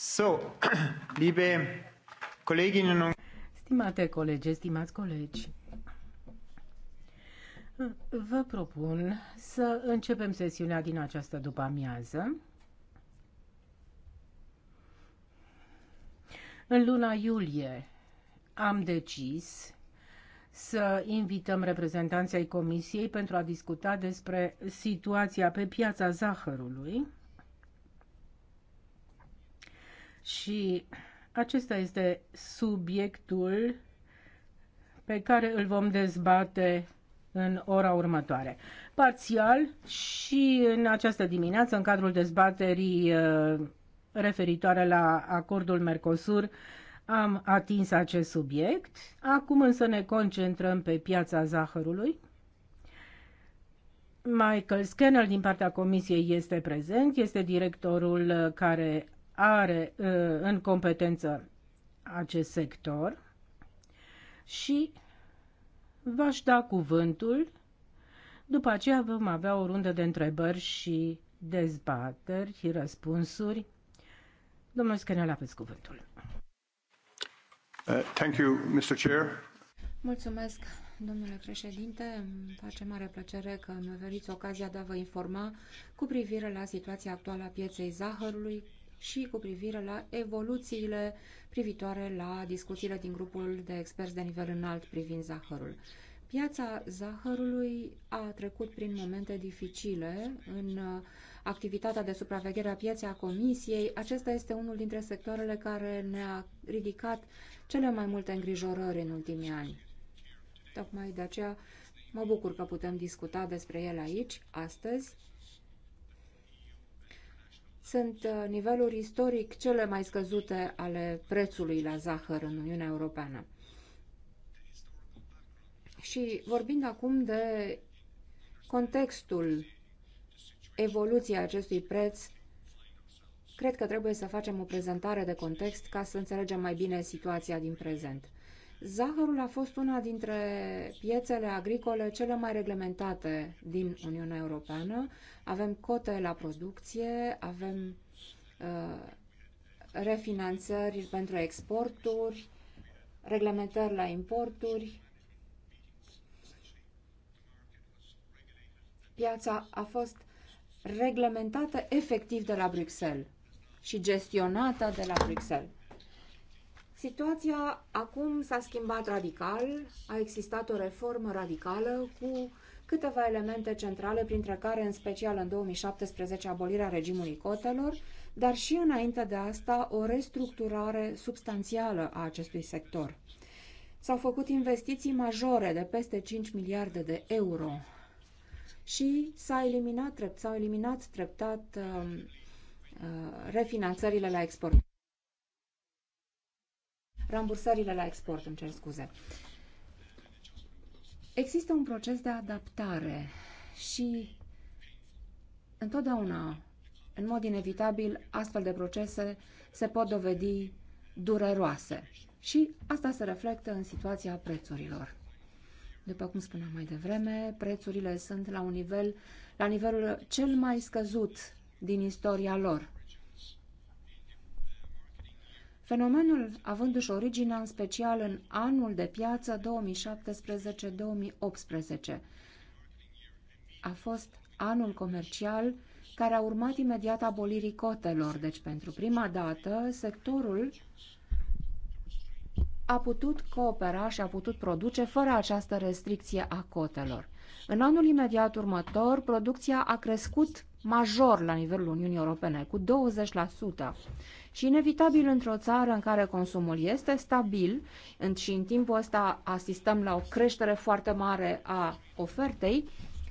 So, Stimate colegi, stimați colegi, vă propun să începem sesiunea din această după-amiază. În luna iulie am decis să invităm reprezentanții Comisiei pentru a discuta despre situația pe piața zahărului Și acesta este subiectul pe care îl vom dezbate în ora următoare. Parțial și în această dimineață, în cadrul dezbaterii uh, referitoare la acordul Mercosur, am atins acest subiect. Acum însă ne concentrăm pe piața zahărului. Michael Scannell din partea comisiei este prezent, este directorul uh, care are uh, în competență acest sector și v-aș da cuvântul. După aceea vom avea o rundă de întrebări și dezbateri și răspunsuri. Domnul Schenel, aveți cuvântul. Uh, thank you, Mr. Chair. Mulțumesc, domnule președinte. Îmi face mare plăcere că mi oferiți ocazia de a vă informa cu privire la situația actuală a pieței zahărului, și cu privire la evoluțiile privitoare la discuțiile din grupul de experți de nivel înalt privind zahărul. Piața zahărului a trecut prin momente dificile în uh, activitatea de supraveghere a pieței a Comisiei. Acesta este unul dintre sectoarele care ne-a ridicat cele mai multe îngrijorări în ultimii ani. Tocmai de aceea mă bucur că putem discuta despre el aici, astăzi, sunt uh, niveluri istoric cele mai scăzute ale prețului la zahăr în Uniunea Europeană. Și vorbind acum de contextul evoluției acestui preț, cred că trebuie să facem o prezentare de context ca să înțelegem mai bine situația din prezent. Zahărul a fost una dintre piețele agricole cele mai reglementate din Uniunea Europeană. Avem cote la producție, avem uh, refinanțări pentru exporturi, reglementări la importuri. Piața a fost reglementată efectiv de la Bruxelles și gestionată de la Bruxelles. Situația acum s-a schimbat radical, a existat o reformă radicală cu câteva elemente centrale, printre care, în special în 2017, abolirea regimului cotelor, dar și înainte de asta o restructurare substanțială a acestui sector. S-au făcut investiții majore de peste 5 miliarde de euro și s a eliminat, s-au eliminat treptat uh, uh, refinanțările la export rambursările la export, îmi cer scuze. Există un proces de adaptare și întotdeauna, în mod inevitabil, astfel de procese se pot dovedi dureroase. Și asta se reflectă în situația prețurilor. După cum spuneam mai devreme, prețurile sunt la un nivel, la nivelul cel mai scăzut din istoria lor. Fenomenul avându-și originea în special în anul de piață 2017-2018. A fost anul comercial care a urmat imediat abolirii cotelor, deci pentru prima dată sectorul a putut coopera și a putut produce fără această restricție a cotelor. În anul imediat următor, producția a crescut major la nivelul Uniunii Europene, cu 20%. Și inevitabil într-o țară în care consumul este stabil și în timpul ăsta asistăm la o creștere foarte mare a ofertei,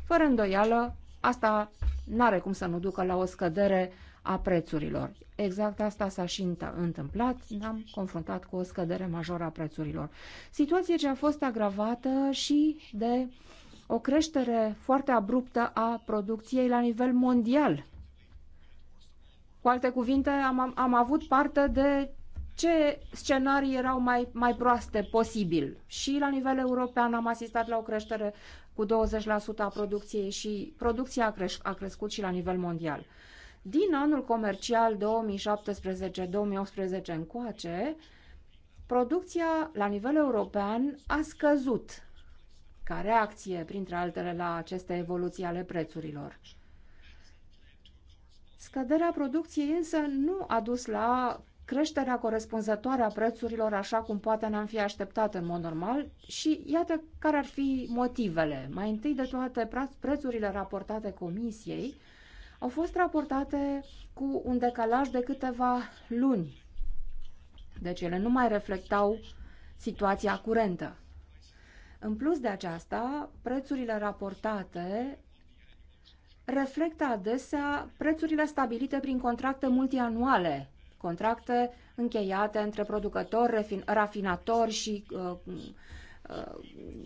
fără îndoială, asta nu are cum să nu ducă la o scădere a prețurilor. Exact asta s-a și întâmplat, ne-am confruntat cu o scădere majoră a prețurilor. Situație ce a fost agravată și de o creștere foarte abruptă a producției la nivel mondial. Cu alte cuvinte, am, am avut parte de ce scenarii erau mai, mai proaste posibil. Și la nivel european am asistat la o creștere cu 20% a producției și producția a, creș- a crescut și la nivel mondial. Din anul comercial 2017-2018 încoace, producția la nivel european a scăzut ca reacție, printre altele, la aceste evoluții ale prețurilor. Scăderea producției însă nu a dus la creșterea corespunzătoare a prețurilor așa cum poate n-am fi așteptat în mod normal și iată care ar fi motivele. Mai întâi de toate, prețurile raportate comisiei au fost raportate cu un decalaj de câteva luni. Deci ele nu mai reflectau situația curentă. În plus de aceasta, prețurile raportate reflectă adesea prețurile stabilite prin contracte multianuale, contracte încheiate între producători, refin, rafinatori și uh, uh,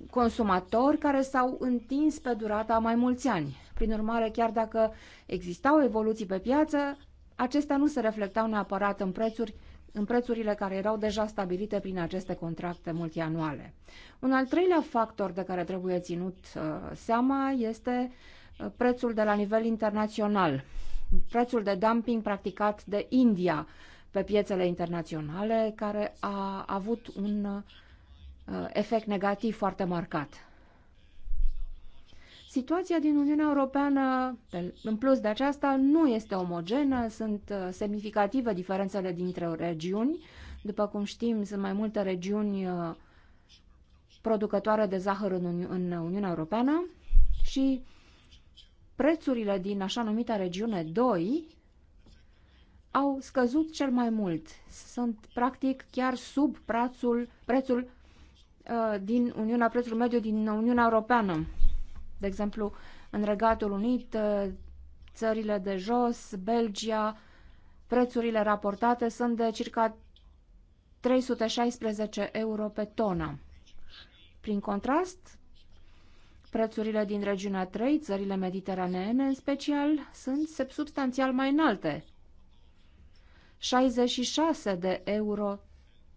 consumatori care s-au întins pe durata mai mulți ani. Prin urmare, chiar dacă existau evoluții pe piață, acestea nu se reflectau neapărat în prețuri în prețurile care erau deja stabilite prin aceste contracte multianuale. Un al treilea factor de care trebuie ținut uh, seama este uh, prețul de la nivel internațional, prețul de dumping practicat de India pe piețele internaționale, care a avut un uh, efect negativ foarte marcat. Situația din Uniunea Europeană, în plus de aceasta, nu este omogenă, sunt uh, semnificative diferențele dintre regiuni. După cum știm, sunt mai multe regiuni uh, producătoare de zahăr în, Uni- în Uniunea Europeană și prețurile din așa numita regiune 2 au scăzut cel mai mult. Sunt practic chiar sub prețul, prețul uh, din Uniunea, prețul mediu din Uniunea Europeană. De exemplu, în Regatul Unit, uh, țările de jos, Belgia, prețurile raportate sunt de circa 316 euro pe tonă. Prin contrast, prețurile din regiunea 3, țările mediteraneene în special, sunt substanțial mai înalte, 66 de euro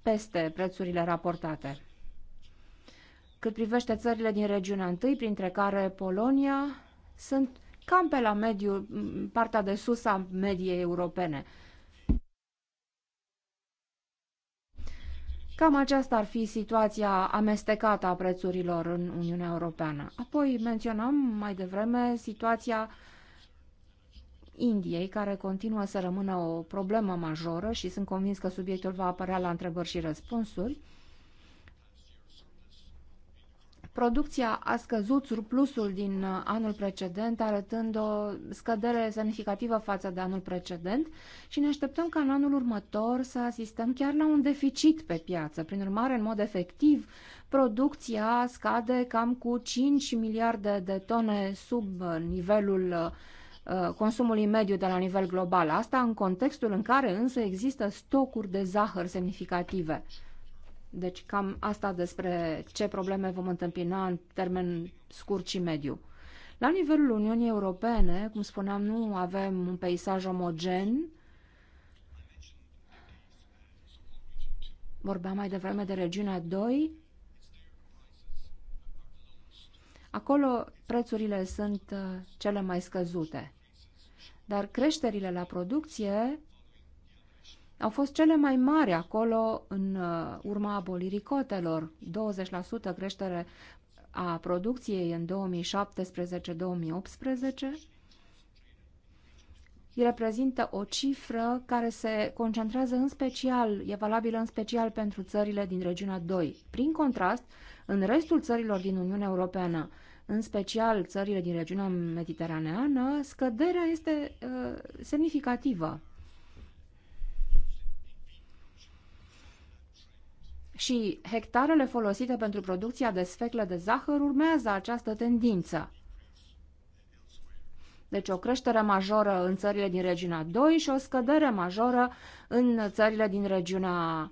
peste prețurile raportate. Cât privește țările din regiunea întâi, printre care Polonia, sunt cam pe la mediu, partea de sus a mediei europene. Cam aceasta ar fi situația amestecată a prețurilor în Uniunea Europeană. Apoi menționam mai devreme situația Indiei, care continuă să rămână o problemă majoră și sunt convins că subiectul va apărea la întrebări și răspunsuri. Producția a scăzut surplusul din uh, anul precedent, arătând o scădere semnificativă față de anul precedent și ne așteptăm ca în anul următor să asistăm chiar la un deficit pe piață. Prin urmare, în mod efectiv, producția scade cam cu 5 miliarde de tone sub uh, nivelul uh, consumului mediu de la nivel global. Asta în contextul în care însă există stocuri de zahăr semnificative. Deci cam asta despre ce probleme vom întâmpina în termen scurt și mediu. La nivelul Uniunii Europene, cum spuneam, nu avem un peisaj omogen. Vorbeam mai devreme de regiunea 2. Acolo prețurile sunt uh, cele mai scăzute, dar creșterile la producție au fost cele mai mari acolo în uh, urma abolirii cotelor, 20% creștere a producției în 2017-2018 reprezintă o cifră care se concentrează în special, e valabilă în special pentru țările din regiunea 2. Prin contrast, în restul țărilor din Uniunea Europeană, în special țările din regiunea mediteraneană, scăderea este uh, semnificativă. și hectarele folosite pentru producția de sfeclă de zahăr urmează această tendință. Deci o creștere majoră în țările din regiunea 2 și o scădere majoră în țările din regiunea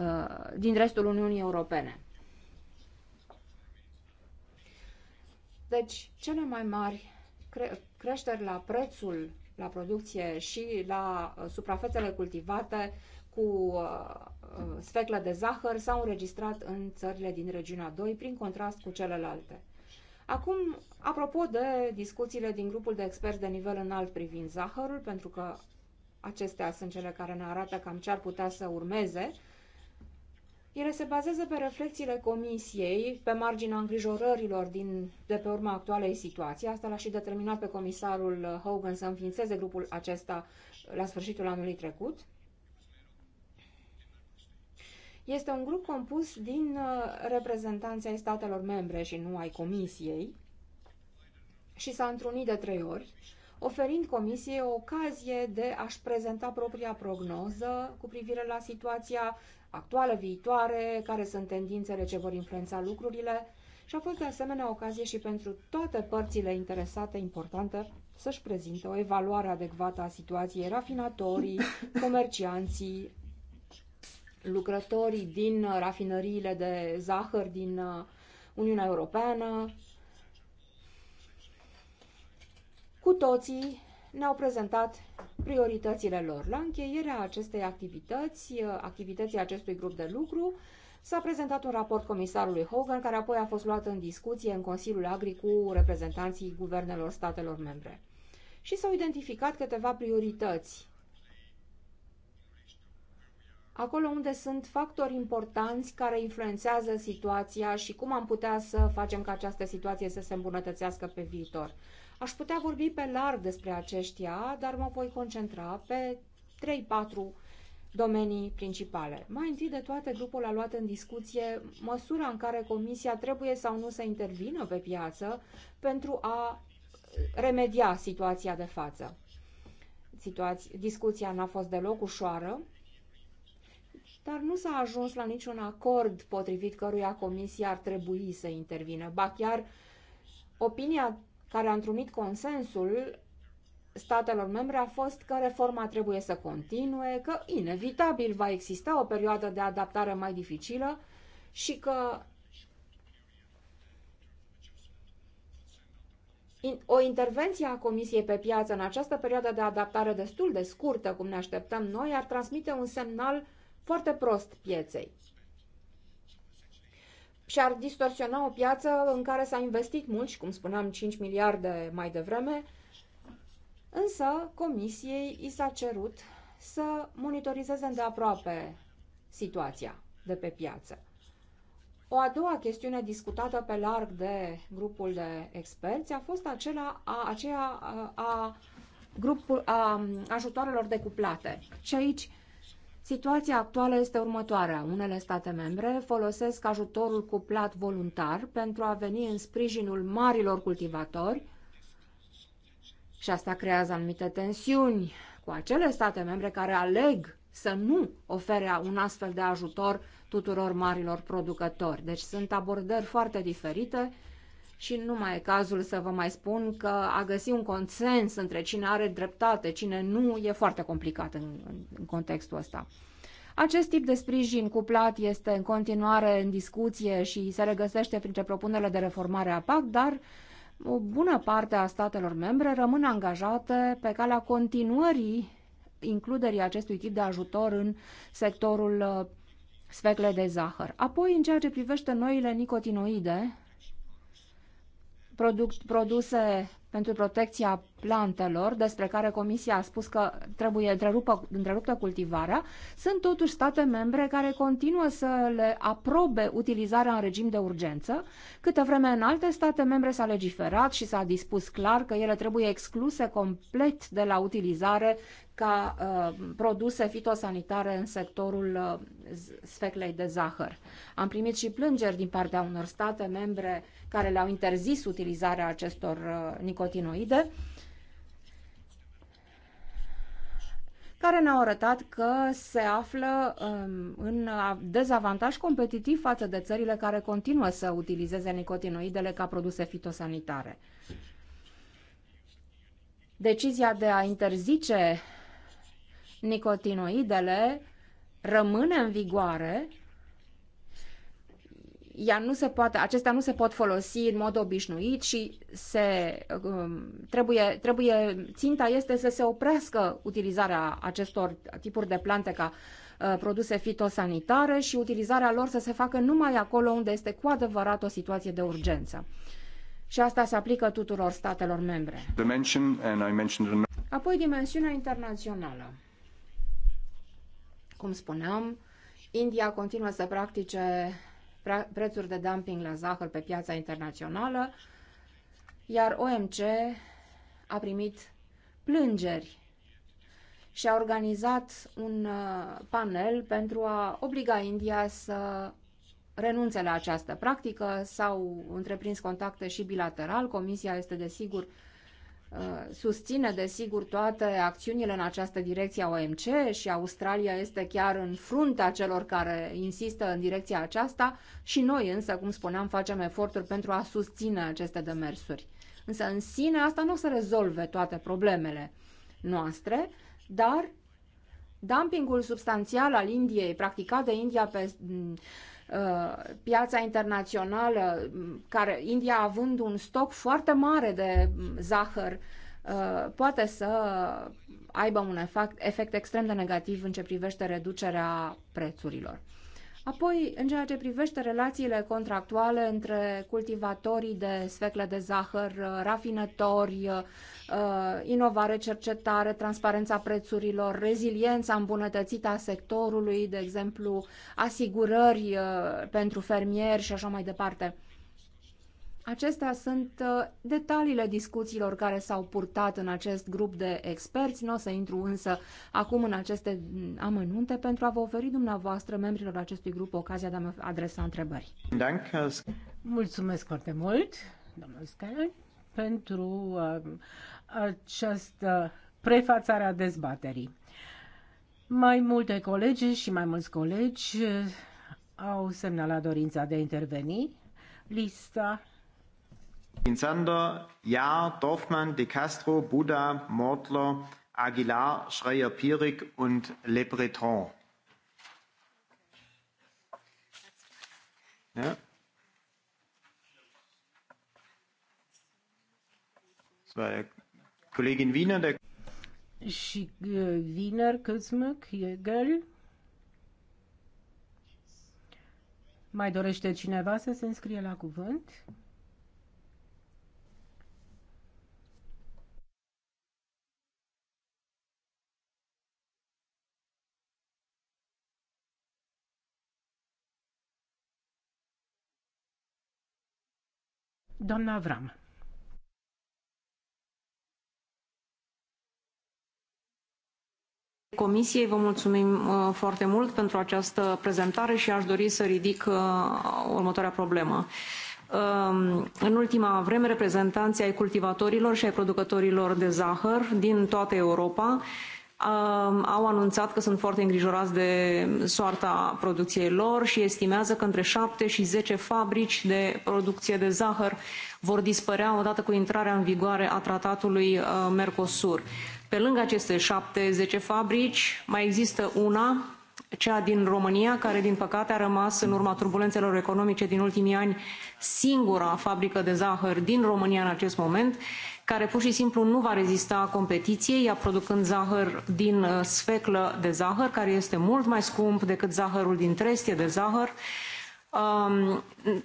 uh, din restul Uniunii Europene. Deci, cele mai mari cre creșteri la prețul la producție și la uh, suprafețele cultivate cu uh, Uh, sfeclă de zahăr s-au înregistrat în țările din regiunea 2, prin contrast cu celelalte. Acum, apropo de discuțiile din grupul de experți de nivel înalt privind zahărul, pentru că acestea sunt cele care ne arată cam ce ar putea să urmeze, ele se bazează pe reflexiile comisiei, pe marginea îngrijorărilor din, de pe urma actualei situații. Asta l-a și determinat pe comisarul Hogan să înființeze grupul acesta la sfârșitul anului trecut este un grup compus din uh, reprezentanții ai statelor membre și nu ai comisiei și s-a întrunit de trei ori, oferind comisiei o ocazie de a-și prezenta propria prognoză cu privire la situația actuală, viitoare, care sunt tendințele ce vor influența lucrurile și a fost de asemenea ocazie și pentru toate părțile interesate importante să-și prezinte o evaluare adecvată a situației, rafinatorii, comercianții, lucrătorii din uh, rafinăriile de zahăr din uh, Uniunea Europeană. Cu toții ne-au prezentat prioritățile lor. La încheierea acestei activități, uh, activității acestui grup de lucru, S-a prezentat un raport comisarului Hogan, care apoi a fost luat în discuție în Consiliul Agri cu reprezentanții guvernelor statelor membre. Și s-au identificat câteva priorități acolo unde sunt factori importanți care influențează situația și cum am putea să facem ca această situație să se îmbunătățească pe viitor. Aș putea vorbi pe larg despre aceștia, dar mă voi concentra pe 3-4 domenii principale. Mai întâi de toate, grupul a luat în discuție măsura în care Comisia trebuie sau nu să intervină pe piață pentru a remedia situația de față. Situația, discuția n-a fost deloc ușoară, dar nu s-a ajuns la niciun acord potrivit căruia comisia ar trebui să intervină. Ba chiar opinia care a întrunit consensul statelor membre a fost că reforma trebuie să continue, că inevitabil va exista o perioadă de adaptare mai dificilă și că o intervenție a Comisiei pe piață în această perioadă de adaptare destul de scurtă, cum ne așteptăm noi, ar transmite un semnal foarte prost pieței și ar distorsiona o piață în care s-a investit mult și, cum spuneam, 5 miliarde mai devreme, însă comisiei i s-a cerut să monitorizeze îndeaproape situația de pe piață. O a doua chestiune discutată pe larg de grupul de experți a fost acela, a, aceea a, a, grupul, a ajutoarelor decuplate. Și aici Situația actuală este următoarea. Unele state membre folosesc ajutorul cuplat voluntar pentru a veni în sprijinul marilor cultivatori și asta creează anumite tensiuni cu acele state membre care aleg să nu ofere un astfel de ajutor tuturor marilor producători. Deci sunt abordări foarte diferite și nu mai e cazul să vă mai spun că a găsi un consens între cine are dreptate, cine nu, e foarte complicat în, în contextul ăsta. Acest tip de sprijin cuplat este în continuare în discuție și se regăsește printre propunerile de reformare a PAC, dar o bună parte a statelor membre rămân angajate pe calea continuării includerii acestui tip de ajutor în sectorul uh, sfecle de zahăr. Apoi, în ceea ce privește noile nicotinoide, produc, produse pentru protecția plantelor, despre care Comisia a spus că trebuie întrerupă, întreruptă cultivarea, sunt totuși state membre care continuă să le aprobe utilizarea în regim de urgență, câtă vreme în alte state membre s-a legiferat și s-a dispus clar că ele trebuie excluse complet de la utilizare ca uh, produse fitosanitare în sectorul uh, sfeclei de zahăr. Am primit și plângeri din partea unor state membre care le-au interzis utilizarea acestor uh, nicotin carotinoide, care ne-au arătat că se află um, în dezavantaj competitiv față de țările care continuă să utilizeze nicotinoidele ca produse fitosanitare. Decizia de a interzice nicotinoidele rămâne în vigoare ea nu se poate, acestea nu se pot folosi în mod obișnuit și se, um, trebuie, trebuie, ținta este să se oprească utilizarea acestor tipuri de plante ca uh, produse fitosanitare și utilizarea lor să se facă numai acolo unde este cu adevărat o situație de urgență. Și asta se aplică tuturor statelor membre. Apoi dimensiunea internațională. Cum spuneam, India continuă să practice prețuri de dumping la zahăr pe piața internațională, iar OMC a primit plângeri și a organizat un uh, panel pentru a obliga India să renunțe la această practică. S-au întreprins contacte și bilateral. Comisia este, desigur, Uh, susține, desigur, toate acțiunile în această direcție a OMC și Australia este chiar în fruntea celor care insistă în direcția aceasta și noi însă, cum spuneam, facem eforturi pentru a susține aceste demersuri. Însă în sine asta nu o să rezolve toate problemele noastre, dar dumpingul substanțial al Indiei, practicat de India pe Uh, piața internațională, mm, care India având un stoc foarte mare de mm, zahăr, uh, poate să aibă un efect, efect extrem de negativ în ce privește reducerea prețurilor. Apoi, în ceea ce privește relațiile contractuale între cultivatorii de sfecle de zahăr, uh, rafinători, Uh, inovare, cercetare, transparența prețurilor, reziliența îmbunătățită a sectorului, de exemplu, asigurări uh, pentru fermieri și așa mai departe. Acestea sunt uh, detaliile discuțiilor care s-au purtat în acest grup de experți. Nu o să intru însă acum în aceste amănunte pentru a vă oferi dumneavoastră, membrilor acestui grup, ocazia de a mă adresa întrebări. Mulțumesc foarte mult, domnul Scalan pentru um, această prefațare a dezbaterii. Mai multe colegi și mai mulți colegi uh, au semnalat dorința de a interveni. Lista Vincendo, Jahr, Dorfman, De Castro, Buda, Mortler, Aguilar, schreier Pirik und Le Breton. Ja. bei Kollegin Wiener. Der uh, Wiener, Kuzmuk, Mai dorește cineva să se înscrie la cuvânt? Doamna Avram. Comisiei vă mulțumim uh, foarte mult pentru această prezentare și aș dori să ridic uh, următoarea problemă. Um, în ultima vreme, reprezentanții ai cultivatorilor și ai producătorilor de zahăr din toată Europa um, au anunțat că sunt foarte îngrijorați de soarta producției lor și estimează că între 7 și 10 fabrici de producție de zahăr vor dispărea odată cu intrarea în vigoare a tratatului uh, Mercosur. Pe lângă aceste șapte, zece fabrici, mai există una, cea din România, care din păcate a rămas în urma turbulențelor economice din ultimii ani singura fabrică de zahăr din România în acest moment, care pur și simplu nu va rezista competiției, ea producând zahăr din uh, sfeclă de zahăr, care este mult mai scump decât zahărul din trestie de zahăr, Um,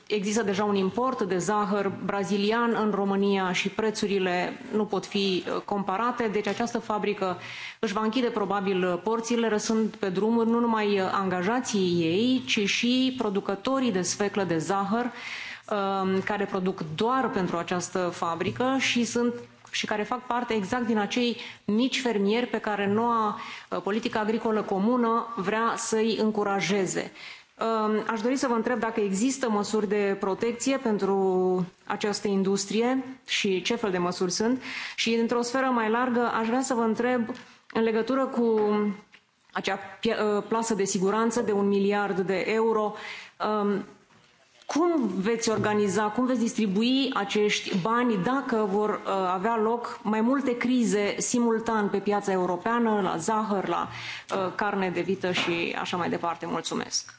există deja un import de zahăr brazilian în România și prețurile nu pot fi uh, comparate, deci această fabrică își va închide probabil porțile, răsând pe drumuri nu numai uh, angajații ei, ci și producătorii de sfeclă de zahăr um, care produc doar pentru această fabrică și sunt și care fac parte exact din acei mici fermieri pe care noua uh, politică agricolă comună vrea să-i încurajeze. Ehm, aș dori să vă întreb dacă există măsuri de protecție pentru această industrie și ce fel de măsuri sunt. Și, într-o sferă mai largă, aș vrea să vă întreb în legătură cu acea ă, plasă de siguranță de un miliard de euro. Ehm, cum veți organiza, cum veți distribui acești bani dacă vor ă, avea loc mai multe crize simultan pe piața europeană, la zahăr, la ă, carne de vită și așa mai departe? Mulțumesc!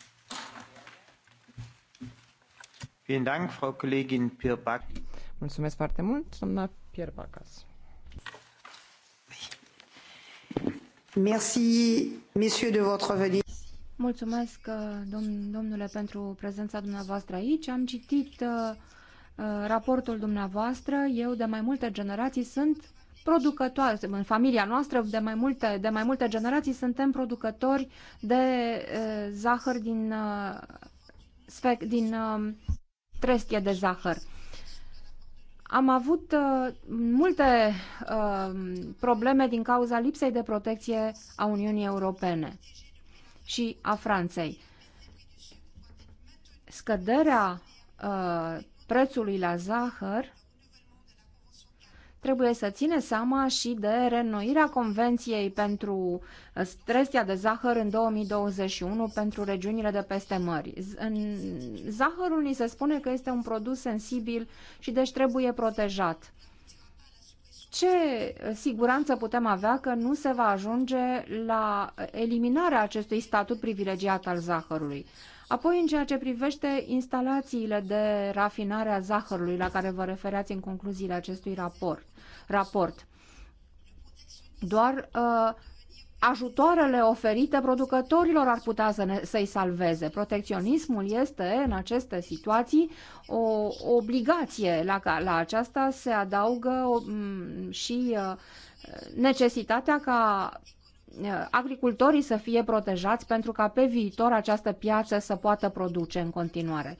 Mulțumesc foarte mult, doamna Pierbacas. Merci, de votre venue. Mulțumesc, uh, dom domnule, pentru prezența dumneavoastră aici. Am citit uh, uh raportul dumneavoastră. Eu, de mai multe generații, sunt producători. În familia noastră, de mai multe, de mai multe generații, suntem producători de uh, zahăr din, uh, din uh, trestie de zahăr. Am avut uh, multe uh, probleme din cauza lipsei de protecție a Uniunii Europene și a Franței. Scăderea uh, prețului la zahăr trebuie să ține seama și de reînnoirea Convenției pentru stresia uh, de zahăr în 2021 pentru regiunile de peste mări. În zahărul ni se spune că este un produs sensibil și deci trebuie protejat. Ce siguranță putem avea că nu se va ajunge la eliminarea acestui statut privilegiat al zahărului? Apoi, în ceea ce privește instalațiile de rafinare a zahărului la care vă refereați în concluziile acestui raport, raport. Doar uh, ajutoarele oferite producătorilor ar putea să ne, să-i salveze. Protecționismul este, în aceste situații, o obligație. La, la aceasta se adaugă um, și uh, necesitatea ca uh, agricultorii să fie protejați pentru ca pe viitor această piață să poată produce în continuare.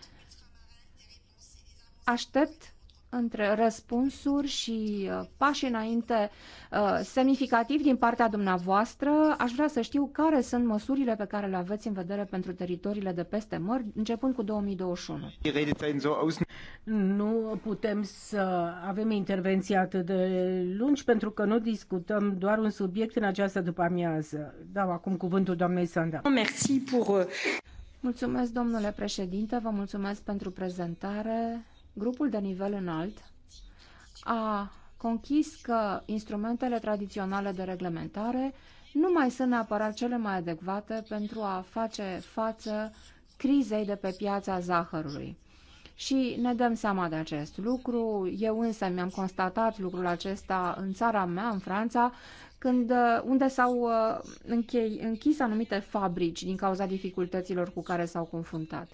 Aștept între răspunsuri și uh, pași înainte uh, semnificativ din partea dumneavoastră. Aș vrea să știu care sunt măsurile pe care le aveți în vedere pentru teritoriile de peste mări, începând cu 2021. Nu putem să avem intervenții atât de lungi pentru că nu discutăm doar un subiect în această după-amiază. Dau acum cuvântul doamnei Sanda. Uh, mulțumesc, domnule președinte, vă mulțumesc pentru prezentare grupul de nivel înalt a conchis că instrumentele tradiționale de reglementare nu mai sunt neapărat cele mai adecvate pentru a face față crizei de pe piața zahărului. Și ne dăm seama de acest lucru. Eu însă mi-am constatat lucrul acesta în țara mea, în Franța, când, uh, unde s-au uh, închei, închis anumite fabrici din cauza dificultăților cu care s-au confruntat.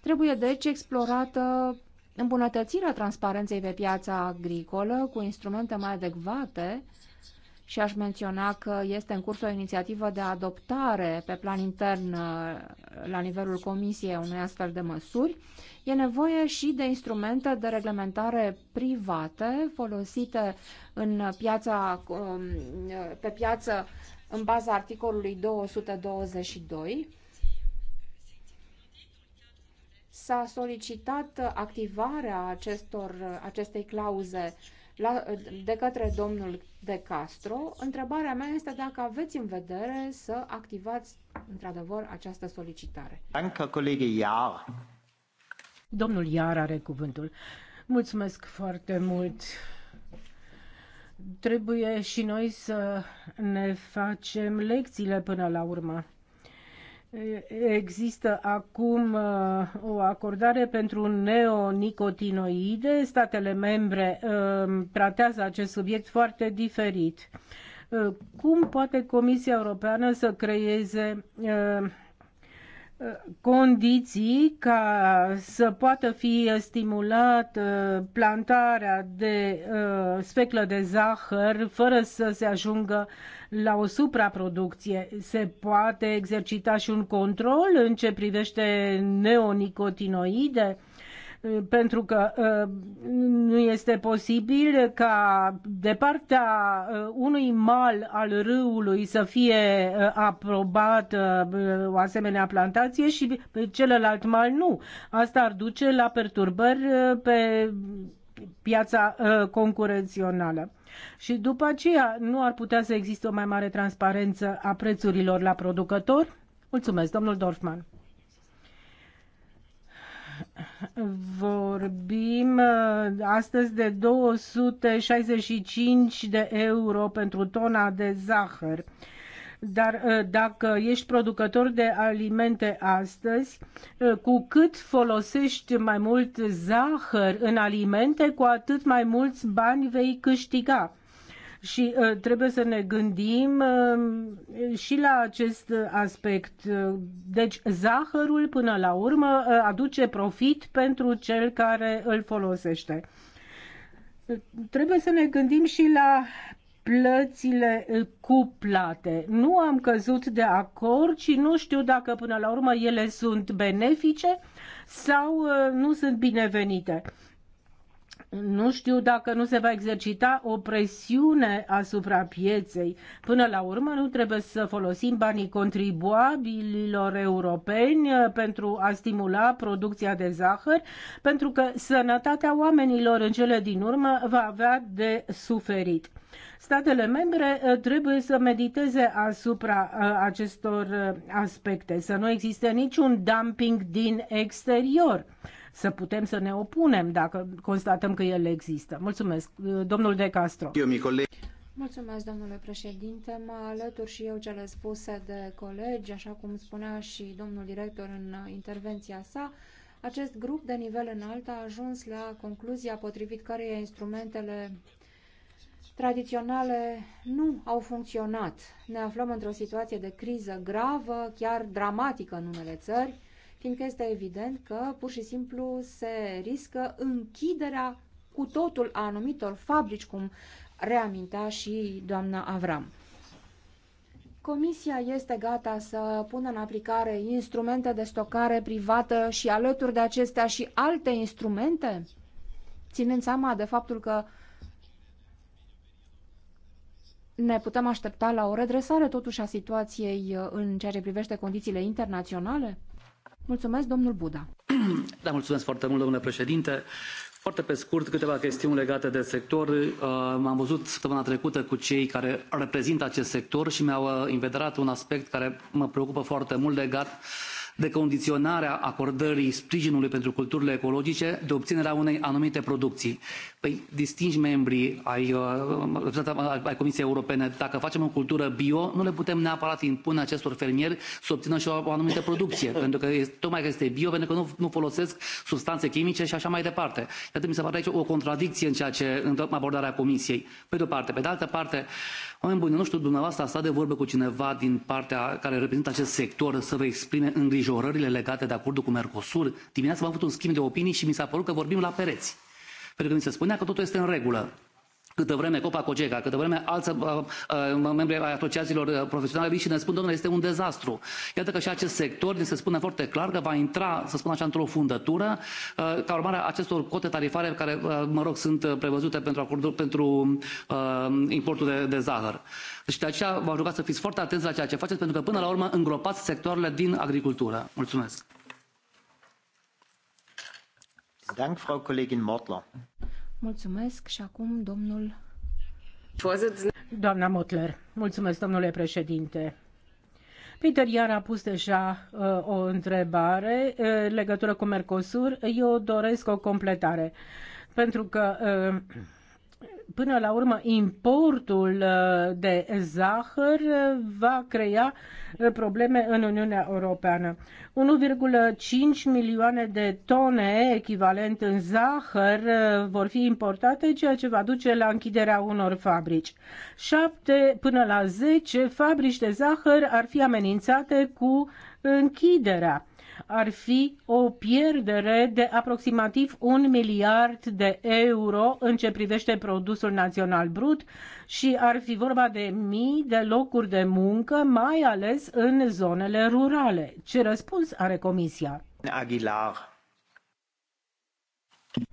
Trebuie deci explorată îmbunătățirea transparenței pe piața agricolă cu instrumente mai adecvate și aș menționa că este în curs o inițiativă de adoptare pe plan intern uh, la nivelul Comisiei unei astfel de măsuri, e nevoie și de instrumente de reglementare private folosite în piața, um, pe piață în baza articolului 222 s-a solicitat activarea acestor, acestei clauze la, de către domnul De Castro. Întrebarea mea este dacă aveți în vedere să activați într-adevăr această solicitare. Încă colegii Iar. Domnul Iar are cuvântul. Mulțumesc foarte mult. Trebuie și noi să ne facem lecțiile până la urmă. Există acum uh, o acordare pentru neonicotinoide. Statele membre um, tratează acest subiect foarte diferit. Uh, cum poate Comisia Europeană să creeze uh, condiții ca să poată fi stimulat uh, plantarea de uh, sfeclă de zahăr fără să se ajungă la o supraproducție. Se poate exercita și un control în ce privește neonicotinoide pentru că ă, nu este posibil ca de partea ă, unui mal al râului să fie ă, aprobat o asemenea plantație și pe celălalt mal nu. Asta ar duce la perturbări pe piața concurențională. Și după aceea nu ar putea să existe o mai mare transparență a prețurilor la producător? Mulțumesc, domnul Dorfman. Vorbim uh, astăzi de 265 de euro pentru tona de zahăr. Dar uh, dacă ești producător de alimente astăzi, uh, cu cât folosești mai mult zahăr în alimente, cu atât mai mulți bani vei câștiga și uh, trebuie să ne gândim uh, și la acest aspect. Deci zahărul până la urmă uh, aduce profit pentru cel care îl folosește. Trebuie să ne gândim și la plățile cuplate. Nu am căzut de acord și nu știu dacă până la urmă ele sunt benefice sau nu sunt binevenite. Nu știu dacă nu se va exercita o presiune asupra pieței. Până la urmă, nu trebuie să folosim banii contribuabililor europeni uh, pentru a stimula producția de zahăr, pentru că sănătatea oamenilor în cele din urmă va avea de suferit. Statele membre uh, trebuie să mediteze asupra uh, acestor aspecte, să nu existe niciun dumping din exterior să putem să ne opunem dacă constatăm că ele există. Mulțumesc, domnul De Castro. Eu, mi coleg... Mulțumesc, domnule președinte. Mă alătur și eu cele spuse de colegi, așa cum spunea și domnul director în intervenția sa. Acest grup de nivel înalt a ajuns la concluzia potrivit căreia instrumentele tradiționale nu au funcționat. Ne aflăm într-o situație de criză gravă, chiar dramatică în unele țări, fiindcă este evident că pur și simplu se riscă închiderea cu totul a anumitor fabrici, cum reamintea și doamna Avram. Comisia este gata să pună în aplicare instrumente de stocare privată și alături de acestea și alte instrumente, ținând seama de faptul că ne putem aștepta la o redresare totuși a situației uh, în ceea ce privește condițiile internaționale? Mulțumesc, domnul Buda. Da, mulțumesc foarte mult, domnule președinte. Foarte pe scurt, câteva chestiuni legate de sector. Uh, m-am văzut săptămâna trecută cu cei care reprezintă acest sector și mi-au învederat uh, un aspect care mă preocupă foarte mult legat de condiționarea acordării sprijinului pentru culturile ecologice de obținerea unei anumite producții. Păi distinși membri ai, uh, ai Comisiei Europene, dacă facem o cultură bio, nu le putem neapărat impune acestor fermieri să obțină și o, o anumită producție, pentru că este, tocmai că este bio, pentru că nu, nu folosesc substanțe chimice și așa mai departe. Iată, mi se pare aici o contradicție în ceea ce, în abordarea Comisiei, pe de o parte. Pe de altă parte, oameni buni, nu știu, dumneavoastră a stat de vorbă cu cineva din partea care reprezintă acest sector să vă exprime îngrijorări îngrijorările legate de acordul cu Mercosur, dimineața am avut un schimb de opinii și mi s-a părut că vorbim la pereți. Pentru că mi se spunea că totul este în regulă câtă vreme Copa Cogeca, câtă vreme alți uh, uh membri ai asociațiilor uh, profesionale vin și ne spun, domnule, este un dezastru. Iată că și acest sector, ne se spune foarte clar, că va intra, să spun așa, într-o fundătură, uh, ca urmare a acestor cote tarifare care, uh, mă rog, sunt uh, prevăzute pentru, acordul, pentru importul de, de zahăr. Deci de aceea v-aș ruga să fiți foarte atenți la ceea ce faceți, pentru că până la urmă îngropați sectoarele din agricultură. Mulțumesc. Dank, Frau Kollegin Mortler. Mulțumesc și acum domnul... Doamna Motler, mulțumesc domnule președinte. Peter iar a pus deja uh, o întrebare uh, legătură cu Mercosur. Eu doresc o completare, pentru că uh, până la urmă importul uh, de zahăr uh, va crea uh, probleme în Uniunea Europeană. 1,5 milioane de tone echivalent în zahăr vor fi importate, ceea ce va duce la închiderea unor fabrici. 7 până la 10 fabrici de zahăr ar fi amenințate cu închiderea ar fi o pierdere de aproximativ un miliard de euro în ce privește produsul național brut și ar fi vorba de mii de locuri de muncă, mai ales în zonele rurale. Ce răspuns are Comisia? Aguilar.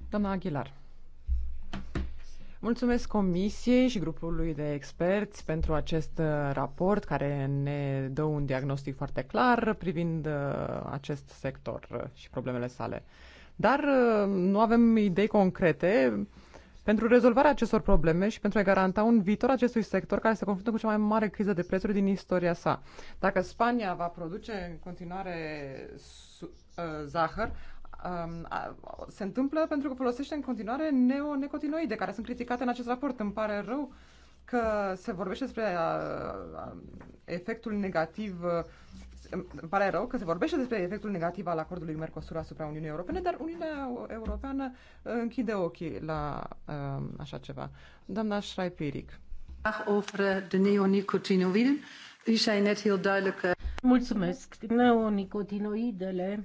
Doamna Aguilar. Mulțumesc Comisiei și grupului de experți pentru acest uh, raport care ne dă un diagnostic foarte clar privind uh, acest sector și problemele sale. Dar uh, nu avem idei concrete pentru rezolvarea acestor probleme și pentru a garanta un viitor acestui sector care se confruntă cu cea mai mare criză de prețuri din istoria sa. Dacă Spania va produce în continuare zahăr, um, a, se întâmplă pentru că folosește în continuare neonecotinoide, care sunt criticate în acest raport. Îmi pare rău că se vorbește despre a, uh, a, uh, efectul negativ a, uh, îmi pare rău că se vorbește despre efectul negativ al acordului Mercosur asupra Uniunii Europene, dar Uniunea Europeană închide ochii la um, așa ceva. Doamna Schreipiric. de Mulțumesc. Neonicotinoidele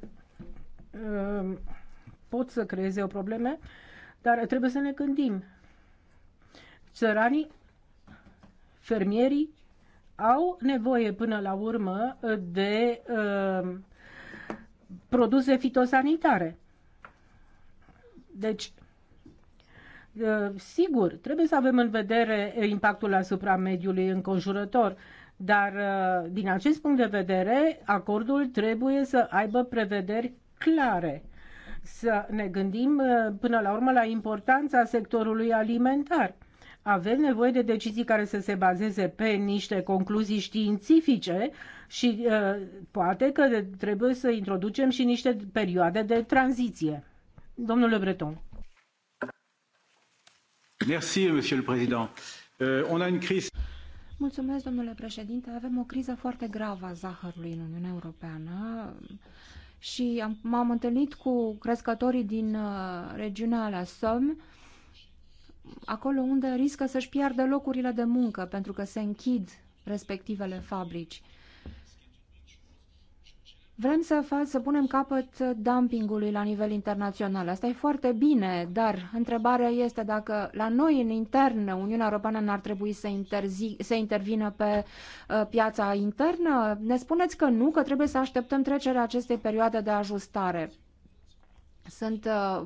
Ehm, pot să creeze o probleme, dar trebuie să ne gândim. Țăranii, fermierii au nevoie până la urmă de ehm, produse fitosanitare. Deci, sigur, trebuie să avem în vedere impactul asupra mediului înconjurător, dar eh, din acest punct de vedere, acordul trebuie să aibă prevederi clare. Să ne gândim uh, până la urmă la importanța sectorului alimentar. Avem nevoie de decizii care să se bazeze pe niște concluzii științifice și uh, poate că trebuie să introducem și niște perioade de tranziție. Domnule Breton. Merci, monsieur le président. Uh, on a une crise. Mulțumesc, domnule președinte. Avem o criză foarte gravă a zahărului în Uniunea Europeană și m-am întâlnit cu crescătorii din uh, regiunea la Somme, acolo unde riscă să-și piardă locurile de muncă pentru că se închid respectivele fabrici. Vrem să, fac, să punem capăt dumpingului la nivel internațional. Asta e foarte bine, dar întrebarea este dacă la noi în intern Uniunea Europeană n-ar trebui să, interzi, să intervină pe uh, piața internă. Ne spuneți că nu, că trebuie să așteptăm trecerea acestei perioade de ajustare. Sunt uh,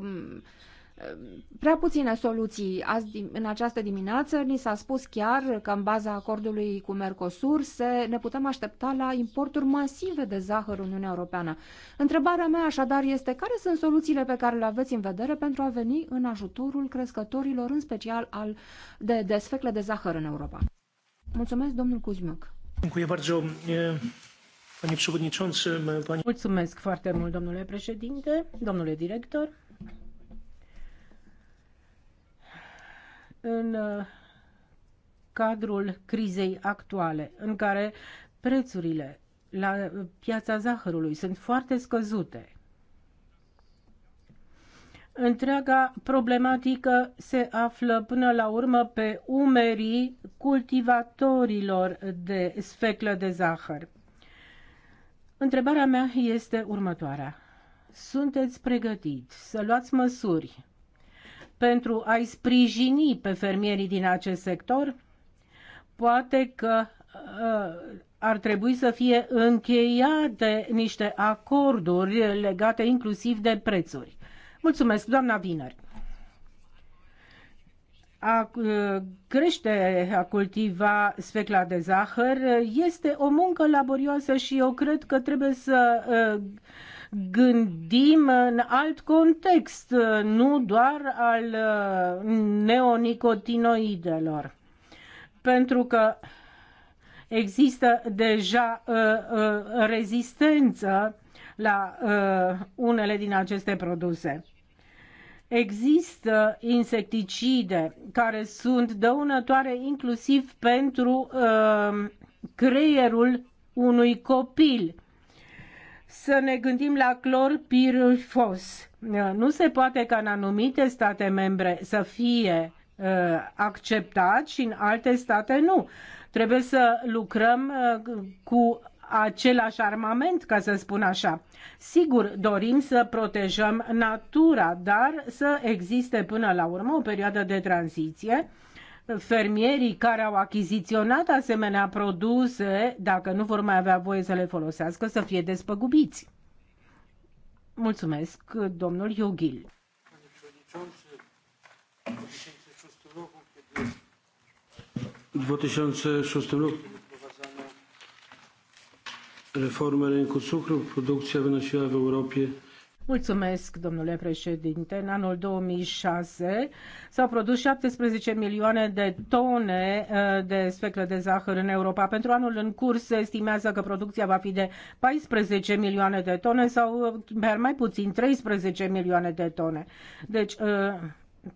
Prea puține soluții. Azi, în această dimineață, ni s-a spus chiar că în baza acordului cu Mercosur se, ne putem aștepta la importuri masive de zahăr în Uniunea Europeană. Întrebarea mea așadar este care sunt soluțiile pe care le aveți în vedere pentru a veni în ajutorul crescătorilor, în special al de, de sfecle de zahăr în Europa. Mulțumesc, domnul Cuzmiuc. Mulțumesc foarte mult, domnule președinte, domnule director. în uh, cadrul crizei actuale, în care prețurile la uh, piața zahărului sunt foarte scăzute. Întreaga problematică se află până la urmă pe umerii cultivatorilor de sfeclă de zahăr. Întrebarea mea este următoarea. Sunteți pregătiți? să luați măsuri pentru a-i sprijini pe fermierii din acest sector, poate că uh, ar trebui să fie încheiate niște acorduri legate inclusiv de prețuri. Mulțumesc, doamna Vineri a uh, crește, a cultiva sfecla de zahăr este o muncă laborioasă și eu cred că trebuie să uh, gândim în alt context, nu doar al uh, neonicotinoidelor. Pentru că există deja rezistență la unele din aceste produse. Există insecticide care sunt dăunătoare inclusiv pentru uh, creierul unui copil. Să ne gândim la clorpirifos. Uh, nu se poate ca în anumite state membre să fie uh, acceptat și în alte state nu. Trebuie să lucrăm uh, cu același armament, ca să spun așa. Sigur, dorim să protejăm natura, dar să existe până la urmă o perioadă de tranziție fermierii care au achiziționat asemenea produse, dacă nu vor mai avea voie să le folosească, să fie despăgubiți. Mulțumesc, domnul Iogil. W 2006 roku, reformă rynku cukru, producția wynosiła în Europie Mulțumesc, domnule președinte. În anul 2006 s-au produs 17 milioane de tone uh, de sfeclă de zahăr în Europa. Pentru anul în curs se estimează că producția va fi de 14 milioane de tone sau uh, chiar mai puțin 13 milioane de tone. Deci, uh,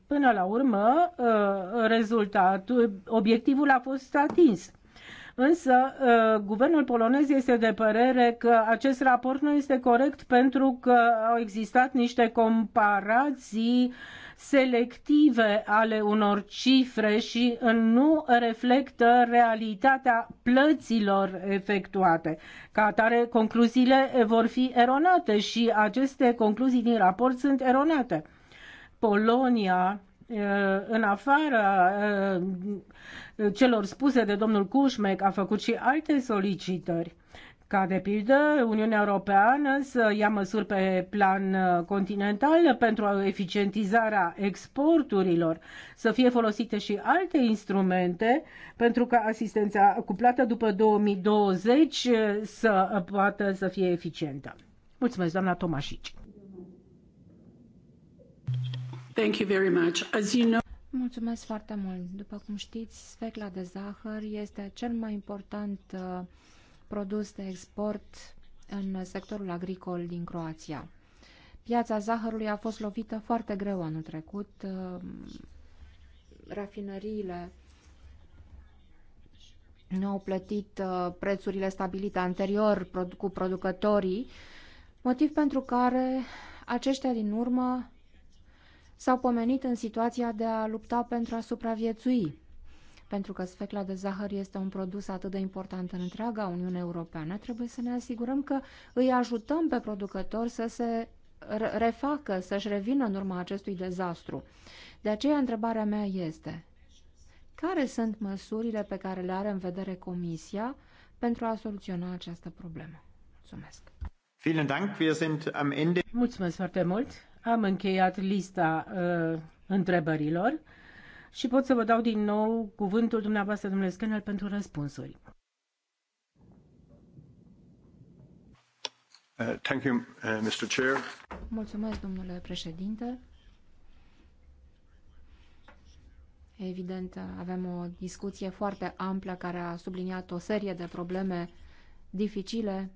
până la urmă, rezultatul, obiectivul a fost atins. Însă, uh, guvernul polonez este de părere că acest raport nu este corect pentru că au existat niște comparații selective ale unor cifre și nu reflectă realitatea plăților efectuate. Ca atare, concluziile vor fi eronate și aceste concluzii din raport sunt eronate. Polonia uh, în afara uh, celor spuse de domnul Cușmec, a făcut și alte solicitări ca de pildă Uniunea Europeană să ia măsuri pe plan uh, continental pentru eficientizarea exporturilor, să fie folosite și alte instrumente pentru ca asistența cuplată după 2020 uh, să poată să fie eficientă. Mulțumesc, doamna Tomașici. Thank you very much. As you know... Mulțumesc foarte mult. După cum știți, specla de zahăr este cel mai important uh, produs de export în sectorul agricol din Croația. Piața zahărului a fost lovită foarte greu anul trecut. Uh, rafinăriile nu au plătit uh, prețurile stabilite anterior cu producătorii, motiv pentru care aceștia din urmă s-au pomenit în situația de a lupta pentru a supraviețui, pentru că sfecla de zahăr este un produs atât de important în întreaga Uniune Europeană, trebuie să ne asigurăm că îi ajutăm pe producători să se refacă, să-și revină în urma acestui dezastru. De aceea, întrebarea mea este, care sunt măsurile pe care le are în vedere Comisia pentru a soluționa această problemă? Mulțumesc! Mulțumesc foarte mult! Am încheiat lista uh, întrebărilor și pot să vă dau din nou cuvântul dumneavoastră, domnule Scânel, pentru răspunsuri. Uh, thank you, uh, Mr. Chair. Mulțumesc, domnule președinte. Evident, avem o discuție foarte amplă care a subliniat o serie de probleme dificile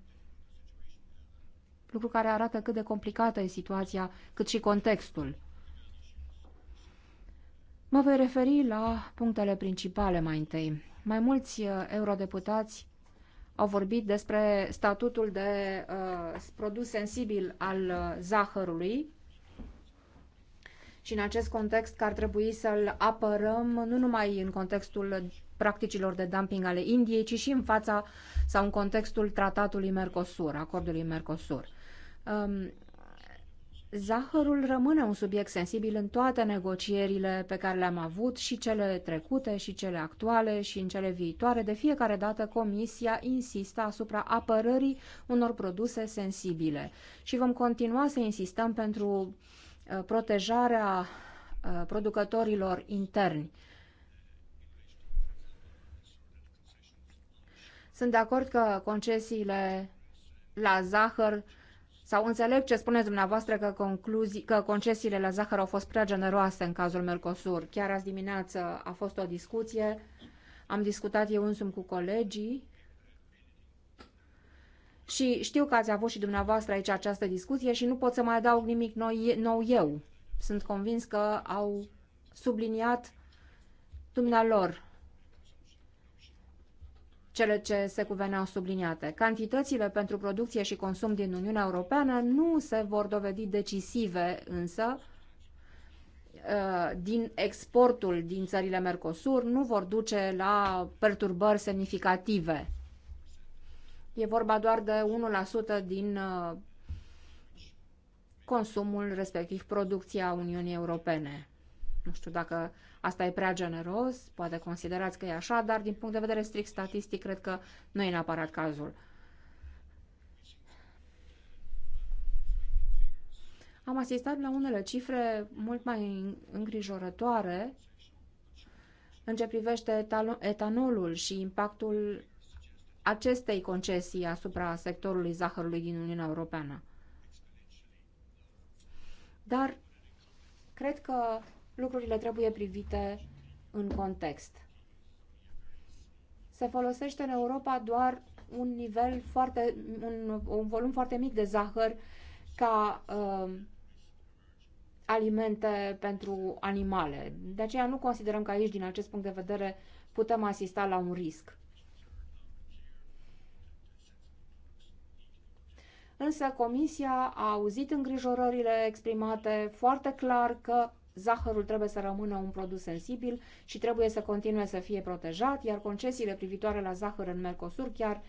lucru care arată cât de complicată e situația, cât și contextul. Mă voi referi la punctele principale mai întâi. Mai mulți uh, eurodeputați au vorbit despre statutul de uh, produs sensibil al uh, zahărului și în acest context că ar trebui să-l apărăm nu numai în contextul practicilor de dumping ale Indiei, ci și în fața sau în contextul tratatului Mercosur, acordului Mercosur um, zahărul rămâne un subiect sensibil în toate negocierile pe care le-am avut, și cele trecute, și cele actuale, și în cele viitoare. De fiecare dată, Comisia insistă asupra apărării unor produse sensibile. Și vom continua să insistăm pentru uh, protejarea uh, producătorilor interni. Sunt de acord că concesiile la zahăr sau înțeleg ce spuneți dumneavoastră că, concluzii, că concesiile la zahăr au fost prea generoase în cazul Mercosur. Chiar azi dimineață a fost o discuție, am discutat eu însumi cu colegii și știu că ați avut și dumneavoastră aici această discuție și nu pot să mai adaug nimic nou, nou eu. Sunt convins că au subliniat dumnealor cele ce se cuveneau subliniate. Cantitățile pentru producție și consum din Uniunea Europeană nu se vor dovedi decisive, însă, uh, din exportul din țările Mercosur nu vor duce la perturbări semnificative. E vorba doar de 1% din uh, consumul, respectiv producția Uniunii Europene. Nu știu dacă Asta e prea generos, poate considerați că e așa, dar din punct de vedere strict statistic, cred că nu e neapărat cazul. Am asistat la unele cifre mult mai îngrijorătoare în ce privește etanolul și impactul acestei concesii asupra sectorului zahărului din Uniunea Europeană. Dar cred că lucrurile trebuie privite în context. Se folosește în Europa doar un nivel foarte, un, un volum foarte mic de zahăr ca uh, alimente pentru animale. De aceea nu considerăm că aici, din acest punct de vedere, putem asista la un risc. Însă Comisia a auzit îngrijorările exprimate foarte clar că zahărul trebuie să rămână un produs sensibil și trebuie să continue să fie protejat, iar concesiile privitoare la zahăr în Mercosur chiar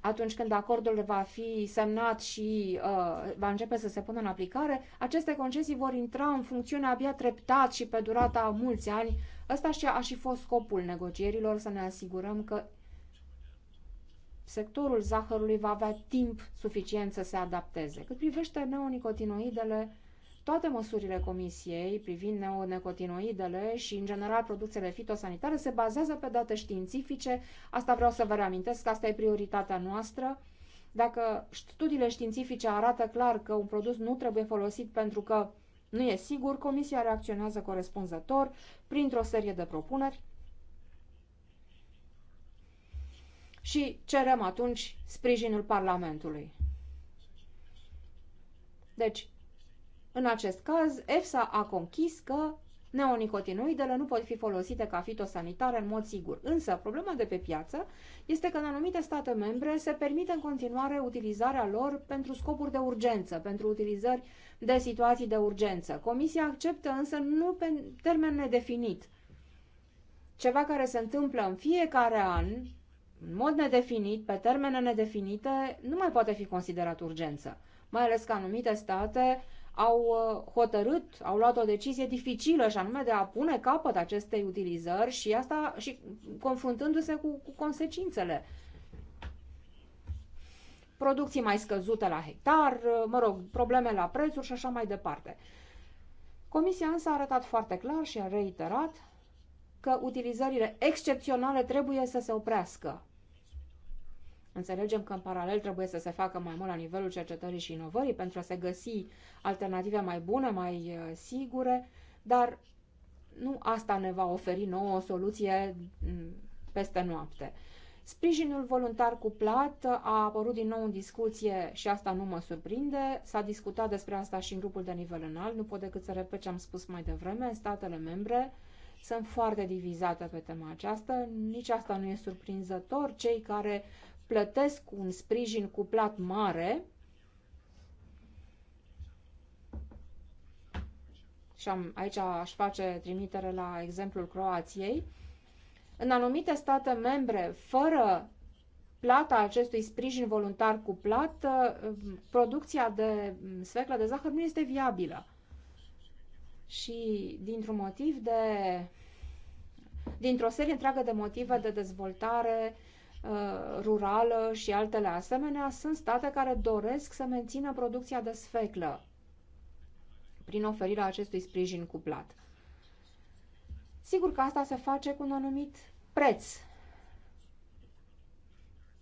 atunci când acordul va fi semnat și uh, va începe să se pună în aplicare, aceste concesii vor intra în funcțiune abia treptat și pe durata a mulți ani. Ăsta și a și fost scopul negocierilor, să ne asigurăm că sectorul zahărului va avea timp suficient să se adapteze. Cât privește neonicotinoidele, toate măsurile Comisiei privind neonicotinoidele și, în general, produsele fitosanitare se bazează pe date științifice. Asta vreau să vă reamintesc, asta e prioritatea noastră. Dacă studiile științifice arată clar că un produs nu trebuie folosit pentru că nu e sigur, Comisia reacționează corespunzător printr-o serie de propuneri și cerem atunci sprijinul Parlamentului. Deci, în acest caz, EFSA a conchis că neonicotinoidele nu pot fi folosite ca fitosanitare în mod sigur. Însă, problema de pe piață este că în anumite state membre se permite în continuare utilizarea lor pentru scopuri de urgență, pentru utilizări de situații de urgență. Comisia acceptă însă nu pe termen nedefinit. Ceva care se întâmplă în fiecare an, în mod nedefinit, pe termene nedefinite, nu mai poate fi considerat urgență. Mai ales că anumite state au uh, hotărât, au luat o decizie dificilă și anume de a pune capăt acestei utilizări și asta și confruntându-se cu, cu consecințele. Producții mai scăzute la hectar, uh, mă rog, probleme la prețuri și așa mai departe. Comisia însă a arătat foarte clar și a reiterat că utilizările excepționale trebuie să se oprească. Înțelegem că în paralel trebuie să se facă mai mult la nivelul cercetării și inovării pentru a se găsi alternative mai bune, mai uh, sigure, dar nu asta ne va oferi nouă o soluție mm, peste noapte. Sprijinul voluntar cuplat a apărut din nou în discuție și asta nu mă surprinde. S-a discutat despre asta și în grupul de nivel înalt. Nu pot decât să repet ce am spus mai devreme. Statele membre sunt foarte divizate pe tema aceasta. Nici asta nu e surprinzător. Cei care plătesc un sprijin cuplat mare și am, aici aș face trimitere la exemplul Croației, în anumite state membre, fără plata acestui sprijin voluntar cuplat, ă, producția de sfeclă de zahăr nu este viabilă. Și dintr-un motiv de dintr-o serie întreagă de motive de dezvoltare Uh, rurală și altele asemenea, sunt state care doresc să mențină producția de sfeclă prin oferirea acestui sprijin cuplat. Sigur că asta se face cu un anumit preț.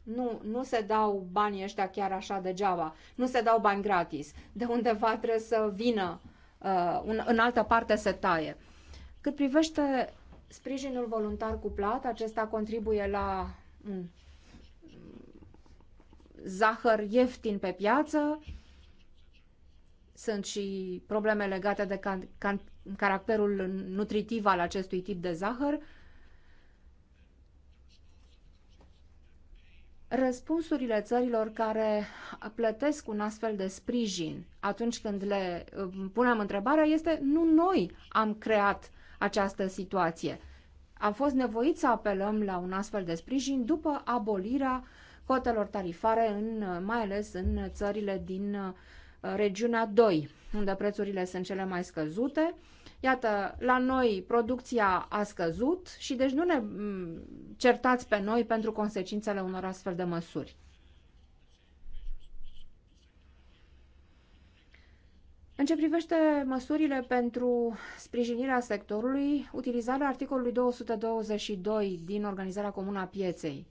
Nu, nu se dau banii ăștia chiar așa degeaba. Nu se dau bani gratis. De undeva trebuie să vină, uh, un, în altă parte se taie. Cât privește sprijinul voluntar cuplat, acesta contribuie la Mm. zahăr ieftin pe piață, sunt și probleme legate de can- can- caracterul nutritiv al acestui tip de zahăr. Răspunsurile țărilor care plătesc un astfel de sprijin atunci când le punem întrebarea este nu noi am creat această situație. Am fost nevoiți să apelăm la un astfel de sprijin după abolirea cotelor tarifare, în, mai ales în țările din uh, regiunea 2, unde prețurile sunt cele mai scăzute. Iată, la noi producția a scăzut și deci nu ne mm, certați pe noi pentru consecințele unor astfel de măsuri. În ce privește măsurile pentru sprijinirea sectorului, utilizarea articolului 222 din Organizarea Comună a Pieței,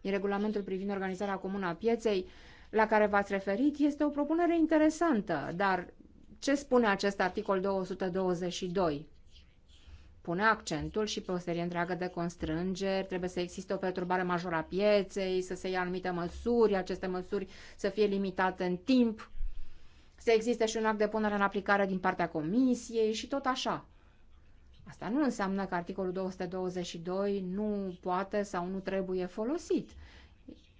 din regulamentul privind organizarea comună a pieței, la care v-ați referit, este o propunere interesantă, dar ce spune acest articol 222? Pune accentul și pe o serie întreagă de constrângeri, trebuie să existe o perturbare majoră a pieței, să se ia anumite măsuri, aceste măsuri să fie limitate în timp, să existe și un act de punere în aplicare din partea comisiei și tot așa. Asta nu înseamnă că articolul 222 nu poate sau nu trebuie folosit.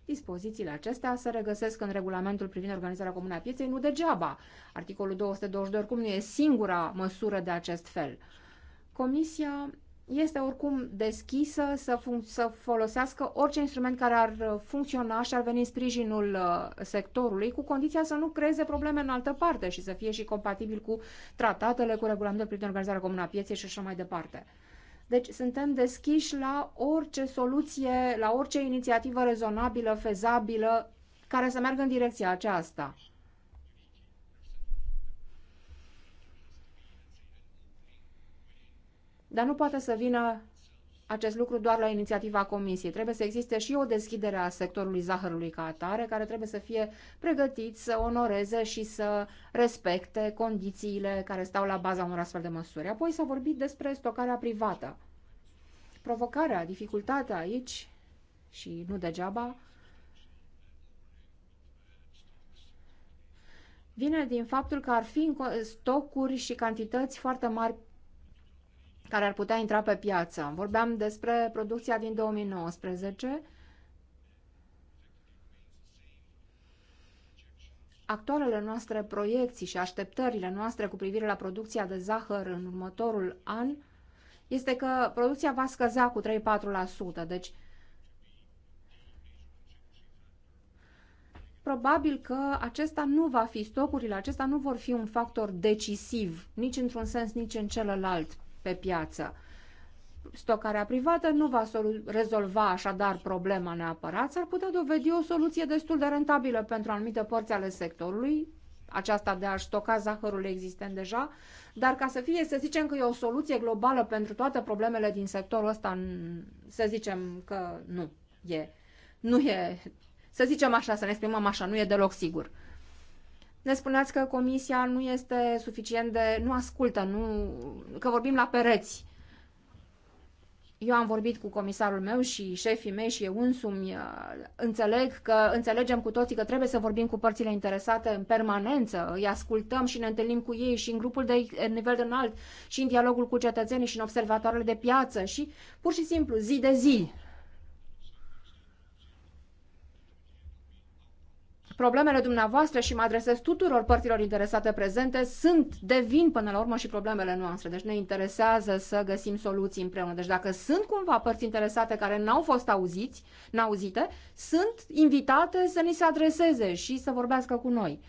Dispozițiile acestea se regăsesc în regulamentul privind organizarea comună a pieței, nu degeaba. Articolul 222 oricum nu e singura măsură de acest fel. Comisia este oricum deschisă să, să folosească orice instrument care ar funcționa și ar veni în sprijinul uh, sectorului, cu condiția să nu creeze probleme în altă parte și să fie și compatibil cu tratatele, cu regulamentul privind organizarea comună a pieței și așa mai departe. Deci suntem deschiși la orice soluție, la orice inițiativă rezonabilă, fezabilă, care să meargă în direcția aceasta. Dar nu poate să vină acest lucru doar la inițiativa Comisiei. Trebuie să existe și o deschidere a sectorului zahărului ca atare, care trebuie să fie pregătit să onoreze și să respecte condițiile care stau la baza unor astfel de măsuri. Apoi s-a vorbit despre stocarea privată. Provocarea, dificultatea aici, și nu degeaba, vine din faptul că ar fi stocuri și cantități foarte mari care ar putea intra pe piață. Vorbeam despre producția din 2019. Actualele noastre proiecții și așteptările noastre cu privire la producția de zahăr în următorul an este că producția va scăza cu 3-4%. Deci, probabil că acesta nu va fi, stocurile acesta nu vor fi un factor decisiv, nici într-un sens, nici în celălalt, pe piață. Stocarea privată nu va rezolva așadar problema neapărat, s-ar putea dovedi o soluție destul de rentabilă pentru anumite părți ale sectorului, aceasta de a stoca zahărul existent deja, dar ca să fie, să zicem că e o soluție globală pentru toate problemele din sectorul ăsta, să zicem că nu e. Nu e, să zicem așa, să ne exprimăm așa, nu e deloc sigur. Ne spuneați că comisia nu este suficient de... nu ascultă, nu, că vorbim la pereți. Eu am vorbit cu comisarul meu și șefii mei și eu însumi uh, înțeleg că înțelegem cu toții că trebuie să vorbim cu părțile interesate în permanență, îi ascultăm și ne întâlnim cu ei și în grupul de nivel de înalt și în dialogul cu cetățenii și în observatoarele de piață și pur și simplu zi de zi problemele dumneavoastră și mă adresez tuturor părților interesate prezente, sunt, devin până la urmă și problemele noastre. Deci ne interesează să găsim soluții împreună. Deci dacă sunt cumva părți interesate care n-au fost auziți, n-auzite, sunt invitate să ni se adreseze și să vorbească cu noi.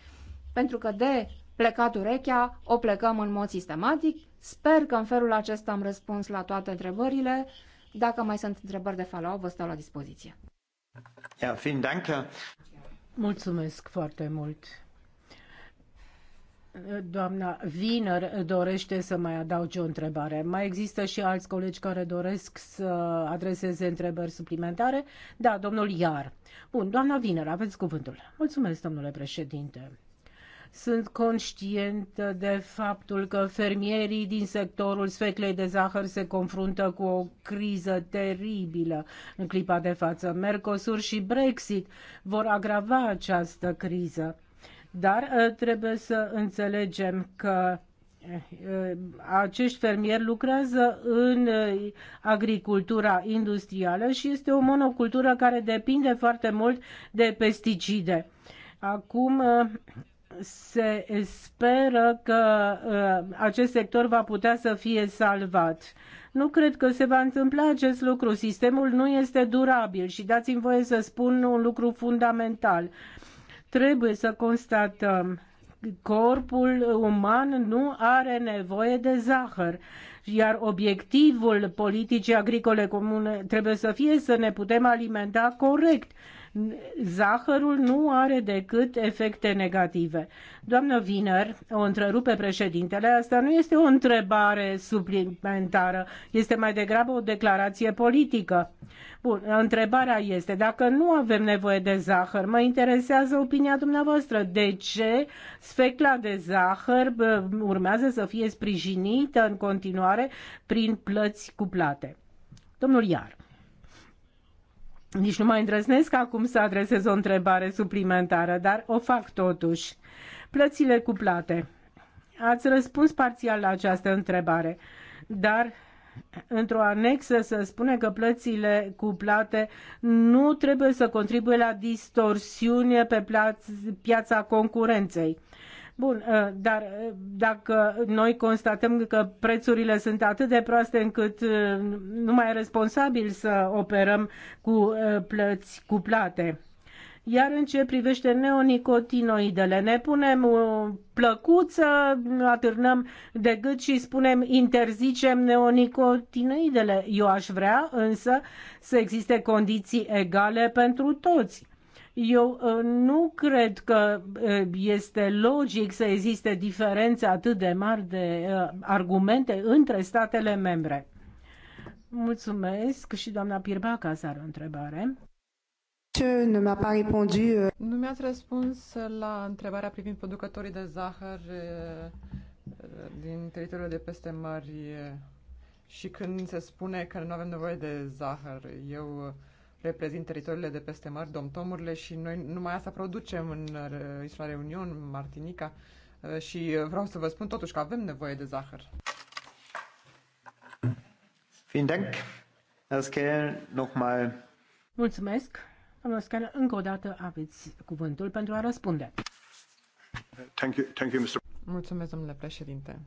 Pentru că de plecat urechea, o plecăm în mod sistematic. Sper că în felul acesta am răspuns la toate întrebările. Dacă mai sunt întrebări de follow vă stau la dispoziție. Ja, vielen Dank. Mulțumesc foarte mult. Doamna Wiener dorește să mai adauge o întrebare. Mai există și alți colegi care doresc să adreseze întrebări suplimentare? Da, domnul Iar. Bun, doamna Wiener, aveți cuvântul. Mulțumesc, domnule președinte. Sunt conștient de faptul că fermierii din sectorul sfeclei de zahăr se confruntă cu o criză teribilă în clipa de față. Mercosur și Brexit vor agrava această criză. Dar ă, trebuie să înțelegem că ă, acești fermieri lucrează în ă, agricultura industrială și este o monocultură care depinde foarte mult de pesticide. Acum se speră că uh, acest sector va putea să fie salvat. Nu cred că se va întâmpla acest lucru. Sistemul nu este durabil și dați-mi voie să spun un lucru fundamental. Trebuie să constatăm corpul uman nu are nevoie de zahăr, iar obiectivul politicii agricole comune trebuie să fie să ne putem alimenta corect zahărul nu are decât efecte negative. Doamnă Viner, o întrerupe președintele, asta nu este o întrebare suplimentară, este mai degrabă o declarație politică. Bun, întrebarea este, dacă nu avem nevoie de zahăr, mă interesează opinia dumneavoastră. De ce sfecla de zahăr urmează să fie sprijinită în continuare prin plăți cuplate? Domnul Iar nici nu mai îndrăznesc acum să adresez o întrebare suplimentară, dar o fac totuși. Plățile cuplate. Ați răspuns parțial la această întrebare, dar într-o anexă se spune că plățile cuplate nu trebuie să contribuie la distorsiune pe piața concurenței. Bun, uh, dar uh, dacă noi constatăm că prețurile sunt atât de proaste încât uh, nu mai e responsabil să operăm cu plăți cuplate. Iar în ce privește neonicotinoidele, ne punem o plăcuță, atârnăm de gât și spunem interzicem neonicotinoidele. Eu aș vrea însă să existe condiții egale pentru toți eu uh, nu cred că uh, este logic să existe diferențe atât de mari de uh, argumente între statele membre. Mulțumesc și doamna Pirbaca să are o întrebare. Nu mi Nu ați răspuns la întrebarea privind producătorii de zahăr din teritoriul de peste mări și când se spune că nu avem nevoie de zahăr. Eu reprezint teritoriile de peste mări, domtomurile și noi numai asta producem în uh, Isla Reunion, în Martinica uh, și uh, vreau să vă spun totuși că avem nevoie de zahăr. Vielen Dank. nochmal. Mulțumesc. Domnul Scanner, încă o dată aveți cuvântul pentru a răspunde. Thank you, thank you, Mr. Mulțumesc, domnule președinte.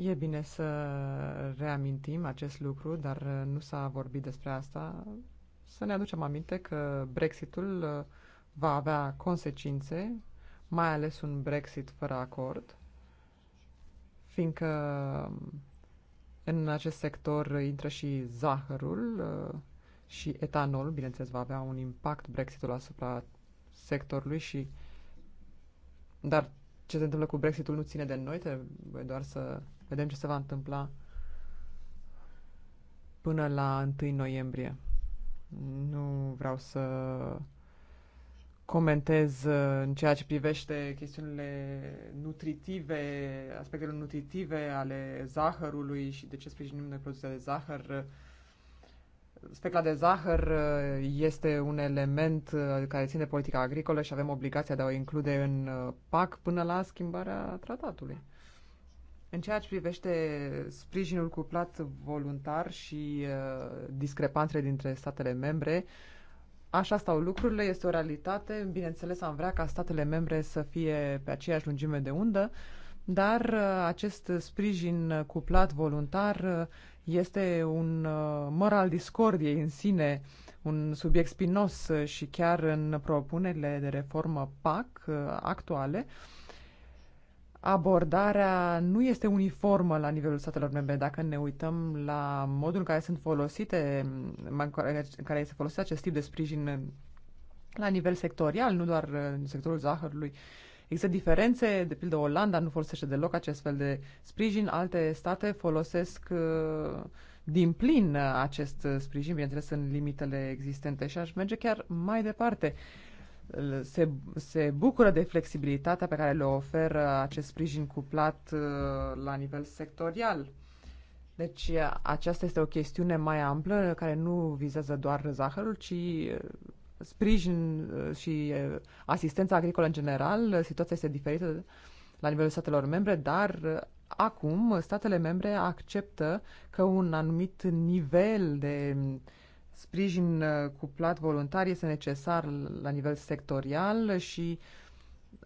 E bine să reamintim acest lucru, dar uh, nu s-a vorbit despre asta. Să ne aducem aminte că Brexitul uh, va avea consecințe, mai ales un Brexit fără acord, fiindcă um, în acest sector intră și zahărul uh, și etanol, bineînțeles, va avea un impact Brexitul asupra sectorului și dar ce se întâmplă cu Brexitul nu ține de noi, trebuie doar să Vedem ce se va întâmpla până la 1 noiembrie. Nu vreau să comentez uh, în ceea ce privește chestiunile nutritive, aspectele nutritive ale zahărului și de ce sprijinim noi producția de zahăr. Specla de zahăr uh, este un element uh, care ține politica agricolă și avem obligația de a o include în PAC până la schimbarea tratatului. În ceea ce privește sprijinul cuplat voluntar și uh, discrepanțele dintre statele membre, așa stau lucrurile, este o realitate. Bineînțeles, am vrea ca statele membre să fie pe aceeași lungime de undă, dar uh, acest sprijin cuplat voluntar uh, este un uh, măr al discordiei în sine, un subiect spinos și chiar în propunerile de reformă PAC uh, actuale, uh, abordarea nu este uniformă la nivelul statelor membre. Dacă ne uităm la modul în care sunt folosite, în care este folosit acest tip de sprijin la nivel sectorial, nu doar în sectorul zahărului, Există diferențe, de pildă Olanda nu folosește deloc acest fel de sprijin, alte state folosesc uh, din plin acest sprijin, bineînțeles în limitele existente și aș merge chiar mai departe. Uh, se, se bucură de flexibilitatea pe care le oferă acest sprijin cuplat uh, la nivel sectorial. Deci aceasta este o chestiune mai amplă care nu vizează doar zahărul, ci uh, sprijin uh, și asistența agricolă în general. Situația este diferită la nivelul statelor membre, dar acum statele membre acceptă că un anumit nivel de uh, sprijin uh, cuplat voluntar este necesar la nivel sectorial și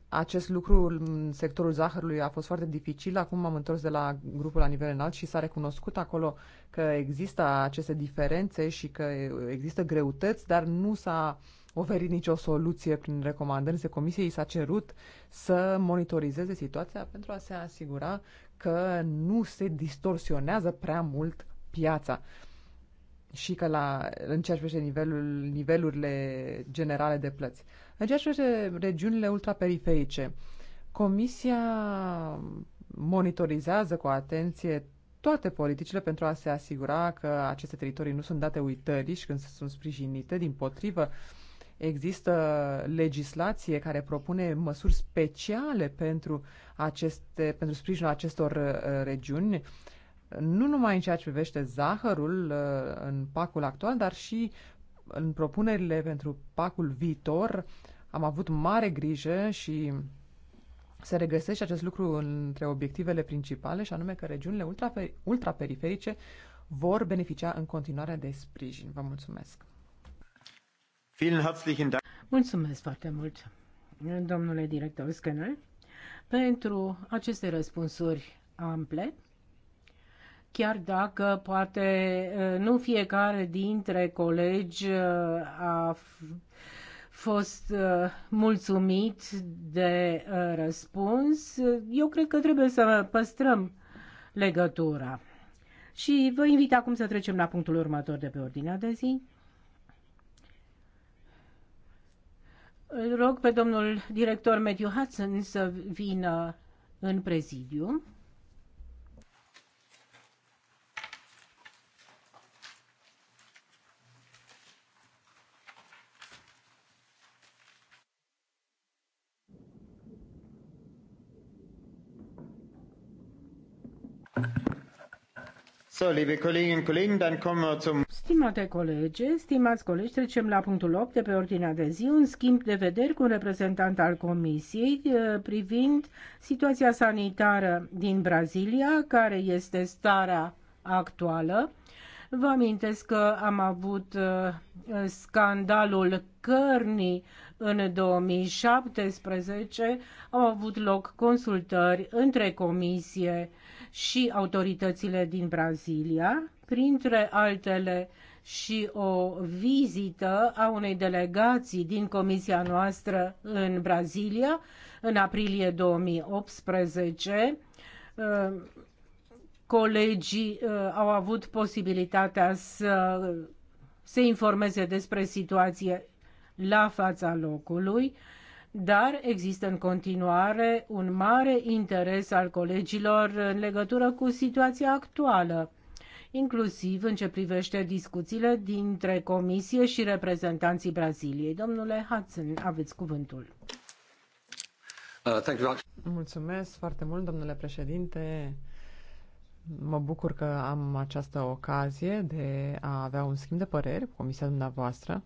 acest lucru în sectorul zahărului a fost foarte dificil. Acum m-am întors de la grupul la nivel înalt și s-a recunoscut acolo că există aceste diferențe și că există greutăți, dar nu s-a oferit nicio soluție prin recomandările comisiei. S-a cerut să monitorizeze situația pentru a se asigura că nu se distorsionează prea mult piața și că la, în ceea ce privește nivelul, nivelurile generale de plăți. În ceea ce privește regiunile ultraperiferice, Comisia monitorizează cu atenție toate politicile pentru a se asigura că aceste teritorii nu sunt date uitării și când sunt sprijinite, din potrivă, există legislație care propune măsuri speciale pentru, aceste, pentru sprijinul acestor uh, regiuni nu numai în ceea ce privește zahărul uh, în pacul actual, dar și în propunerile pentru pacul viitor. Am avut mare grijă și se regăsește acest lucru între obiectivele principale, și anume că regiunile ultraperiferice vor beneficia în continuare de sprijin. Vă mulțumesc! Mulțumesc foarte mult, domnule director Scanner, pentru aceste răspunsuri ample chiar dacă poate nu fiecare dintre colegi a fost mulțumit de răspuns, eu cred că trebuie să păstrăm legătura. Și vă invit acum să trecem la punctul următor de pe ordinea de zi. Îl rog pe domnul director Matthew Hudson să vină în prezidiu. Stimate colege, stimați colegi, trecem la punctul 8 de pe ordinea de zi, un schimb de vederi cu un reprezentant al Comisiei eh, privind situația sanitară din Brazilia, care este starea actuală. Vă amintesc că am avut eh, scandalul cărnii în 2017, au avut loc consultări între Comisie și autoritățile din Brazilia, printre altele și o vizită a unei delegații din comisia noastră în Brazilia în aprilie 2018. Uh, colegii uh, au avut posibilitatea să se informeze despre situație la fața locului dar există în continuare un mare interes al colegilor în legătură cu situația actuală inclusiv în ce privește discuțiile dintre Comisie și reprezentanții Braziliei. Domnule Hudson, aveți cuvântul. Uh, Mulțumesc foarte mult, domnule președinte. Mă bucur că am această ocazie de a avea un schimb de păreri cu comisia dumneavoastră.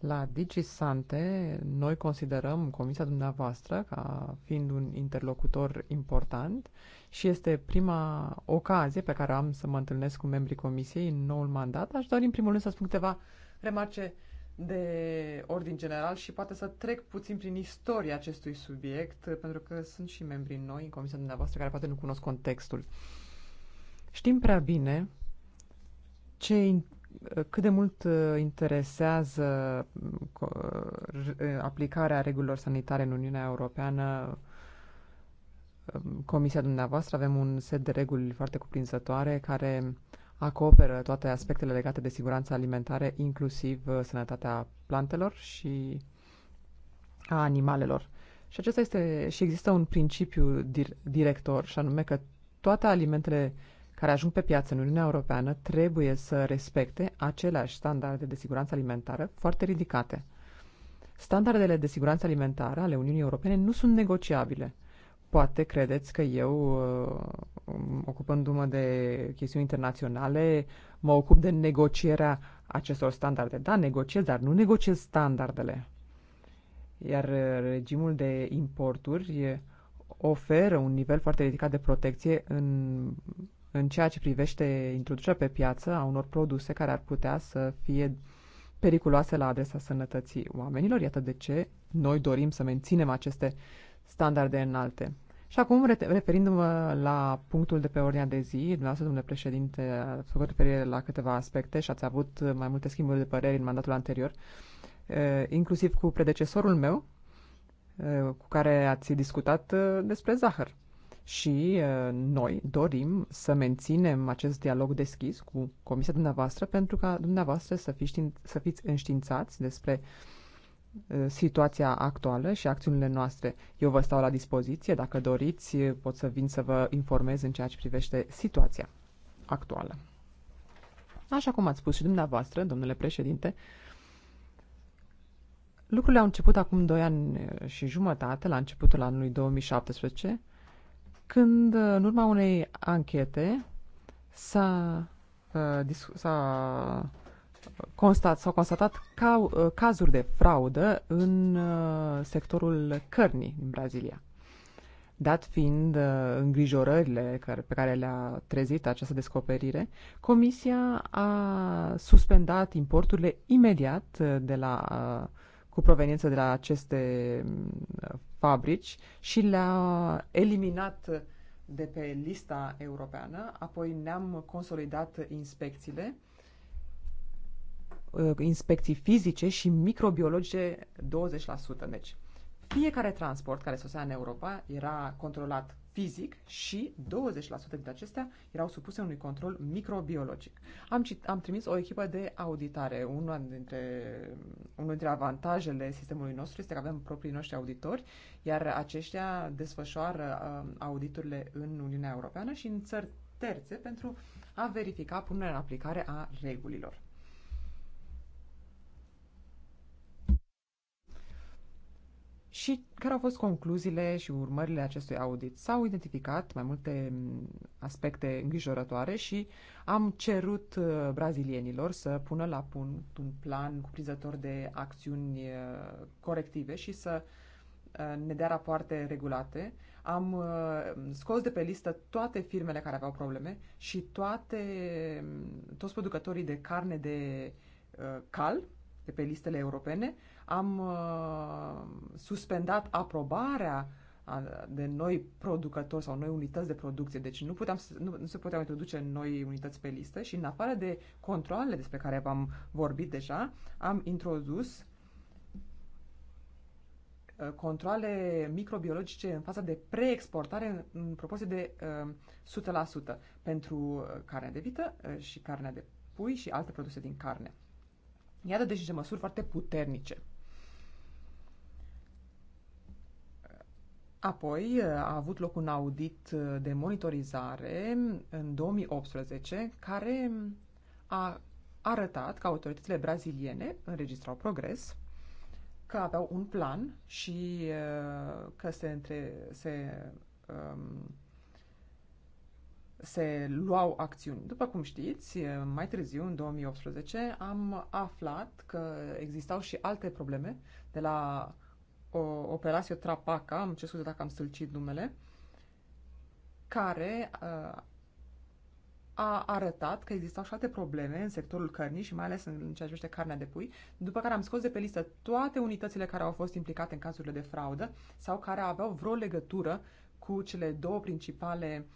La DigiSante, noi considerăm comisia dumneavoastră ca fiind un interlocutor important și este prima ocazie pe care am să mă întâlnesc cu membrii comisiei în noul mandat. Aș dori în primul rând să spun câteva remarce de ordin general și poate să trec puțin prin istoria acestui subiect, pentru că sunt și membrii noi în comisia dumneavoastră care poate nu cunosc contextul. Știm prea bine ce cât de mult uh, interesează uh, aplicarea regulilor sanitare în Uniunea Europeană um, comisia dumneavoastră? Avem un set de reguli foarte cuprinzătoare care acoperă toate aspectele legate de siguranța alimentare, inclusiv uh, sănătatea plantelor și a animalelor. Și acesta este și există un principiu director și anume că toate alimentele care ajung pe piață în Uniunea Europeană trebuie să respecte aceleași standarde de siguranță alimentară foarte ridicate. Standardele de siguranță alimentară ale Uniunii Europene nu sunt negociabile. Poate credeți că eu, uh, ocupându-mă de chestiuni internaționale, mă ocup de negocierea acestor standarde. Da, negociez, dar nu negociez standardele. Iar uh, regimul de importuri uh, oferă un nivel foarte ridicat de protecție în în ceea ce privește introducerea pe piață a unor produse care ar putea să fie periculoase la adresa sănătății oamenilor. Iată de ce noi dorim să menținem aceste standarde înalte. Și acum, referindu-mă la punctul de pe ordinea de zi, dumneavoastră, domnule președinte, ați făcut referire la câteva aspecte și ați avut mai multe schimburi de păreri în mandatul anterior, inclusiv cu predecesorul meu, cu care ați discutat despre zahăr și uh, noi dorim să menținem acest dialog deschis cu comisia dumneavoastră pentru ca dumneavoastră să, fi știin, să fiți înștiințați despre uh, situația actuală și acțiunile noastre. Eu vă stau la dispoziție, dacă doriți pot să vin să vă informez în ceea ce privește situația actuală. Așa cum ați spus și dumneavoastră, domnule președinte, lucrurile au început acum 2 ani și jumătate, la începutul anului 2017, când, uh, în urma unei anchete, s-a, uh, s-a uh, constat, s-au constatat ca, cazuri de fraudă în sectorul cărnii din Brazilia. Dat fiind îngrijorările care, pe care le-a trezit această descoperire, Comisia a suspendat importurile imediat de la cu proveniență de la aceste mm, fabrici și le-a eliminat de pe lista europeană, apoi ne-am consolidat inspecțiile, uh, inspecții fizice și microbiologice 20%. Deci, fiecare transport care sosea în Europa era controlat fizic și 20% dintre acestea erau supuse unui control microbiologic. Am, cit, am trimis o echipă de auditare. Una dintre, unul dintre avantajele sistemului nostru este că avem proprii noștri auditori, iar aceștia desfășoară um, auditurile în Uniunea Europeană și în țări terțe pentru a verifica punerea în aplicare a regulilor. Și care au fost concluziile și urmările acestui audit? S-au identificat mai multe mm, aspecte îngrijorătoare și am cerut uh, brazilienilor să pună la punct un plan cuprinzător de acțiuni uh, corective și să uh, ne dea rapoarte regulate. Am scos de pe listă toate firmele care aveau probleme și toate, mm, toți producătorii de carne de cal de pe listele europene am uh, suspendat aprobarea de noi producători sau noi unități de producție. Deci nu, puteam, nu, nu se puteau introduce noi unități pe listă și în afară de controlele despre care v-am vorbit deja, am introdus uh, controle microbiologice în fața de preexportare în proporție de uh, 100% pentru uh, carnea de vită uh, și carnea de pui și alte produse din carne. Iată deci niște măsuri foarte puternice. Apoi uh, a avut loc un audit uh, de monitorizare în 2018 care a arătat că autoritățile braziliene înregistrau progres, că aveau un plan și uh, că se, între, se, um, se luau acțiuni. După cum știți, mai târziu, în 2018, am aflat că existau și alte probleme de la o, Operațio Trapaca, am ce scuze dacă am stâlcit numele, care uh, a arătat că existau și alte probleme în sectorul cărnii și mai ales în ceea ce privește carnea de pui, după care am scos de pe listă toate unitățile care au fost implicate în cazurile de fraudă sau care aveau vreo legătură cu cele două principale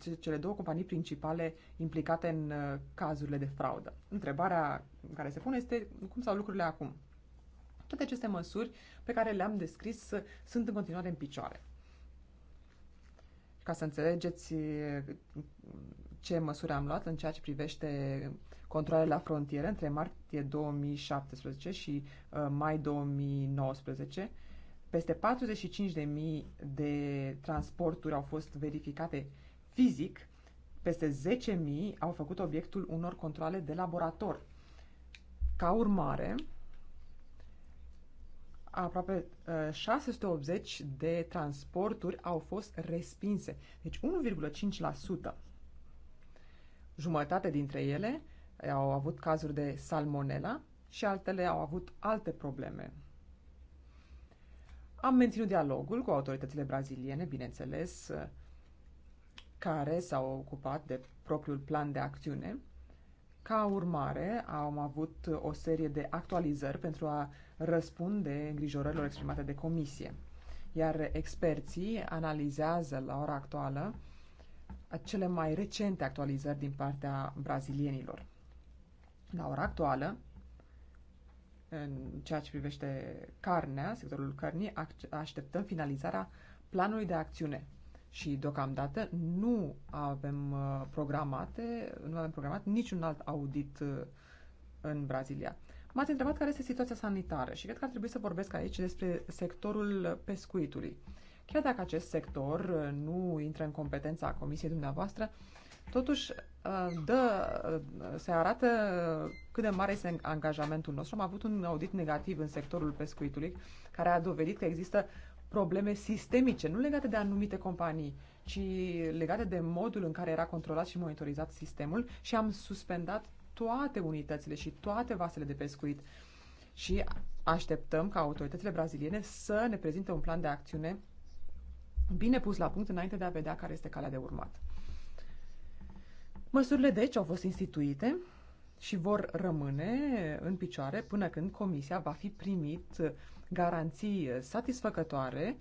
uh, cele două companii principale implicate în uh, cazurile de fraudă. Întrebarea care se pune este cum stau lucrurile acum. Toate aceste măsuri pe care le-am descris sunt în continuare în picioare. Ca să înțelegeți ce măsuri am luat în ceea ce privește controlele la frontieră între martie 2017 și uh, mai 2019, peste 45.000 de transporturi au fost verificate fizic, peste 10.000 au făcut obiectul unor controle de laborator. Ca urmare, aproape 680 uh, de transporturi au fost respinse, deci 1,5%. Jumătate dintre ele au avut cazuri de salmonella și altele au avut alte probleme. Am menținut dialogul cu autoritățile braziliene, bineînțeles, care s-au ocupat de propriul plan de acțiune ca urmare, am avut o serie de actualizări pentru a răspunde îngrijorărilor exprimate de comisie. Iar experții analizează la ora actuală cele mai recente actualizări din partea brazilienilor. La ora actuală, în ceea ce privește carnea, sectorul cărnii, așteptăm finalizarea planului de acțiune și deocamdată nu avem uh, programate, nu avem programat niciun alt audit uh, în Brazilia. M-ați întrebat care este situația sanitară și cred că ar trebui să vorbesc aici despre sectorul pescuitului. Chiar dacă acest sector uh, nu intră în competența comisiei dumneavoastră, totuși dă, se arată cât de mare este angajamentul nostru. Am avut un audit negativ în sectorul pescuitului, care a dovedit că există probleme sistemice, nu legate de anumite companii, ci legate de modul în care era controlat și monitorizat sistemul și am suspendat toate unitățile și toate vasele de pescuit. Și așteptăm ca autoritățile braziliene să ne prezinte un plan de acțiune bine pus la punct înainte de a vedea care este calea de urmat. Măsurile deci au fost instituite și vor rămâne în picioare până când Comisia va fi primit garanții satisfăcătoare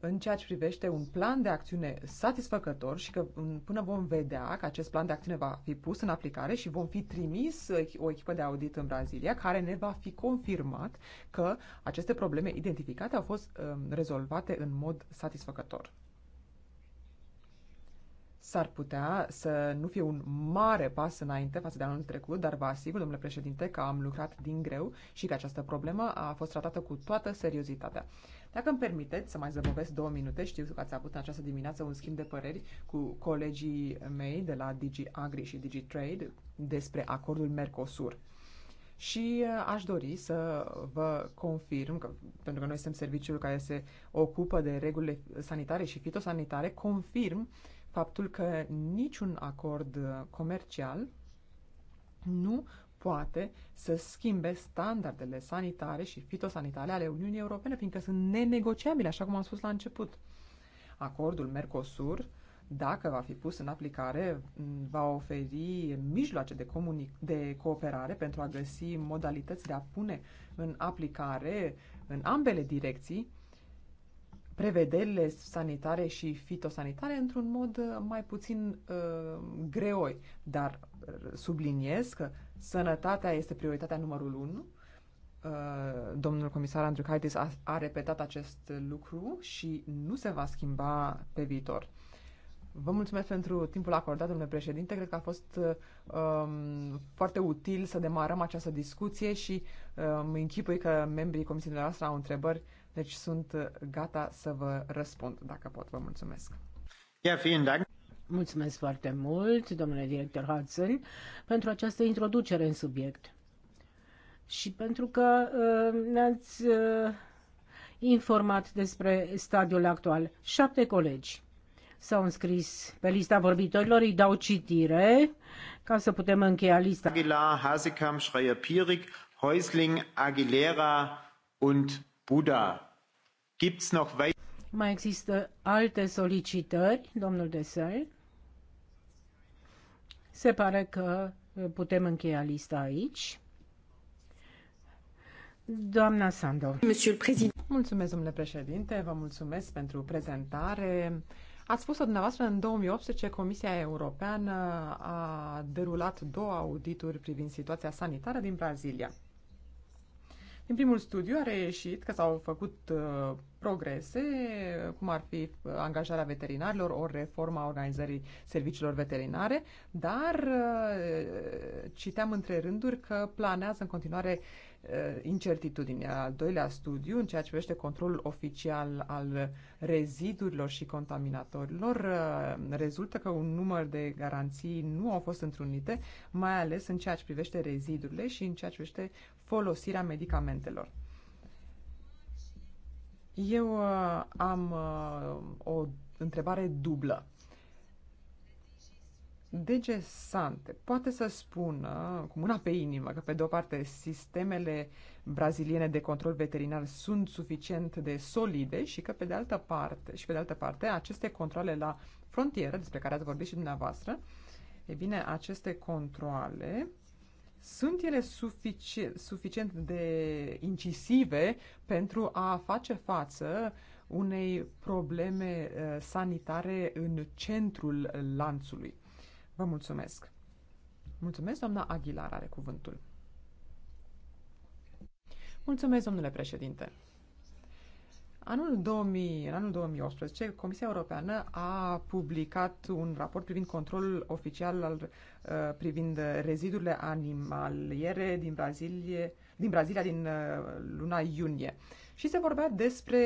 în ceea ce privește un plan de acțiune satisfăcător și că până vom vedea că acest plan de acțiune va fi pus în aplicare și vom fi trimis o echipă de audit în Brazilia care ne va fi confirmat că aceste probleme identificate au fost um, rezolvate în mod satisfăcător s-ar putea să nu fie un mare pas înainte față de anul trecut, dar vă asigur, domnule președinte, că am lucrat din greu și că această problemă a fost tratată cu toată seriozitatea. Dacă îmi permiteți să mai zăbovesc două minute, știu că ați avut în această dimineață un schimb de păreri cu colegii mei de la Digi Agri și Digi Trade despre acordul Mercosur. Și uh, aș dori să vă confirm, că, pentru că noi suntem serviciul care se ocupă de regulile sanitare și fitosanitare, confirm uh, faptul că niciun acord comercial nu poate să schimbe standardele sanitare și fitosanitare ale Uniunii Europene, fiindcă sunt nenegociabile, așa cum am spus la început. Acordul Mercosur, dacă va fi pus în aplicare, va oferi mijloace de, comunic- de cooperare pentru a găsi modalități de a pune în aplicare în ambele direcții prevederile sanitare și fitosanitare într-un mod uh, mai puțin uh, greoi. Dar uh, subliniez că sănătatea este prioritatea numărul unu. Uh, domnul comisar Andriukaitis a, a repetat acest lucru și nu se va schimba pe viitor. Vă mulțumesc pentru timpul acordat, domnule președinte. Cred că a fost uh, um, foarte util să demarăm această discuție și um, închipui că membrii comisiei noastre au întrebări uh, deci sunt uh, gata să vă răspund dacă pot. Vă mulțumesc. Ja, Mulțumesc foarte mult, domnule director Hudson, pentru această introducere în subiect și pentru că uh, ne-ați uh, informat despre stadiul actual. Șapte colegi s-au înscris pe lista vorbitorilor, îi dau citire ca să putem încheia lista. Aguilar, Hasekam, schreier Pirik, Häusling, Aguilera und Buda. Mai există alte solicitări, domnul Desel? Se pare că uh, putem încheia lista aici. Doamna Sandov. Mulțumesc, domnule președinte, vă mulțumesc pentru prezentare. Ați spus-o dumneavoastră, în 2018 Comisia Europeană a derulat două audituri privind situația sanitară din Brazilia. În primul studiu a reieșit că s-au făcut uh, progrese, cum ar fi uh, angajarea veterinarilor, o reforma organizării serviciilor veterinare, dar uh, citeam între rânduri că planează în continuare uh, incertitudine. Al doilea studiu, în ceea ce privește controlul oficial al rezidurilor și contaminatorilor, rezultă că un număr de garanții nu au fost întrunite, mai ales în ceea ce privește rezidurile și în ceea ce privește folosirea medicamentelor. Eu uh, am uh, o întrebare dublă. DG Sante poate să spună, cu mâna pe inimă, că pe de o parte sistemele braziliene de control veterinar sunt suficient de solide și că pe de altă parte, și pe de altă parte aceste controle la frontieră, despre care ați vorbit și dumneavoastră, e bine, aceste controle sunt ele sufici- suficient de incisive pentru a face față unei probleme uh, sanitare în centrul lanțului? Vă mulțumesc. Mulțumesc, doamna Aguilar are cuvântul. Mulțumesc, domnule președinte. Anul 2000, în anul 2018, Comisia Europeană a publicat un raport privind controlul oficial al, uh, privind rezidurile animaliere din Brazilie, din Brazilia din uh, luna iunie. Și se vorbea despre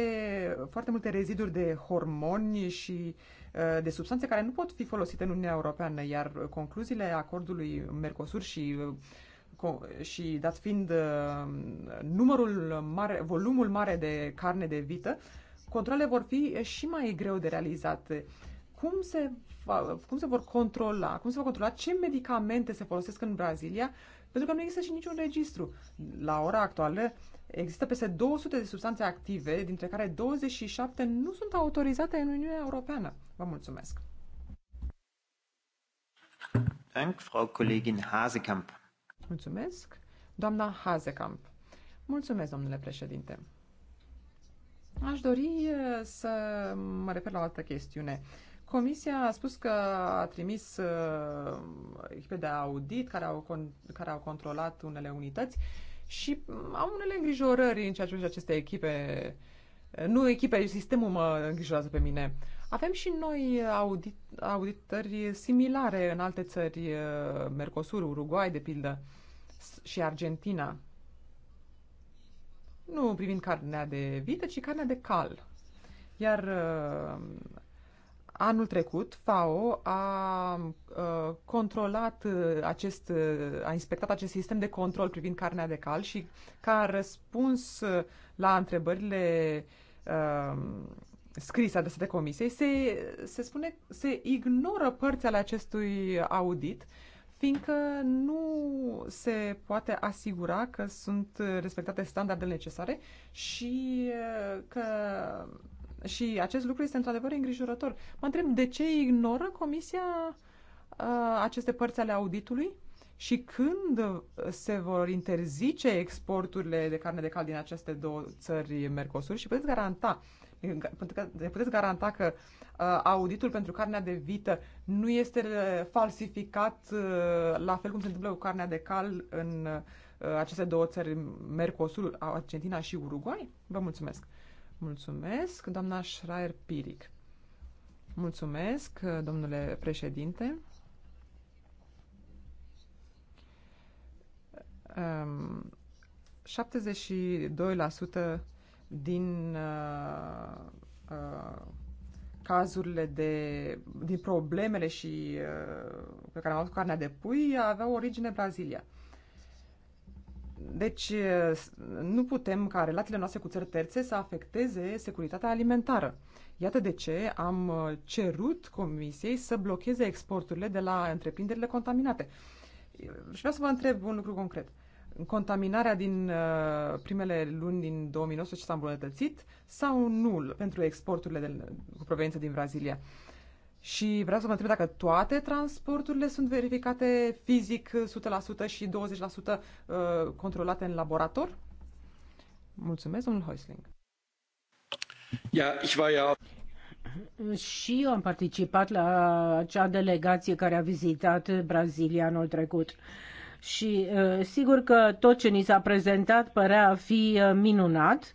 foarte multe reziduri de hormoni și uh, de substanțe care nu pot fi folosite în Uniunea Europeană, iar concluziile acordului Mercosur și uh, și dat fiind uh, numărul mare, volumul mare de carne de vită, controlele vor fi și mai greu de realizate. Cum se, cum se vor controla, cum se vor controla ce medicamente se folosesc în Brazilia, pentru că nu există și niciun registru. La ora actuală există peste 200 de substanțe active, dintre care 27 nu sunt autorizate în Uniunea Europeană. Vă mulțumesc! Dank, Frau Kollegin Hasekamp. Mulțumesc. Doamna Hazekamp. Mulțumesc, domnule președinte. Aș dori eh, să mă refer la o altă chestiune. Comisia a spus că a trimis eh, echipe de audit care au, con- care au controlat unele unități și mm, au unele îngrijorări în ceea ce aceste echipe. Nu echipe, sistemul mă îngrijorează pe mine. Avem și noi audit, auditări similare în alte țări, uh, Mercosur, Uruguay, de pildă, și Argentina. Nu privind carnea de vită, ci carnea de cal. Iar uh, anul trecut, FAO a, a uh, controlat acest, a inspectat acest sistem de control privind carnea de cal și ca răspuns la întrebările a, scris adresate comisiei, se, se spune, se ignoră părți ale acestui audit, fiindcă nu se poate asigura că sunt respectate standardele necesare și uh, că și acest lucru este într-adevăr îngrijorător. Mă întreb de ce ignoră comisia uh, aceste părți ale auditului? Și când se vor interzice exporturile de carne de cal din aceste două țări Mercosur și puteți garanta uh, ne puteți garanta că uh, auditul pentru carnea de vită nu este uh, falsificat uh, la fel cum se întâmplă cu carnea de cal în aceste două țări, Mercosul, Argentina și Uruguay? Vă mulțumesc! Mulțumesc, doamna Schreier Piric. Mulțumesc, domnule președinte. Um, din uh, uh, cazurile de, din problemele și uh, pe care am avut carnea de pui aveau origine Brazilia. Deci uh, nu putem ca relațiile noastre cu țări terțe să afecteze securitatea alimentară. Iată de ce am uh, cerut Comisiei să blocheze exporturile de la întreprinderile contaminate. Uh, și vreau să vă întreb un lucru concret contaminarea din uh, primele luni din 2019 s-a îmbunătățit sau nul pentru exporturile de, cu proveniență din Brazilia. Și vreau să vă întreb dacă toate transporturile sunt verificate fizic 100% și 20% uh, controlate în laborator? Mulțumesc, domnul Heusling. Ja, ich war ja și eu am participat la acea delegație care a vizitat Brazilia anul trecut. Uh, și uh, sigur că tot ce ni s-a prezentat părea a fi uh, minunat,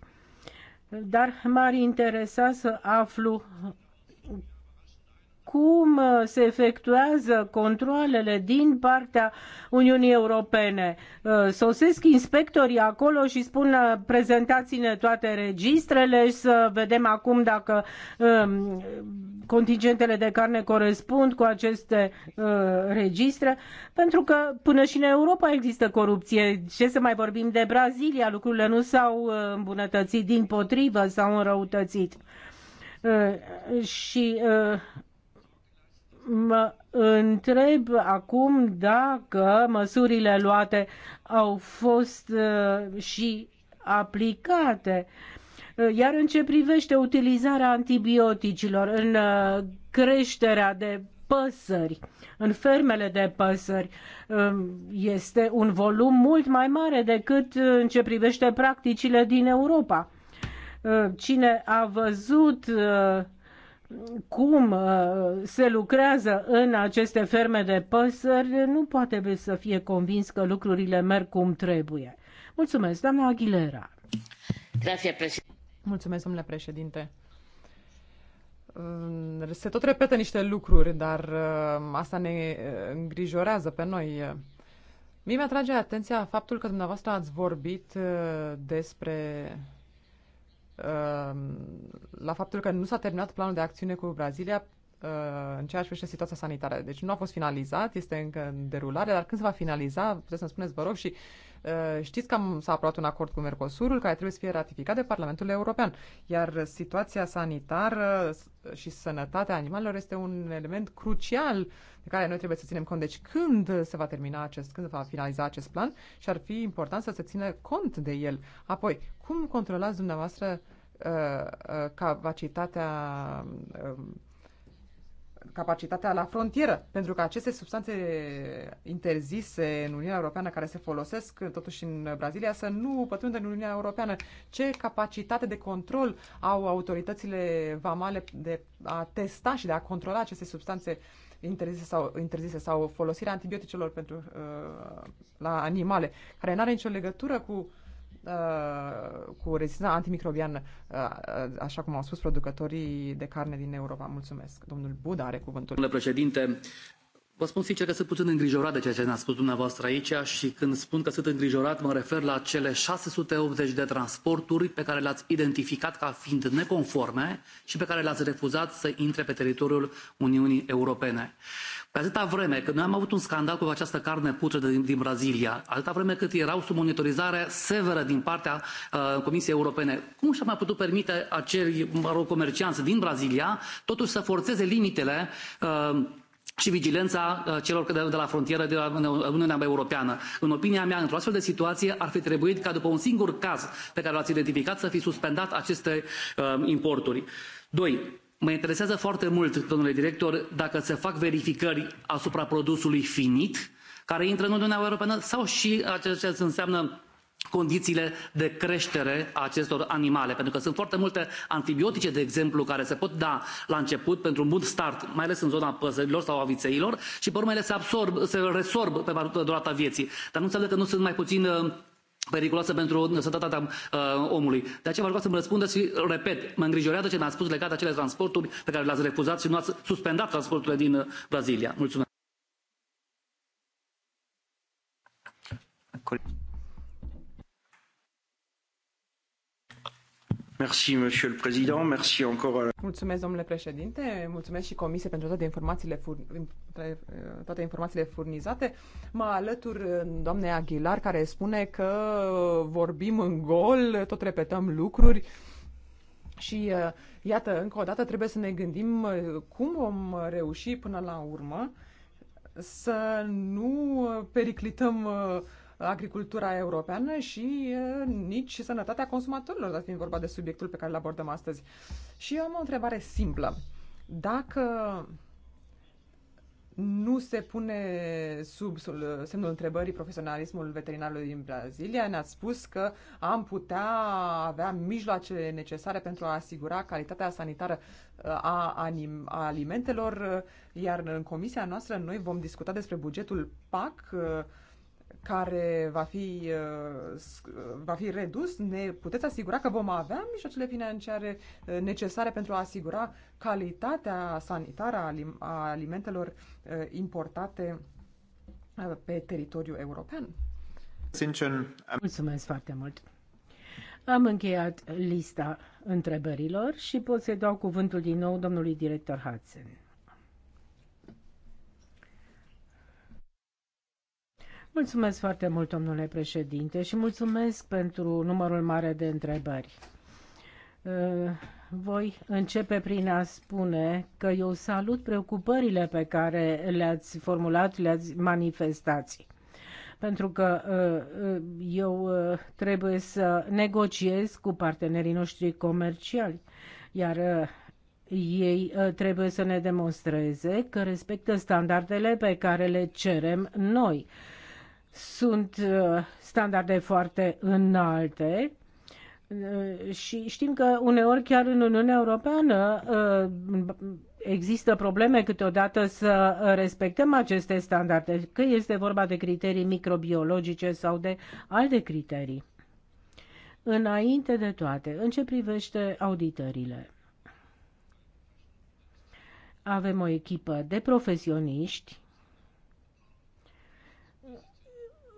dar m-ar interesa să aflu cum uh, se efectuează controlele din partea Uniunii Europene. Uh, sosesc inspectorii acolo și spun uh, prezentați-ne toate registrele și să vedem acum dacă um, contingentele de carne corespund cu aceste registre, pentru că până și în Europa există corupție. Ce să mai vorbim de Brazilia, lucrurile nu s-au îmbunătățit, din potrivă s-au înrăutățit și mă întreb acum dacă măsurile luate au fost uh, și aplicate. Uh, iar în ce privește utilizarea antibioticilor în uh, creșterea de păsări, în fermele de păsări, um, este un volum mult mai mare decât în ce privește practicile din Europa. Cine a văzut cum uh, se lucrează în aceste ferme de păsări, nu poate să fie convins că lucrurile merg cum trebuie. Mulțumesc, doamna Aguilera. Mulțumesc, domnule președinte. Mm, se tot repetă niște lucruri, dar uh, asta ne uh, îngrijorează pe noi. Mie mi-atrage atenția faptul că dumneavoastră ați vorbit despre Um, la faptul că nu s-a terminat planul de acțiune cu Brazilia Uh, în ceea ce privește situația sanitară. Deci nu a fost finalizat, este încă în derulare, dar când se va finaliza, puteți să-mi spuneți, vă rog, și uh, știți că s-a aprobat un acord cu Mercosurul care trebuie să fie ratificat de Parlamentul European, iar situația sanitară și sănătatea animalelor este un element crucial de care noi trebuie să ținem cont. Deci când se va termina acest, când se va finaliza acest plan și ar fi important să se țină cont de el. Apoi, cum controlați dumneavoastră uh, capacitatea um, capacitatea la frontieră, pentru că aceste substanțe interzise în Uniunea Europeană care se folosesc totuși în Brazilia să nu pătrundă în Uniunea Europeană. Ce capacitate de control au autoritățile vamale de a testa și de a controla aceste substanțe interzise sau, interzise sau folosirea antibioticelor pentru, uh, la animale, care nu are nicio legătură cu uh, Uh, cu rezistența antimicrobiană, uh, așa cum au spus producătorii de carne din Europa. Mulțumesc. Domnul Buda are cuvântul. Domnule președinte, vă spun sincer că sunt puțin îngrijorat de ceea ce ne a spus dumneavoastră aici și când spun că sunt îngrijorat, mă refer la cele 680 de transporturi pe care le-ați identificat ca fiind neconforme și pe care le-ați refuzat să intre pe teritoriul Uniunii Europene. Pe atâta vreme cât noi am avut un scandal cu această carne putredă din, din Brazilia, atâta vreme cât erau sub monitorizare severă din partea uh, Comisiei Europene, cum și-a mai putut permite acei, mă rog, comercianți din Brazilia totuși să forțeze limitele uh, și vigilența uh, celor de la frontieră de la Uniunea Europeană. În opinia mea, într-o astfel de situație, ar fi trebuit ca după un singur caz pe care l-ați identificat să fi suspendat aceste uh, importuri. Doi, mă interesează foarte mult domnule director dacă se fac verificări asupra produsului finit care intră în uniunea europeană sau și a ceea ce înseamnă condițiile de creștere a acestor animale pentru că sunt foarte multe antibiotice de exemplu care se pot da la început pentru un bun start mai ales în zona păsărilor sau a vițeilor și pe urmă ele se resorb pe durata vieții dar nu înseamnă că nu sunt mai puțin periculoasă pentru sănătatea uh, omului. De aceea vă rog să-mi răspundeți și, repet, mă îngrijorează ce mi-ați spus legat de acele transporturi pe care le-ați refuzat și nu ați suspendat transporturile din uh, Brazilia. Mulțumesc. Merci, Monsieur le Président. Merci encore. Mulțumesc, domnule președinte. Mulțumesc și comisie pentru toate informațiile, fur... toate eh, informațiile furnizate. Mă alătur eh, doamnei Aguilar, care spune că vorbim în gol, tot repetăm lucruri. Și eh, iată, încă o dată trebuie să ne gândim cum vom reuși până la urmă să nu periclităm uh, agricultura europeană și nici sănătatea consumatorilor, dar fiind vorba de subiectul pe care îl abordăm astăzi. Și eu am o întrebare simplă. Dacă nu se pune sub semnul întrebării profesionalismul veterinarului din Brazilia. Ne-ați spus că am putea avea mijloacele necesare pentru a asigura calitatea sanitară a, anim- a alimentelor, iar în comisia noastră noi vom discuta despre bugetul PAC care va fi, uh, uh, va fi redus, ne puteți asigura că vom avea mijloacele financiare uh, necesare pentru a asigura calitatea sanitară a alimentelor importate pe teritoriul european? Sincer, Mulțumesc foarte mult! Am încheiat lista întrebărilor și pot să dau cuvântul din nou domnului director Hudson. Mulțumesc foarte mult, domnule președinte, și mulțumesc pentru numărul mare de întrebări. Uh, voi începe prin a spune că eu salut preocupările pe care le-ați formulat, le-ați manifestat. Pentru că uh, uh, eu trebuie să negociez cu partenerii noștri comerciali, iar ei trebuie să ne demonstreze că respectă standardele pe care le cerem noi sunt uh, standarde foarte înalte uh, și știm că uneori chiar în Uniunea Europeană uh, există probleme câteodată să respectăm aceste standarde, că este vorba de criterii microbiologice sau de alte criterii. Înainte de toate, în ce privește auditările, avem o echipă de profesioniști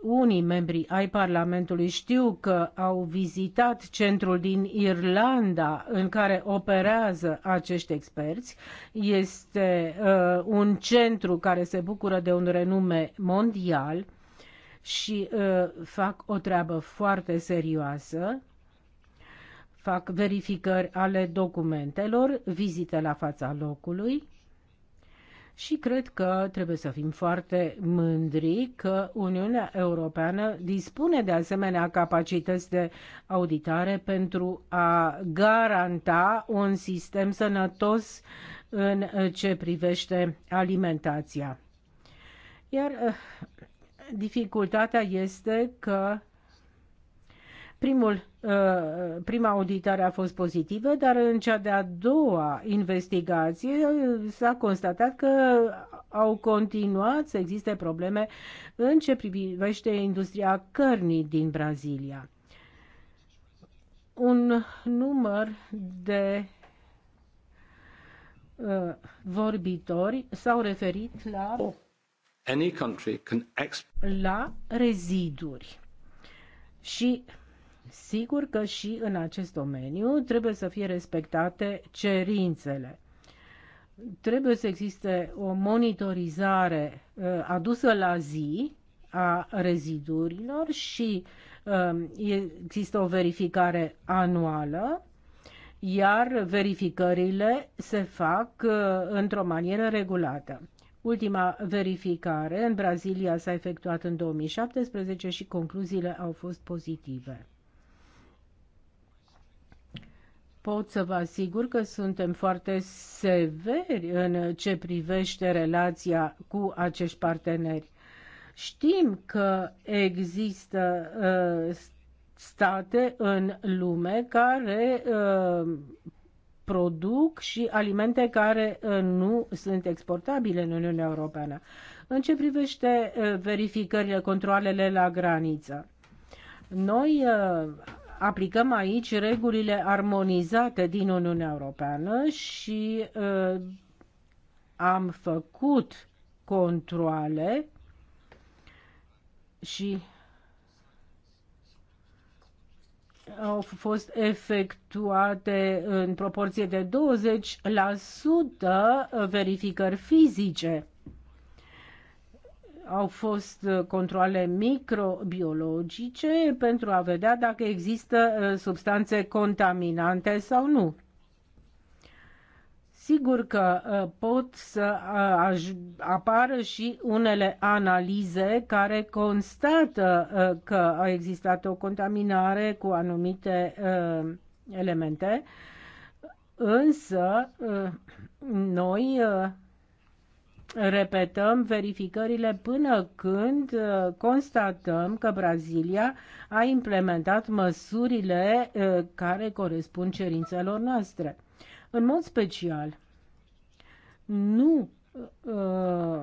unii membri ai Parlamentului știu că au vizitat centrul din Irlanda în care operează acești experți. Este uh, un centru care se bucură de un renume mondial și uh, fac o treabă foarte serioasă. Fac verificări ale documentelor, vizite la fața locului și cred că trebuie să fim foarte mândri că Uniunea Europeană dispune de asemenea capacități de auditare pentru a garanta un sistem sănătos în ce privește alimentația. Iar eh, dificultatea este că Primul, uh, prima auditare a fost pozitivă, dar în cea de-a doua investigație s-a constatat că au continuat să existe probleme în ce privește industria cărnii din Brazilia. Un număr de uh, vorbitori s-au referit la, oh. Any country can la reziduri. Și Sigur că și în acest domeniu trebuie să fie respectate cerințele. Trebuie să existe o monitorizare uh, adusă la zi a rezidurilor și um, există o verificare anuală iar verificările se fac uh, într-o manieră regulată. Ultima verificare în Brazilia s-a efectuat în 2017 și concluziile au fost pozitive pot să vă asigur că suntem foarte severi în ce privește relația cu acești parteneri. Știm că există uh, state în lume care uh, produc și alimente care uh, nu sunt exportabile în Uniunea Europeană. În ce privește uh, verificările, controlele la graniță, noi uh, aplicăm aici regulile armonizate din Uniunea Europeană și uh, am făcut controle și au fost efectuate în proporție de 20% verificări fizice au fost uh, controle microbiologice pentru a vedea dacă există uh, substanțe contaminante sau nu. Sigur că uh, pot să apară și unele analize care constată că a existat o contaminare cu anumite elemente, însă noi repetăm verificările până când uh, constatăm că Brazilia a implementat măsurile uh, care corespund cerințelor noastre. În mod special, nu uh,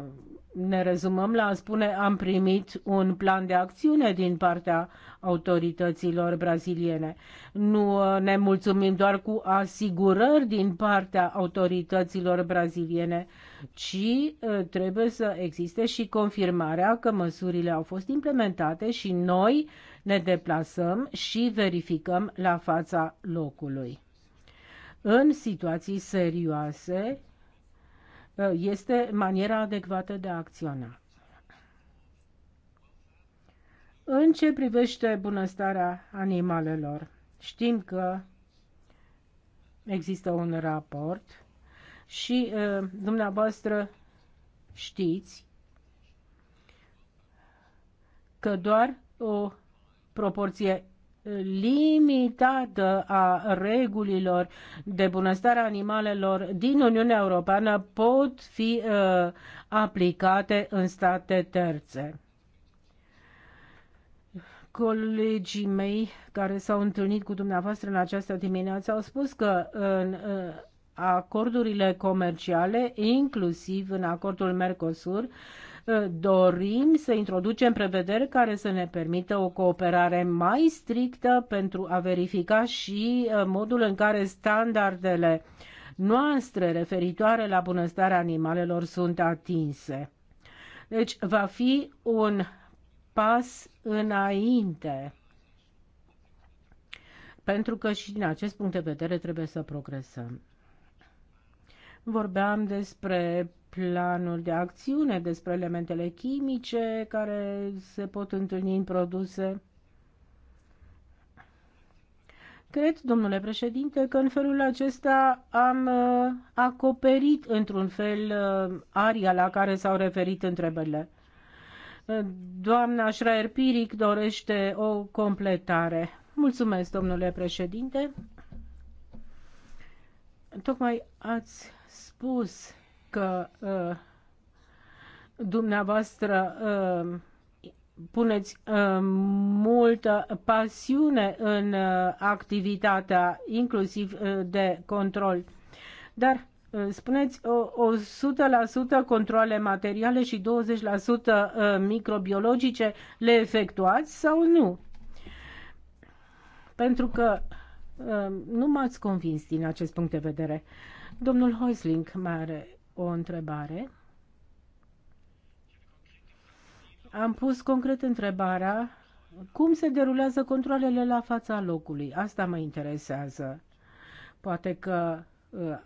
ne rezumăm la a spune am primit un plan de acțiune din partea autorităților braziliene. Nu ne mulțumim doar cu asigurări din partea autorităților braziliene ci ă, trebuie să existe și confirmarea că măsurile au fost implementate și noi ne deplasăm și verificăm la fața locului. În situații serioase ă, este maniera adecvată de a acționa. În ce privește bunăstarea animalelor, știm că există un raport și uh, dumneavoastră știți că doar o proporție limitată a regulilor de bunăstare animalelor din Uniunea Europeană pot fi uh, aplicate în state terțe. Colegii mei care s-au întâlnit cu dumneavoastră în această dimineață au spus că în uh, acordurile comerciale, inclusiv în acordul Mercosur, uh, dorim să introducem prevederi care să ne permită o cooperare mai strictă pentru a verifica și uh, modul în care standardele noastre referitoare la bunăstarea animalelor sunt atinse. Deci va fi un pas înainte. Pentru că și din acest punct de vedere trebuie să progresăm. Vorbeam despre planul de acțiune, despre elementele chimice care se pot întâlni în produse. Cred, domnule președinte, că în felul acesta am uh, acoperit într-un fel uh, aria la care s-au referit întrebările. Uh, doamna Schreier-Piric dorește o completare. Mulțumesc, domnule președinte. Tocmai ați spus că uh, dumneavoastră uh, puneți uh, multă pasiune în uh, activitatea inclusiv uh, de control. Dar uh, spuneți uh, 100% controle materiale și 20% uh, microbiologice le efectuați sau nu? Pentru că uh, nu m-ați convins din acest punct de vedere. Uh, Domnul Hoisling mai are o întrebare. Am pus concret întrebarea cum se derulează controlele la fața locului. Asta mă interesează. Poate că uh,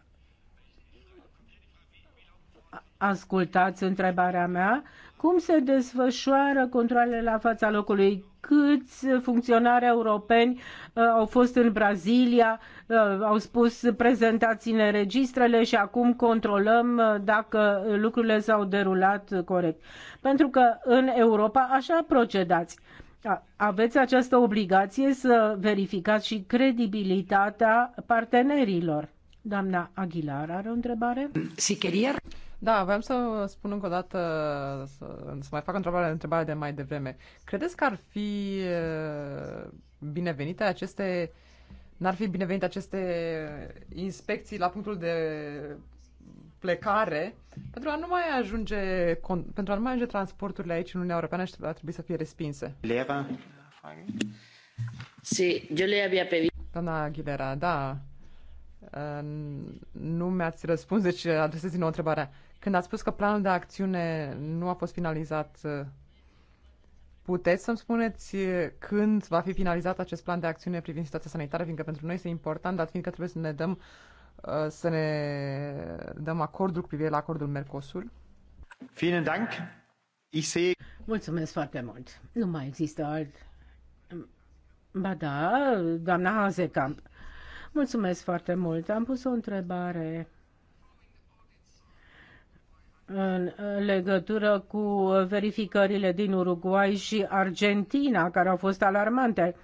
ascultați întrebarea mea, cum se desfășoară controlele la fața locului? Câți funcționari europeni uh, au fost în Brazilia, uh, au spus prezentați-ne registrele și acum controlăm uh, dacă lucrurile s-au derulat corect. Pentru că în Europa așa procedați. Aveți această obligație să verificați și credibilitatea partenerilor. Doamna Aguilar are o întrebare? Si da, vreau să spun încă o dată, să, să mai fac o întrebare, întrebare de mai devreme. Credeți că ar fi uh, binevenite aceste, n-ar fi binevenite aceste inspecții la punctul de plecare pentru a nu mai ajunge, pentru a nu mai ajunge transporturile aici în Uniunea Europeană și ar trebui să fie respinse? Leva? Sí, yo le había pedido. Doamna Aguilera, da, nu mi-ați răspuns, deci adresez din nou întrebarea. Când ați spus că planul de acțiune nu a fost finalizat, puteți să-mi spuneți când va fi finalizat acest plan de acțiune privind situația sanitară, fiindcă pentru noi este important, dar fiindcă trebuie să ne dăm uh, să ne dăm acordul cu privire la acordul Mercosur. Vielen Dank. Ich sehe... Mulțumesc foarte mult. Nu mai există alt... Ba da, doamna Hazekamp. Mulțumesc foarte mult. Am pus o întrebare în legătură cu verificările din Uruguay și Argentina, care au fost alarmante.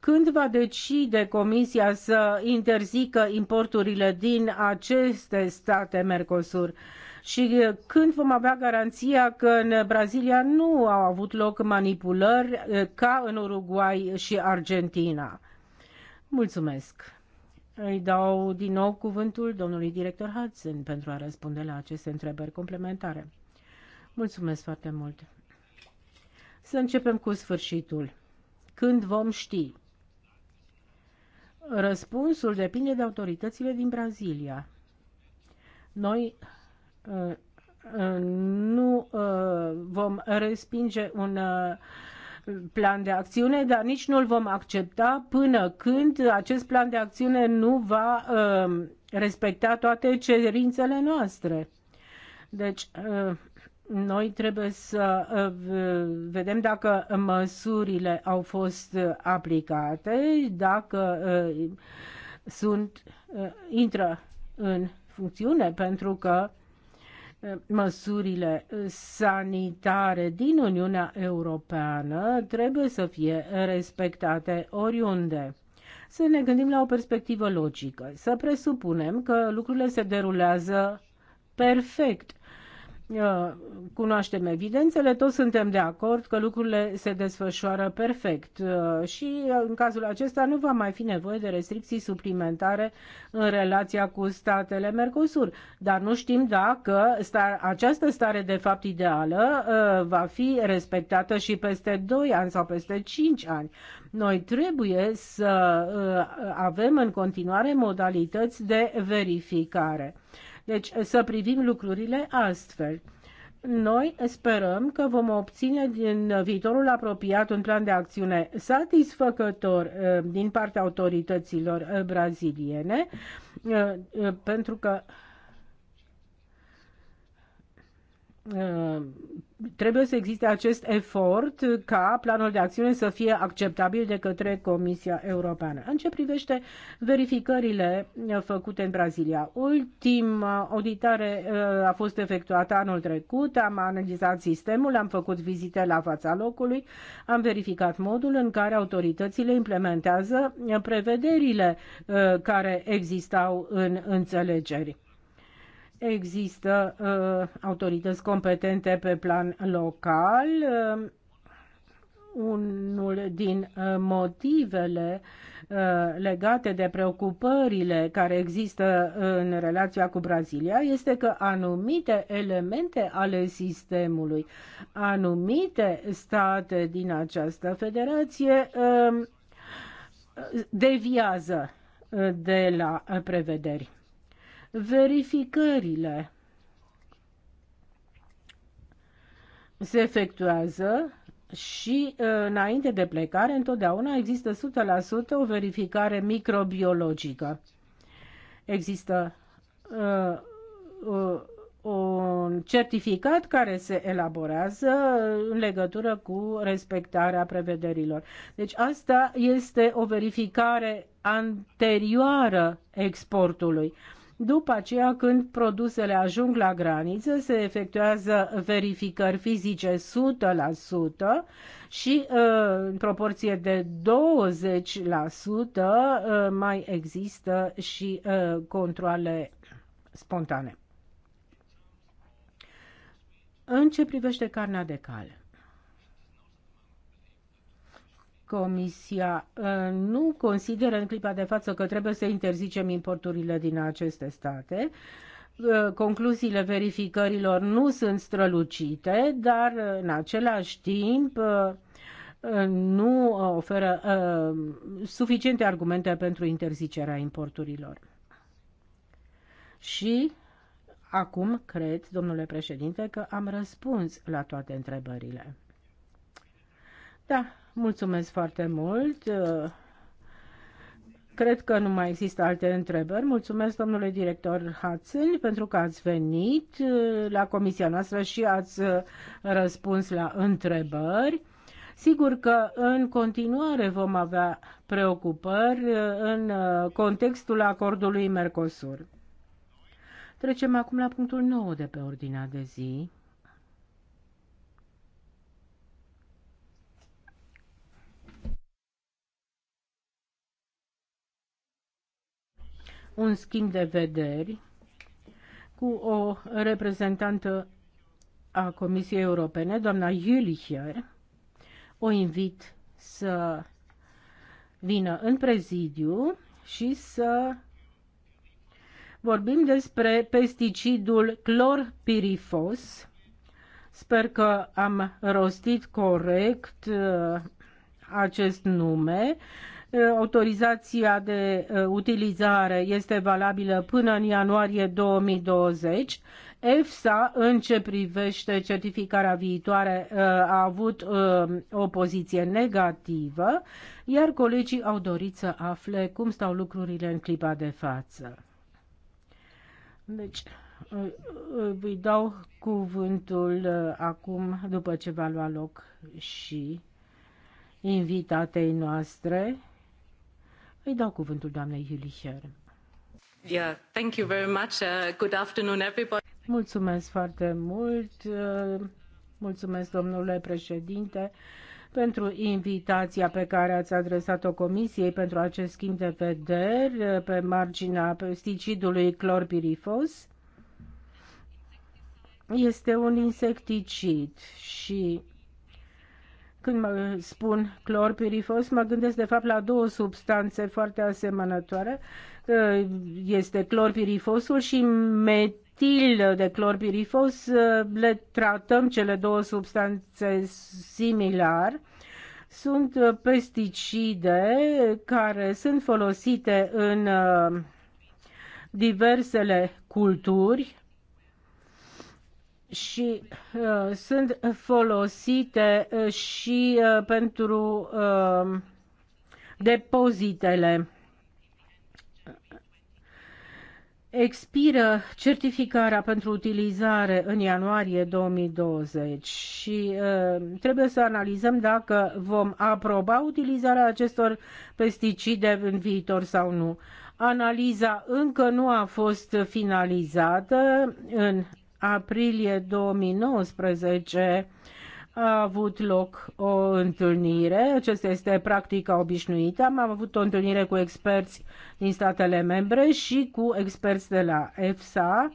Când va decide Comisia să interzică importurile din aceste state Mercosur? Și când vom avea garanția că în Brazilia nu au avut loc manipulări ca în Uruguay și Argentina? Mulțumesc! Îi dau din nou cuvântul domnului director Hudson pentru a răspunde la aceste întrebări complementare. Mulțumesc foarte mult. Să începem cu sfârșitul. Când vom ști? Răspunsul depinde de autoritățile din Brazilia. Noi uh, uh, nu uh, vom respinge un plan de acțiune, dar nici nu îl vom accepta până când acest plan de acțiune nu va uh, respecta toate cerințele noastre. Deci, uh, noi trebuie să uh, vedem dacă măsurile au fost aplicate, dacă uh, sunt uh, intră în funcțiune, pentru că măsurile sanitare din Uniunea Europeană trebuie să fie respectate oriunde. Să ne gândim la o perspectivă logică, să presupunem că lucrurile se derulează perfect cunoaștem evidențele, toți suntem de acord că lucrurile se desfășoară perfect și în cazul acesta nu va mai fi nevoie de restricții suplimentare în relația cu statele Mercosur. Dar nu știm dacă star, această stare de fapt ideală uh, va fi respectată și peste 2 ani sau peste 5 ani. Noi trebuie să uh, avem în continuare modalități de verificare. Deci să privim lucrurile astfel. Noi sperăm că vom obține din viitorul apropiat un plan de acțiune satisfăcător uh, din partea autorităților uh, braziliene, uh, pentru că trebuie să existe acest efort ca planul de acțiune să fie acceptabil de către Comisia Europeană. În ce privește verificările uh, făcute în Brazilia, ultima auditare uh, a fost efectuată anul trecut, am analizat sistemul, am făcut vizite la fața locului, am verificat modul în care autoritățile implementează uh, prevederile care existau în înțelegeri. Există uh, autorități competente pe plan local. Uh, unul din uh, motivele uh, legate de preocupările care există în relația cu Brazilia este că anumite elemente ale sistemului, anumite state din această federație uh, deviază de la prevederi. Verificările se efectuează și uh, înainte de plecare întotdeauna există 100% o verificare microbiologică. Există uh, uh, un certificat care se elaborează în legătură cu respectarea prevederilor. Deci asta este o verificare anterioară exportului. Uh, după aceea, când produsele ajung la graniță, se efectuează verificări fizice 100% și uh, în proporție de 20% uh, mai există și uh, controle spontane. În ce privește carnea de cal? Comisia uh, nu consideră în clipa de față că trebuie să interzicem importurile din aceste state. Uh, concluziile verificărilor nu sunt strălucite, dar uh, în același timp nu oferă suficiente argumente pentru interzicerea importurilor. Și acum cred, domnule președinte, că am răspuns la toate întrebările. Da, Mulțumesc foarte mult. Cred că nu mai există alte întrebări. Mulțumesc, domnule director Hațel, pentru că ați venit la comisia noastră și ați răspuns la întrebări. Sigur că în continuare vom avea preocupări în contextul acordului Mercosur. Trecem acum la punctul 9 de pe ordinea de zi. un schimb de vederi cu o reprezentantă a Comisiei Europene, doamna Jülicher. O invit să vină în prezidiu și să vorbim despre pesticidul clorpirifos. Sper că am rostit corect uh, acest nume. Eh, autorizația de eh, utilizare este valabilă până în ianuarie 2020. EFSA, în ce privește certificarea viitoare, eh, a avut o poziție negativă, iar colegii au dorit să afle cum stau lucrurile în clipa de față. Deci, îi dau cuvântul acum, după ce va lua loc și invitatei noastre, îi dau cuvântul doamnei Hülicher. Yeah, thank you very much. Uh, good afternoon, everybody. Mulțumesc foarte mult. Uh, mulțumesc, domnule președinte, pentru invitația pe care ați adresat-o Comisiei pentru acest schimb de vederi uh, pe marginea pesticidului clorpirifos. Este un insecticid și când mă spun clorpirifos, mă gândesc de fapt la două substanțe foarte asemănătoare. Uh, este clorpirifosul și metil de clorpirifos. Uh, le tratăm cele două substanțe similar sunt uh, pesticide care sunt folosite în diversele culturi și uh, sunt folosite uh, și uh, pentru uh, depozitele. Expiră certificarea pentru utilizare în ianuarie 2020 și uh, trebuie să analizăm dacă vom aproba utilizarea acestor pesticide în viitor sau nu. Analiza încă nu a fost finalizată în aprilie 2019 a avut loc o întâlnire, acesta este practica obișnuită, am avut o întâlnire cu experți din statele membre și cu experți de la EFSA.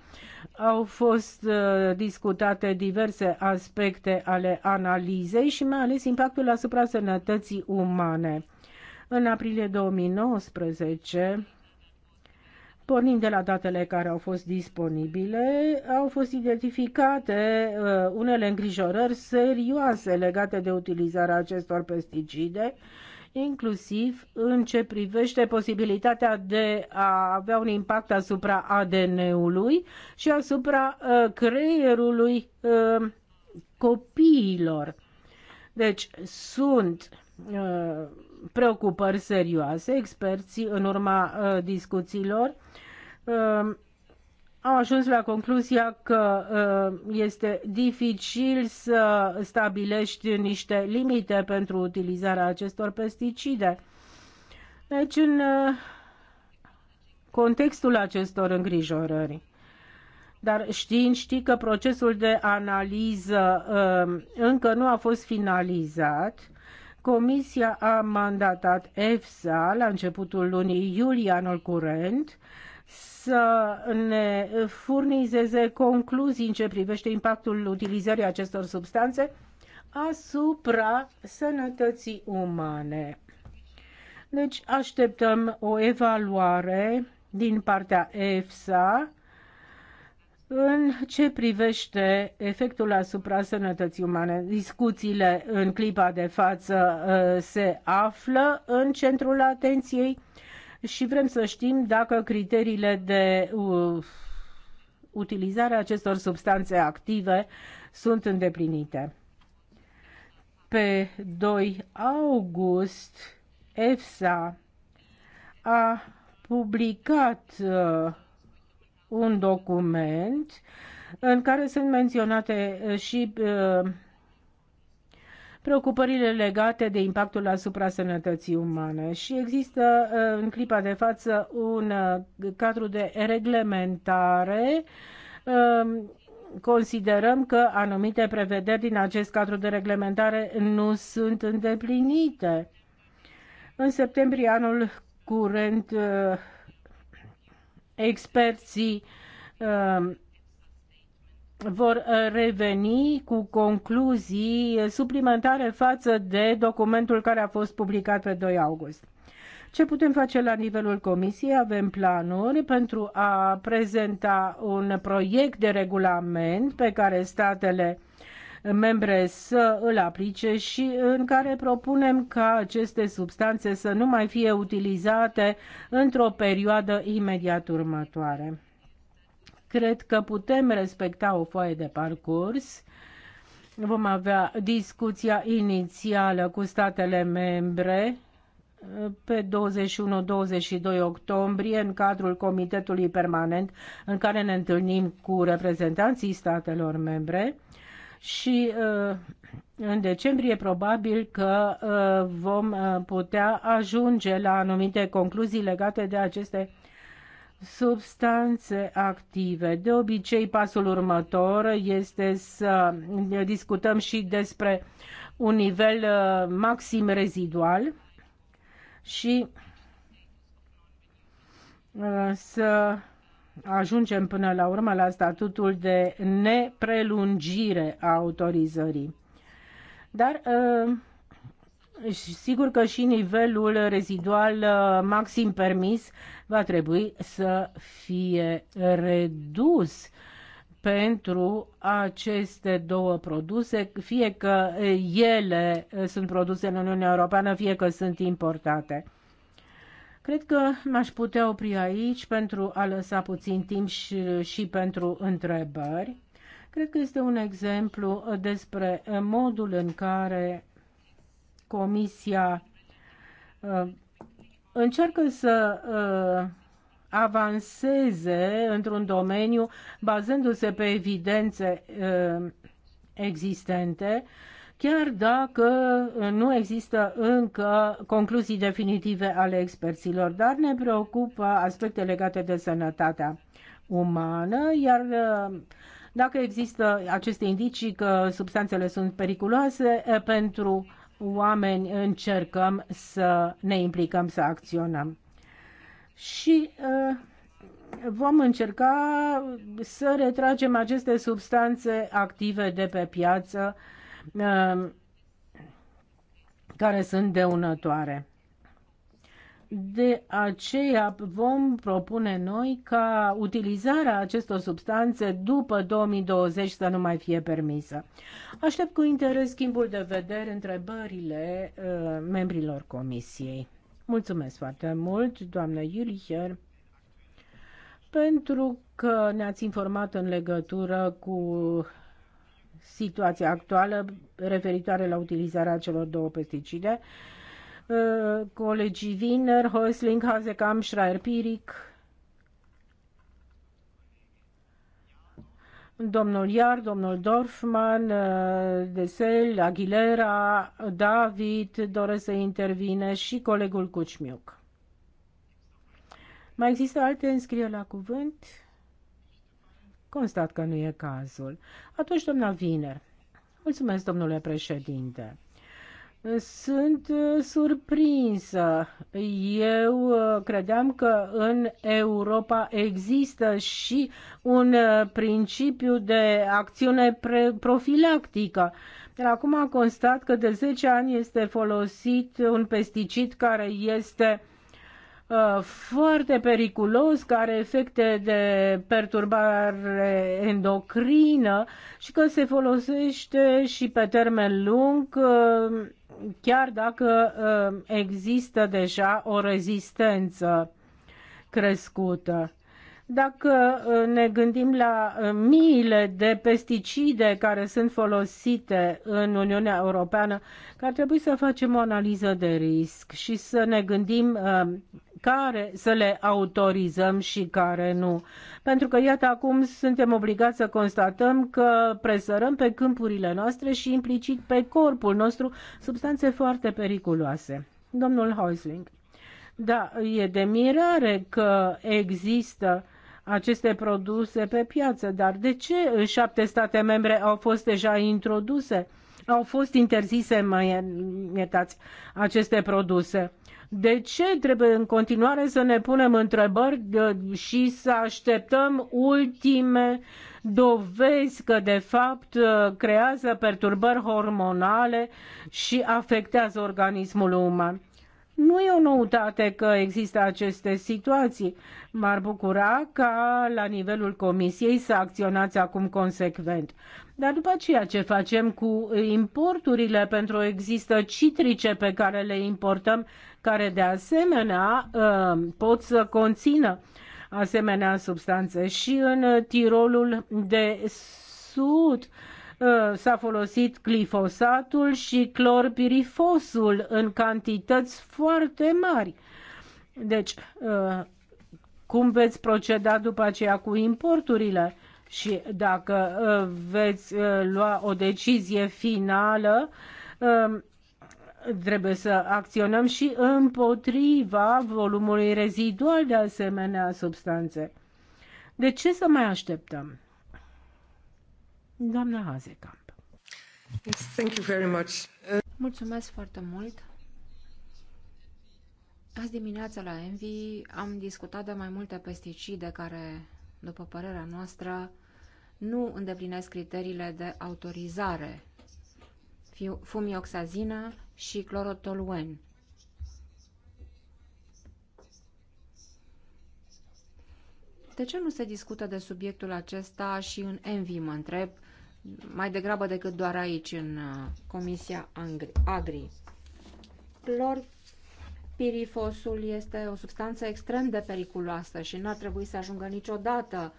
Au fost uh, discutate diverse aspecte ale analizei și mai ales impactul asupra sănătății umane. În aprilie 2019, Pornind de la datele care au fost disponibile, au fost identificate uh, unele îngrijorări serioase legate de utilizarea acestor pesticide, inclusiv în ce privește posibilitatea de a avea un impact asupra ADN-ului și asupra uh, creierului uh, copiilor. Deci sunt preocupări serioase. Experții, în urma uh, discuțiilor, um, au ajuns la concluzia că uh, este dificil să stabilești niște limite pentru utilizarea acestor pesticide. Deci, în uh, contextul acestor îngrijorări, dar știind știi că procesul de analiză încă nu a fost finalizat, Comisia a mandatat EFSA la începutul lunii iulie anul curent să ne furnizeze concluzii în ce privește impactul utilizării acestor substanțe asupra sănătății umane. Deci așteptăm o evaluare din partea EFSA în ce privește efectul asupra sănătății umane, discuțiile în clipa de față uh, se află în centrul atenției și vrem să știm dacă criteriile de uh, utilizare a acestor substanțe active sunt îndeplinite. Pe 2 august, EFSA a publicat uh, un document în care sunt menționate uh, și uh, preocupările legate de impactul asupra sănătății umane și există uh, în clipa de față un cadru de reglementare um, considerăm că anumite prevederi din acest cadru de reglementare nu sunt îndeplinite. În septembrie anul curent experții uh, vor uh, reveni cu concluzii suplimentare față de documentul care a fost publicat pe 2 august. Ce putem face la nivelul comisiei? Avem planuri pentru a prezenta un proiect de regulament pe care statele membre să îl aplice și în care propunem ca aceste substanțe să nu mai fie utilizate într-o perioadă imediat următoare. Cred că putem respecta o foaie de parcurs vom avea discuția inițială cu statele membre uh, pe 21-22 octombrie în cadrul Comitetului Permanent în care ne întâlnim cu reprezentanții statelor membre și uh, în decembrie probabil că uh, vom uh, putea ajunge la anumite concluzii legate de aceste substanțe active. De obicei, pasul următor este să discutăm și despre un nivel maxim rezidual și să ajungem până la urmă la statutul de neprelungire a autorizării. Dar uh, sigur că și nivelul rezidual uh, maxim permis va trebui să fie redus pentru aceste două produse, fie că ele sunt produse în Uniunea Europeană, fie că sunt importate. Cred că m-aș putea opri aici pentru a lăsa puțin timp și, și pentru întrebări. Cred că este un exemplu despre modul în care Comisia uh, încearcă să uh, avanseze într-un domeniu bazându-se pe evidențe uh, existente chiar dacă nu există încă concluzii definitive ale experților, dar ne preocupă aspecte legate de sănătatea umană, iar uh, dacă există aceste indicii că substanțele sunt periculoase uh, pentru oameni, încercăm să ne implicăm, să acționăm. Și uh, vom încerca să retragem aceste substanțe active de pe piață Um, care sunt deunătoare. De aceea vom propune noi ca utilizarea acestor substanțe după 2020 să nu mai fie permisă. Aștept cu interes schimbul de vedere întrebările uh, membrilor comisiei. Mulțumesc foarte mult, doamnă Iulicher, pentru că ne-ați informat în legătură cu situația actuală referitoare la utilizarea celor două pesticide. Uh, colegii Wiener, Häusling, Hasekam, Schreier, Piric, domnul Iar, domnul Dorfman, uh, Desel, Aguilera, David doresc să intervine și colegul Cucmiuc. Mai există alte înscrieri la cuvânt? Constat că nu e cazul. Atunci, doamna Viner. Mulțumesc, domnule președinte. Sunt uh, surprinsă. Eu uh, credeam că în Europa există și un uh, principiu de acțiune profilactică. Dar acum constat că de 10 ani este folosit un pesticid care este Uh, foarte periculos, care are efecte de perturbare endocrină și că se folosește și pe termen lung, uh, chiar dacă uh, există deja o rezistență crescută. Dacă ne gândim la miile de pesticide care sunt folosite în Uniunea Europeană, că ar trebui să facem o analiză de risc și să ne gândim care să le autorizăm și care nu. Pentru că, iată, acum suntem obligați să constatăm că presărăm pe câmpurile noastre și implicit pe corpul nostru substanțe foarte periculoase. Domnul Heusling. Da, e de mirare că există aceste produse pe piață, dar de ce șapte state membre au fost deja introduse? Au fost interzise, mai iertați, aceste produse. De ce trebuie în continuare să ne punem întrebări uh, și să așteptăm ultime dovezi că de fapt uh, creează perturbări hormonale și afectează organismul uman? Nu e o noutate că există aceste situații. M-ar bucura ca la nivelul comisiei să acționați acum consecvent. Dar după ceea ce facem cu importurile pentru există citrice pe care le importăm, care de asemenea uh, pot să conțină asemenea substanțe. Și în Tirolul de Sud uh, s-a folosit glifosatul și clorpirifosul în cantități foarte mari. Deci, uh, cum veți proceda după aceea cu importurile? și dacă uh, veți uh, lua o decizie finală, um, trebuie să acționăm și împotriva volumului rezidual de asemenea substanțe. De ce să mai așteptăm? Doamna Hazekamp. Thank you very much. Mulțumesc foarte mult. Azi dimineața la Envi am discutat de mai multe pesticide care, după părerea noastră, nu îndeplinesc criteriile de autorizare, fumioxazină și clorotoluen. De ce nu se discută de subiectul acesta și în Envi, mă întreb, mai degrabă decât doar aici, în uh, Comisia Agri? Clor Pirifosul este o substanță extrem de periculoasă și nu ar trebui să ajungă niciodată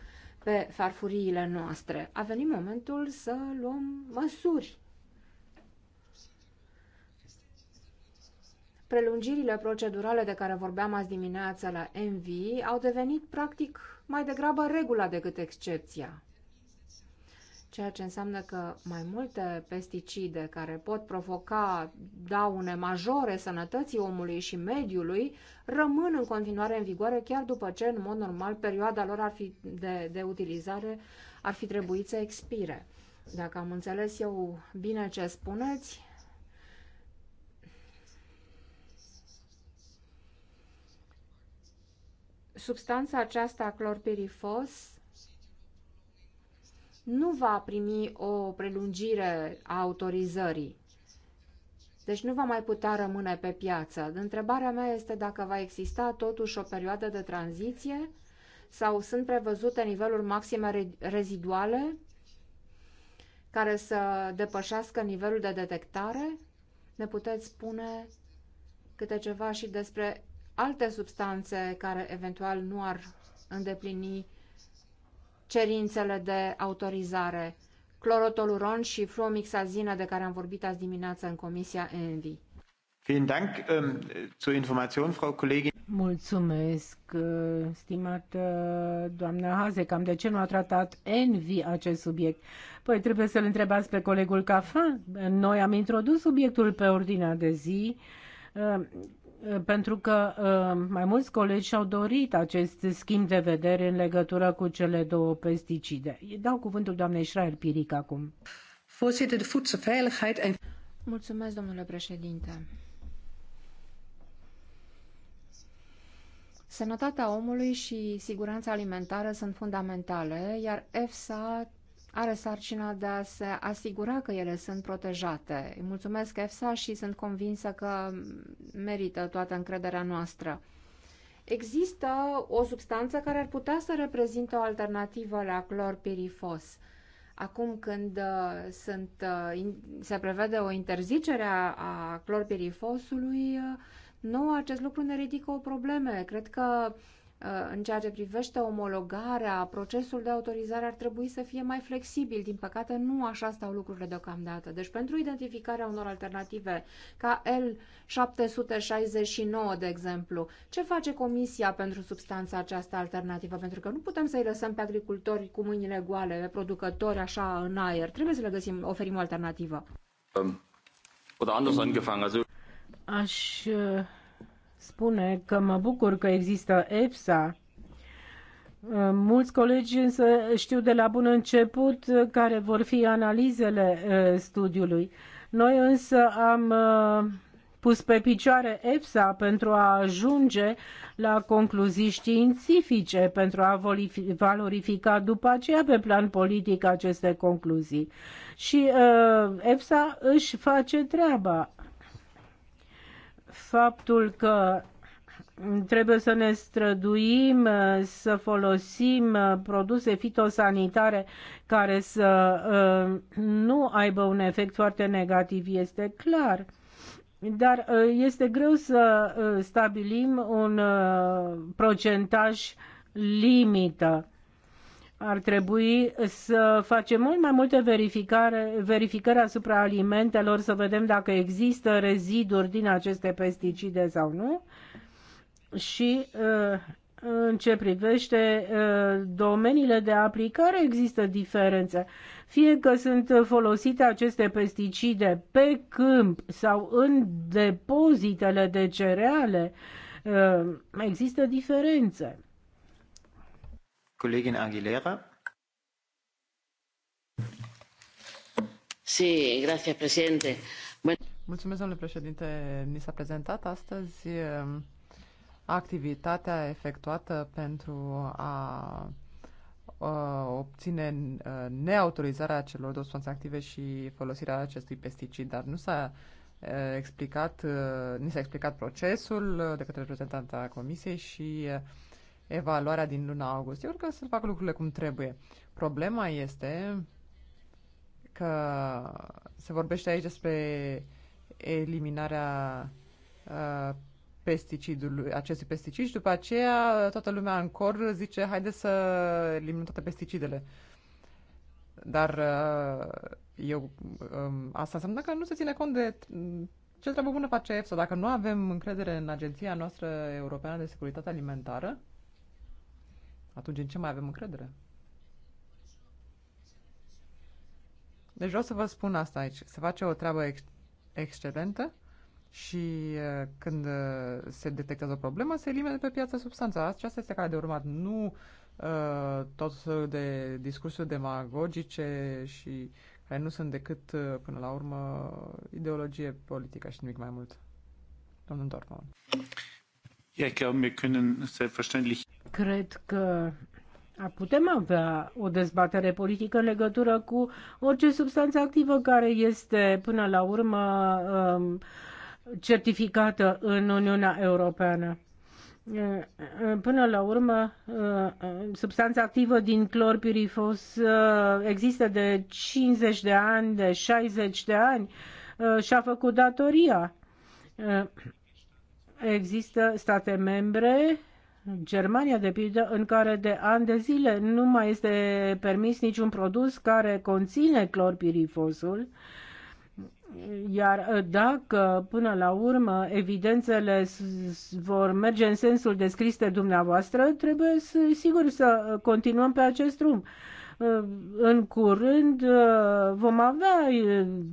pe farfuriile noastre. A venit momentul să luăm măsuri. Prelungirile procedurale de care vorbeam azi dimineața la MV au devenit practic mai degrabă regula decât excepția ceea ce înseamnă că mai multe pesticide care pot provoca daune majore sănătății omului și mediului rămân în continuare în vigoare chiar după ce, în mod normal, perioada lor ar fi de, de utilizare ar fi trebuit să expire. Dacă am înțeles eu bine ce spuneți, substanța aceasta clorpirifos nu va primi o prelungire a autorizării. Deci nu va mai putea rămâne pe piață. Întrebarea mea este dacă va exista totuși o perioadă de tranziție sau sunt prevăzute niveluri maxime reziduale care să depășească nivelul de detectare? Ne puteți spune câte ceva și despre alte substanțe care eventual nu ar îndeplini cerințele de autorizare, clorotoluron și fluomixazină de care am vorbit azi dimineață în Comisia ENVI. Ähm, Mulțumesc, äh, stimată doamnă Haze, cam de ce nu a tratat Envi acest subiect? Păi trebuie să-l întrebați pe colegul Cafan. Noi am introdus subiectul pe ordinea de zi äh, pentru că uh, mai mulți colegi și-au dorit acest schimb de vedere în legătură cu cele două pesticide. Îi dau cuvântul doamnei Israel Piric acum. Mulțumesc, domnule președinte. Sănătatea omului și siguranța alimentară sunt fundamentale, iar EFSA are sarcina de a se asigura că ele sunt protejate. Îi mulțumesc EFSA și sunt convinsă că merită toată încrederea noastră. Există o substanță care ar putea să reprezinte o alternativă la clorpirifos. Acum când uh, sunt, uh, se prevede o interzicere a clorpirifosului, uh, nou acest lucru ne ridică o probleme. Cred că Uh, în ceea ce privește omologarea, procesul de autorizare ar trebui să fie mai flexibil. Din păcate, nu așa stau lucrurile deocamdată. Deci, pentru identificarea unor alternative, ca L769, de exemplu, ce face Comisia pentru substanța aceasta alternativă? Pentru că nu putem să-i lăsăm pe agricultori cu mâinile goale, pe producători așa în aer. Trebuie să le găsim, oferim o alternativă. Um, oder anders angefangen. Also... Aș uh spune că mă bucur că există EFSA. Uh, mulți colegi însă știu de la bun început care vor fi analizele uh, studiului. Noi însă am uh, pus pe picioare EFSA pentru a ajunge la concluzii științifice, pentru a valorifica după aceea pe plan politic aceste concluzii. Și uh, EFSA își face treaba faptul că trebuie să ne străduim uh, să folosim uh, produse fitosanitare care să uh, nu aibă un efect foarte negativ, este clar. Dar este greu să stabilim un procentaj limită ar trebui să facem mult mai multe verificări asupra alimentelor, să vedem dacă există reziduri din aceste pesticide sau nu. Și uh, în ce privește uh, domeniile de aplicare există diferențe. Fie că sunt folosite aceste pesticide pe câmp sau în depozitele de cereale, uh, există diferențe. Mulțumesc, domnule președinte. Ni s-a prezentat astăzi um, activitatea efectuată pentru a uh, obține uh, neautorizarea celor două substanțe active și folosirea acestui pesticid, dar nu s-a uh, explicat, ni s-a explicat procesul de către reprezentanta Comisiei și evaluarea din luna august. Eu cred că să-l fac lucrurile cum trebuie. Problema este că se vorbește aici despre eliminarea uh, pesticidului, acestui pesticid și după aceea toată lumea în cor zice haide să eliminăm toate pesticidele. Dar uh, eu, um, asta înseamnă că nu se ține cont de ce treabă bună face EFSA. Dacă nu avem încredere în Agenția noastră Europeană de Securitate Alimentară, atunci în ce mai avem încredere? Deci vreau să vă spun asta aici. Se face o treabă ex- excelentă și când se detectează o problemă, se elimină de pe piață substanța. Aceasta este care de urmat. Nu uh, tot felul de discursuri demagogice și care nu sunt decât, până la urmă, ideologie politică și nimic mai mult. Domnul Dorfman. Ja, ich glaube, wir können selbstverständlich cred că putem avea o dezbatere politică în legătură cu orice substanță activă care este până la urmă um, certificată în Uniunea Europeană. Uh, până la urmă, uh, substanța activă din clorpirifos uh, există de 50 de ani, de 60 de ani și a făcut datoria. Există state membre Germania, de pildă, în care de ani de zile nu mai este permis niciun produs care conține clorpirifosul, iar uh, dacă până la urmă evidențele vor merge în sensul descris de dumneavoastră, trebuie să, sigur să uh, continuăm pe acest drum. Uh, în curând vom avea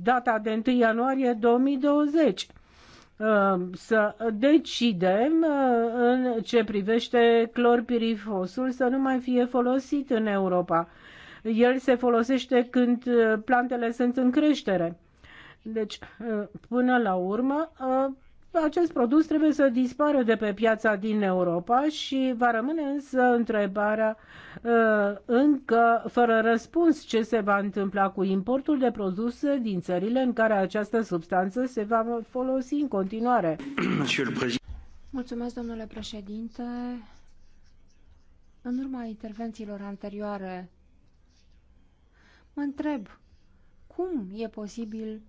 data de 1 ianuarie 2020 Um, să decidem uh, în ce privește clorpirifosul să nu mai fie folosit în Europa. El se folosește când uh, plantele sunt în creștere. Deci, uh, până la urmă, acest produs trebuie să dispară de pe piața din Europa și va rămâne însă întrebarea uh, încă fără răspuns ce se va întâmpla cu importul de produse din țările în care această substanță se va folosi în continuare. Mulțumesc, domnule președinte. În urma intervențiilor anterioare, mă întreb cum e posibil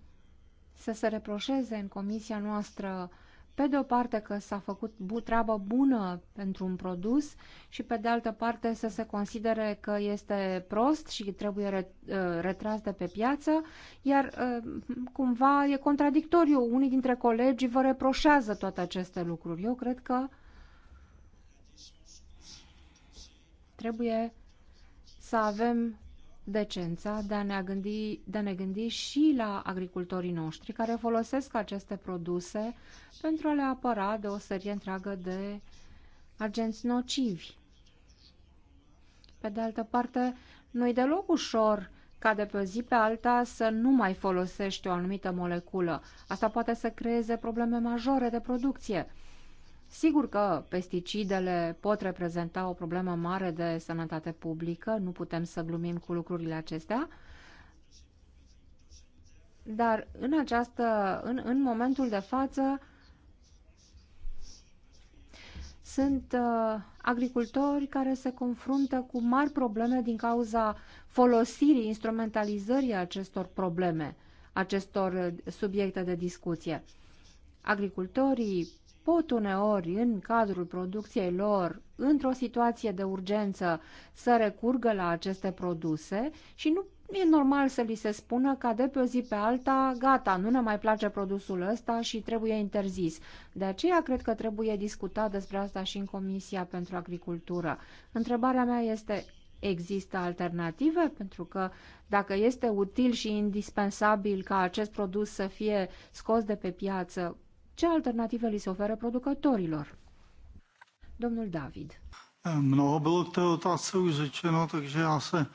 să se reproșeze în comisia noastră pe de o parte că s-a făcut treabă bună pentru un produs și pe de altă parte să se considere că este prost și trebuie uh, retras de pe piață, iar uh, cumva e contradictoriu. Unii dintre colegi vă reproșează toate aceste lucruri. Eu cred că trebuie să avem decența de a, ne gândi, de a ne gândi și la agricultorii noștri care folosesc aceste produse pentru a le apăra de o serie întreagă de agenți nocivi. Pe de altă parte, nu-i deloc ușor ca de pe o zi pe alta să nu mai folosești o anumită moleculă. Asta poate să creeze probleme majore de producție. Sigur că pesticidele pot reprezenta o problemă mare de sănătate publică, nu putem să glumim cu lucrurile acestea, dar în, această, în, în momentul de față sunt uh, agricultori care se confruntă cu mari probleme din cauza folosirii, instrumentalizării acestor probleme, acestor uh, subiecte de discuție. Agricultorii pot uneori, în cadrul producției lor, într-o situație de urgență, să recurgă la aceste produse și nu e normal să li se spună ca de pe o zi pe alta, gata, nu ne mai place produsul ăsta și trebuie interzis. De aceea cred că trebuie discutat despre asta și în Comisia pentru Agricultură. Întrebarea mea este, există alternative? Pentru că dacă este util și indispensabil ca acest produs să fie scos de pe piață, ce alternative li se oferă producătorilor? Domnul David. Mnoho bylo té otázce už řečeno, takže já se...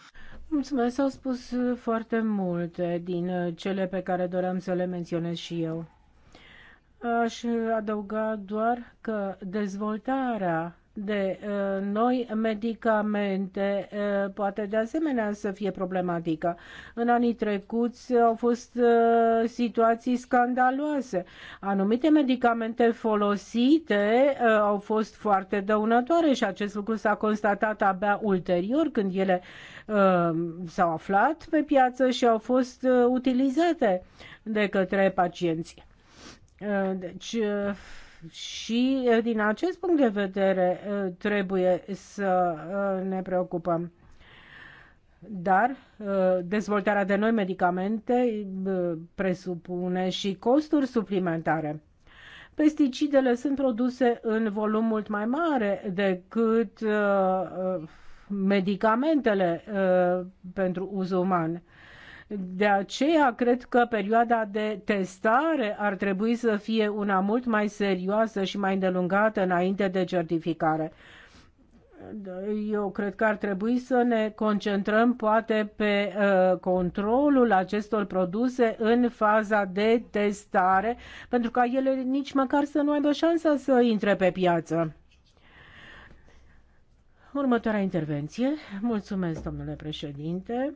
Mulțumesc, s-au spus foarte multe din cele pe care doream să le menționez și eu. Aș adăuga doar că dezvoltarea de uh, noi medicamente uh, poate de asemenea să fie problematică. În anii trecuți au fost uh, situații scandaloase. Anumite medicamente folosite uh, au fost foarte dăunătoare și acest lucru s-a constatat abia ulterior când ele uh, s-au aflat pe piață și au fost uh, utilizate de către pacienți. Uh, deci uh, și din acest punct de vedere trebuie să ne preocupăm. Dar dezvoltarea de noi medicamente presupune și costuri suplimentare. Pesticidele sunt produse în volum mult mai mare decât medicamentele pentru uz uman de aceea cred că perioada de testare ar trebui să fie una mult mai serioasă și mai îndelungată înainte de certificare. Eu cred că ar trebui să ne concentrăm poate pe uh, controlul acestor produse în faza de testare, pentru ca ele nici măcar să nu aibă șansa să intre pe piață. Următoarea intervenție. Mulțumesc, domnule președinte.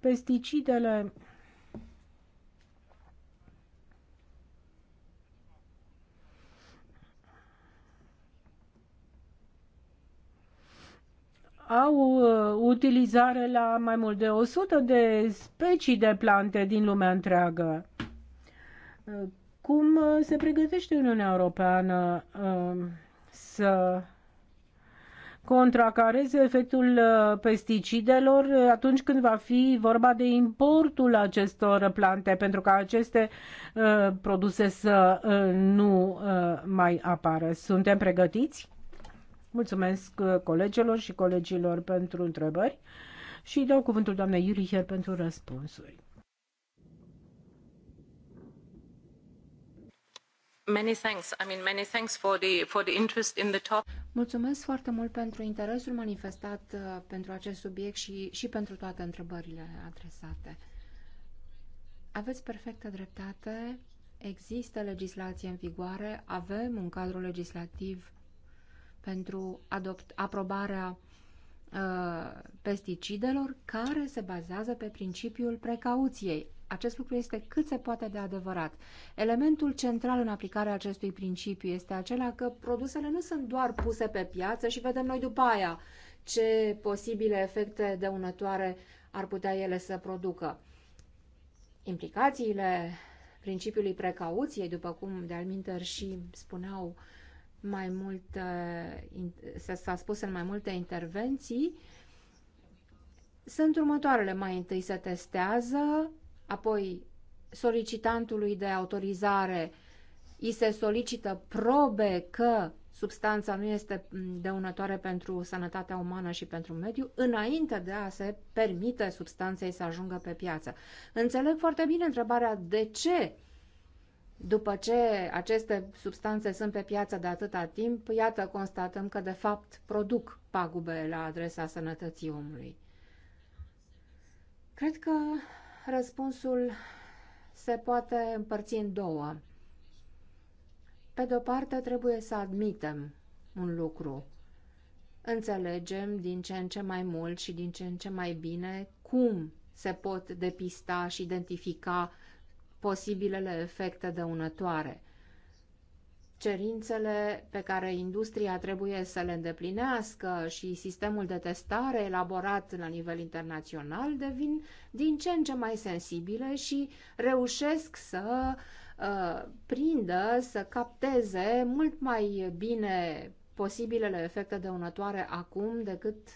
Pesticidele au uh, utilizare la mai mult de 100 de specii de plante din lumea întreagă. Uh, cum uh, se pregătește Uniunea Europeană să contracareze efectul uh, pesticidelor uh, atunci când va fi vorba de importul acestor plante, pentru ca aceste uh, produse să nu mai apară. Suntem pregătiți? Mulțumesc colegilor și colegilor pentru întrebări și dau cuvântul doamnei Iuriher pentru răspunsuri. Many thanks. I mean, many thanks for the, for the interest in the top. Mulțumesc foarte mult pentru interesul manifestat uh, pentru acest subiect și, și pentru toate întrebările adresate. Aveți perfectă dreptate. Există legislație în vigoare, avem un cadru legislativ pentru adopt, aprobarea uh, pesticidelor care se bazează pe principiul precauției. Acest lucru este cât se poate de adevărat. Elementul central în aplicarea acestui principiu este acela că produsele nu sunt doar puse pe piață și vedem noi după aia ce posibile efecte dăunătoare ar putea ele să producă. Implicațiile principiului precauției, după cum de-al și spuneau mai multe, s-a spus în mai multe intervenții, sunt următoarele. Mai întâi se testează apoi solicitantului de autorizare îi se solicită probe că substanța nu este dăunătoare pentru sănătatea umană și pentru mediu, înainte de a se permite substanței să ajungă pe piață. Înțeleg foarte bine întrebarea de ce, după ce aceste substanțe sunt pe piață de atâta timp, iată, constatăm că de fapt produc pagube la adresa sănătății omului. Cred că Răspunsul se poate împărți în două. Pe de-o parte, trebuie să admitem un lucru. Înțelegem din ce în ce mai mult și din ce în ce mai bine cum se pot depista și identifica posibilele efecte dăunătoare cerințele pe care industria trebuie să le îndeplinească și sistemul de testare elaborat la nivel internațional devin din ce în ce mai sensibile și reușesc să uh, prindă, să capteze mult mai bine posibilele efecte dăunătoare acum decât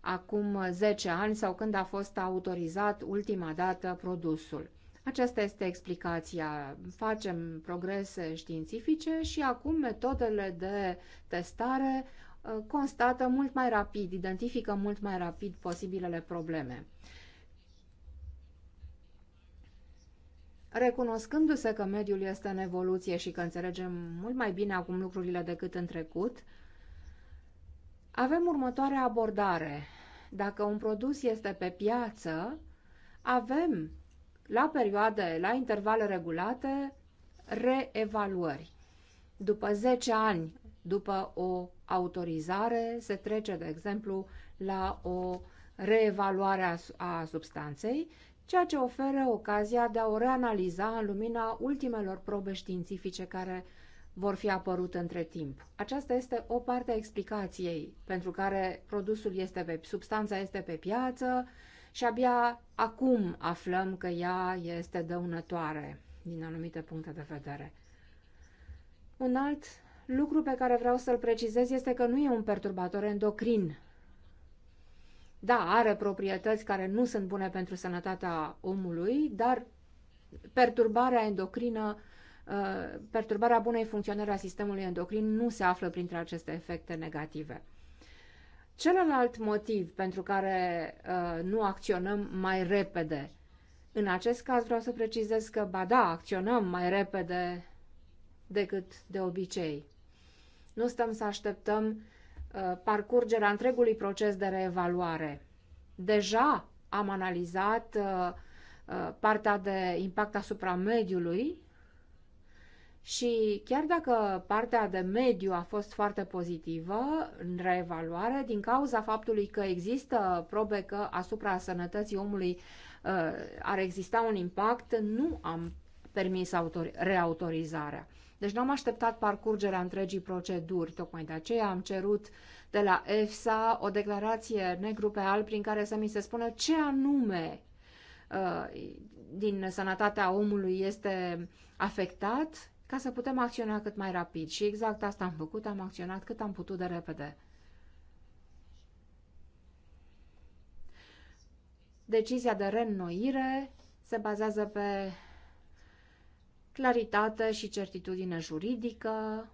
acum 10 ani sau când a fost autorizat ultima dată produsul. Aceasta este explicația. Facem progrese științifice și acum metodele de testare uh, constată mult mai rapid, identifică mult mai rapid posibilele probleme. Recunoscându-se că mediul este în evoluție și că înțelegem mult mai bine acum lucrurile decât în trecut, avem următoarea abordare. Dacă un produs este pe piață, avem la perioade, la intervale regulate, reevaluări. După 10 ani, după o autorizare, se trece, de exemplu, la o reevaluare a substanței, ceea ce oferă ocazia de a o reanaliza în lumina ultimelor probe științifice care vor fi apărute între timp. Aceasta este o parte a explicației pentru care produsul este pe, substanța este pe piață, și abia acum aflăm că ea este dăunătoare din anumite puncte de vedere. Un alt lucru pe care vreau să-l precizez este că nu e un perturbator endocrin. Da, are proprietăți care nu sunt bune pentru sănătatea omului, dar perturbarea endocrină, uh, perturbarea bunei funcționări a sistemului endocrin nu se află printre aceste efecte negative. Celălalt motiv pentru care uh, nu acționăm mai repede, în acest caz vreau să precizez că, ba da, acționăm mai repede decât de obicei. Nu stăm să așteptăm uh, parcurgerea întregului proces de reevaluare. Deja am analizat uh, uh partea de impact asupra mediului și chiar dacă partea de mediu a fost foarte pozitivă în reevaluare, din cauza faptului că există probe că asupra sănătății omului uh, ar exista un impact, nu am permis reautorizarea. Deci n-am așteptat parcurgerea întregii proceduri, tocmai de aceea am cerut de la EFSA o declarație negru pe alb prin care să mi se spună ce anume uh, din sănătatea omului este afectat ca să putem acționa cât mai rapid. Și exact asta am făcut, am acționat cât am putut de repede. Decizia de reînnoire se bazează pe claritate și certitudine juridică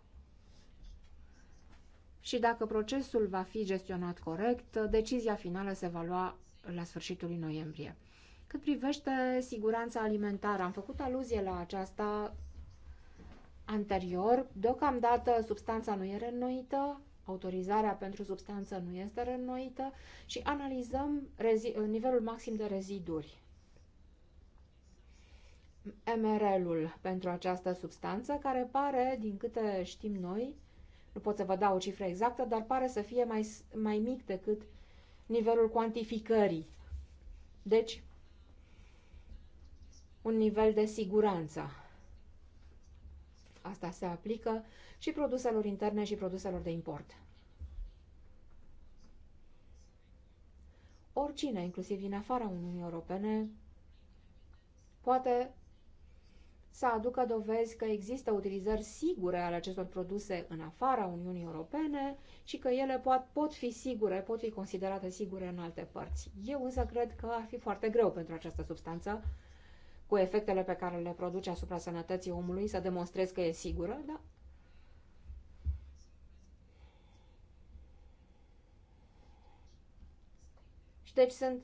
și dacă procesul va fi gestionat corect, decizia finală se va lua la sfârșitul lui noiembrie. Cât privește siguranța alimentară, am făcut aluzie la aceasta anterior. Deocamdată substanța nu e reînnoită, autorizarea pentru substanță nu este reînnoită și analizăm nivelul maxim de reziduri. MRL-ul pentru această substanță, care pare, din câte știm noi, nu pot să vă dau o cifră exactă, dar pare să fie mai, mai mic decât nivelul cuantificării. Deci, un nivel de siguranță Asta se aplică și produselor interne și produselor de import. Oricine, inclusiv din afara Uniunii Europene, poate să aducă dovezi că există utilizări sigure ale acestor produse în afara Uniunii Europene și că ele pot, pot fi sigure, pot fi considerate sigure în alte părți. Eu însă cred că ar fi foarte greu pentru această substanță cu efectele pe care le produce asupra sănătății omului, să demonstrezi că e sigură, da? Și deci sunt,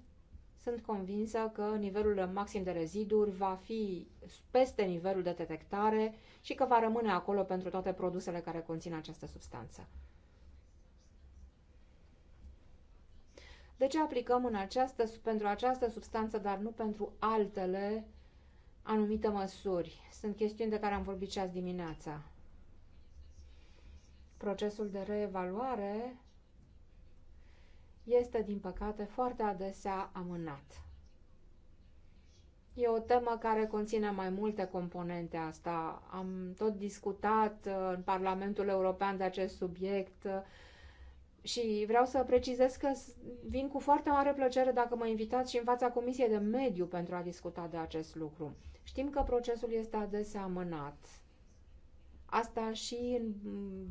sunt convinsă că nivelul maxim de reziduri va fi peste nivelul de detectare și că va rămâne acolo pentru toate produsele care conțin această substanță. De ce aplicăm în această, pentru această substanță, dar nu pentru altele anumite măsuri. Sunt chestiuni de care am vorbit și azi dimineața. Procesul de reevaluare este, din păcate, foarte adesea amânat. E o temă care conține mai multe componente asta. Am tot discutat uh, în Parlamentul European de acest subiect uh, și vreau să precizez că vin cu foarte mare plăcere dacă mă invitați și în fața Comisiei de Mediu pentru a discuta de acest lucru. Știm că procesul este adesea amânat. Asta și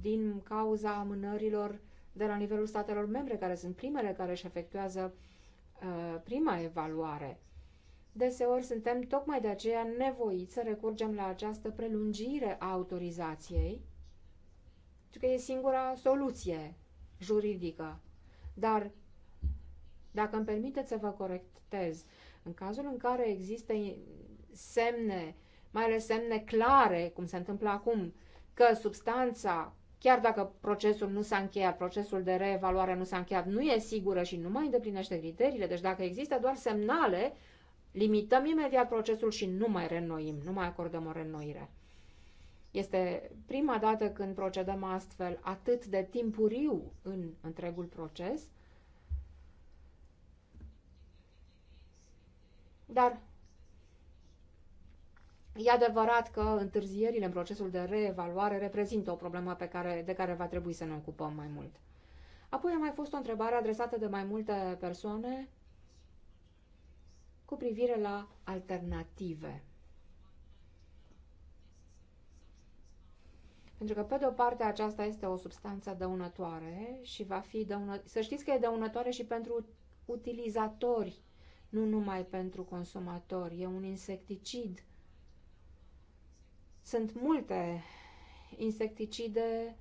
din cauza amânărilor de la nivelul statelor membre, care sunt primele care își efectuează uh, prima evaluare. Deseori suntem tocmai de aceea nevoiți să recurgem la această prelungire a autorizației, pentru că e singura soluție juridică. Dar, dacă îmi permiteți să vă corectez, în cazul în care există semne, mai ales semne clare, cum se întâmplă acum, că substanța, chiar dacă procesul nu s-a încheiat, procesul de reevaluare nu s-a încheiat, nu e sigură și nu mai îndeplinește criteriile, deci dacă există doar semnale, limităm imediat procesul și nu mai reînnoim, nu mai acordăm o reînnoire. Este prima dată când procedăm astfel atât de timpuriu în întregul proces, dar E adevărat că întârzierile în procesul de reevaluare reprezintă o problemă pe care, de care va trebui să ne ocupăm mai mult. Apoi a mai fost o întrebare adresată de mai multe persoane cu privire la alternative. Pentru că, pe de o parte, aceasta este o substanță dăunătoare și va fi dăunătoare. Să știți că e dăunătoare și pentru utilizatori, nu numai pentru consumatori. E un insecticid sunt multe insecticide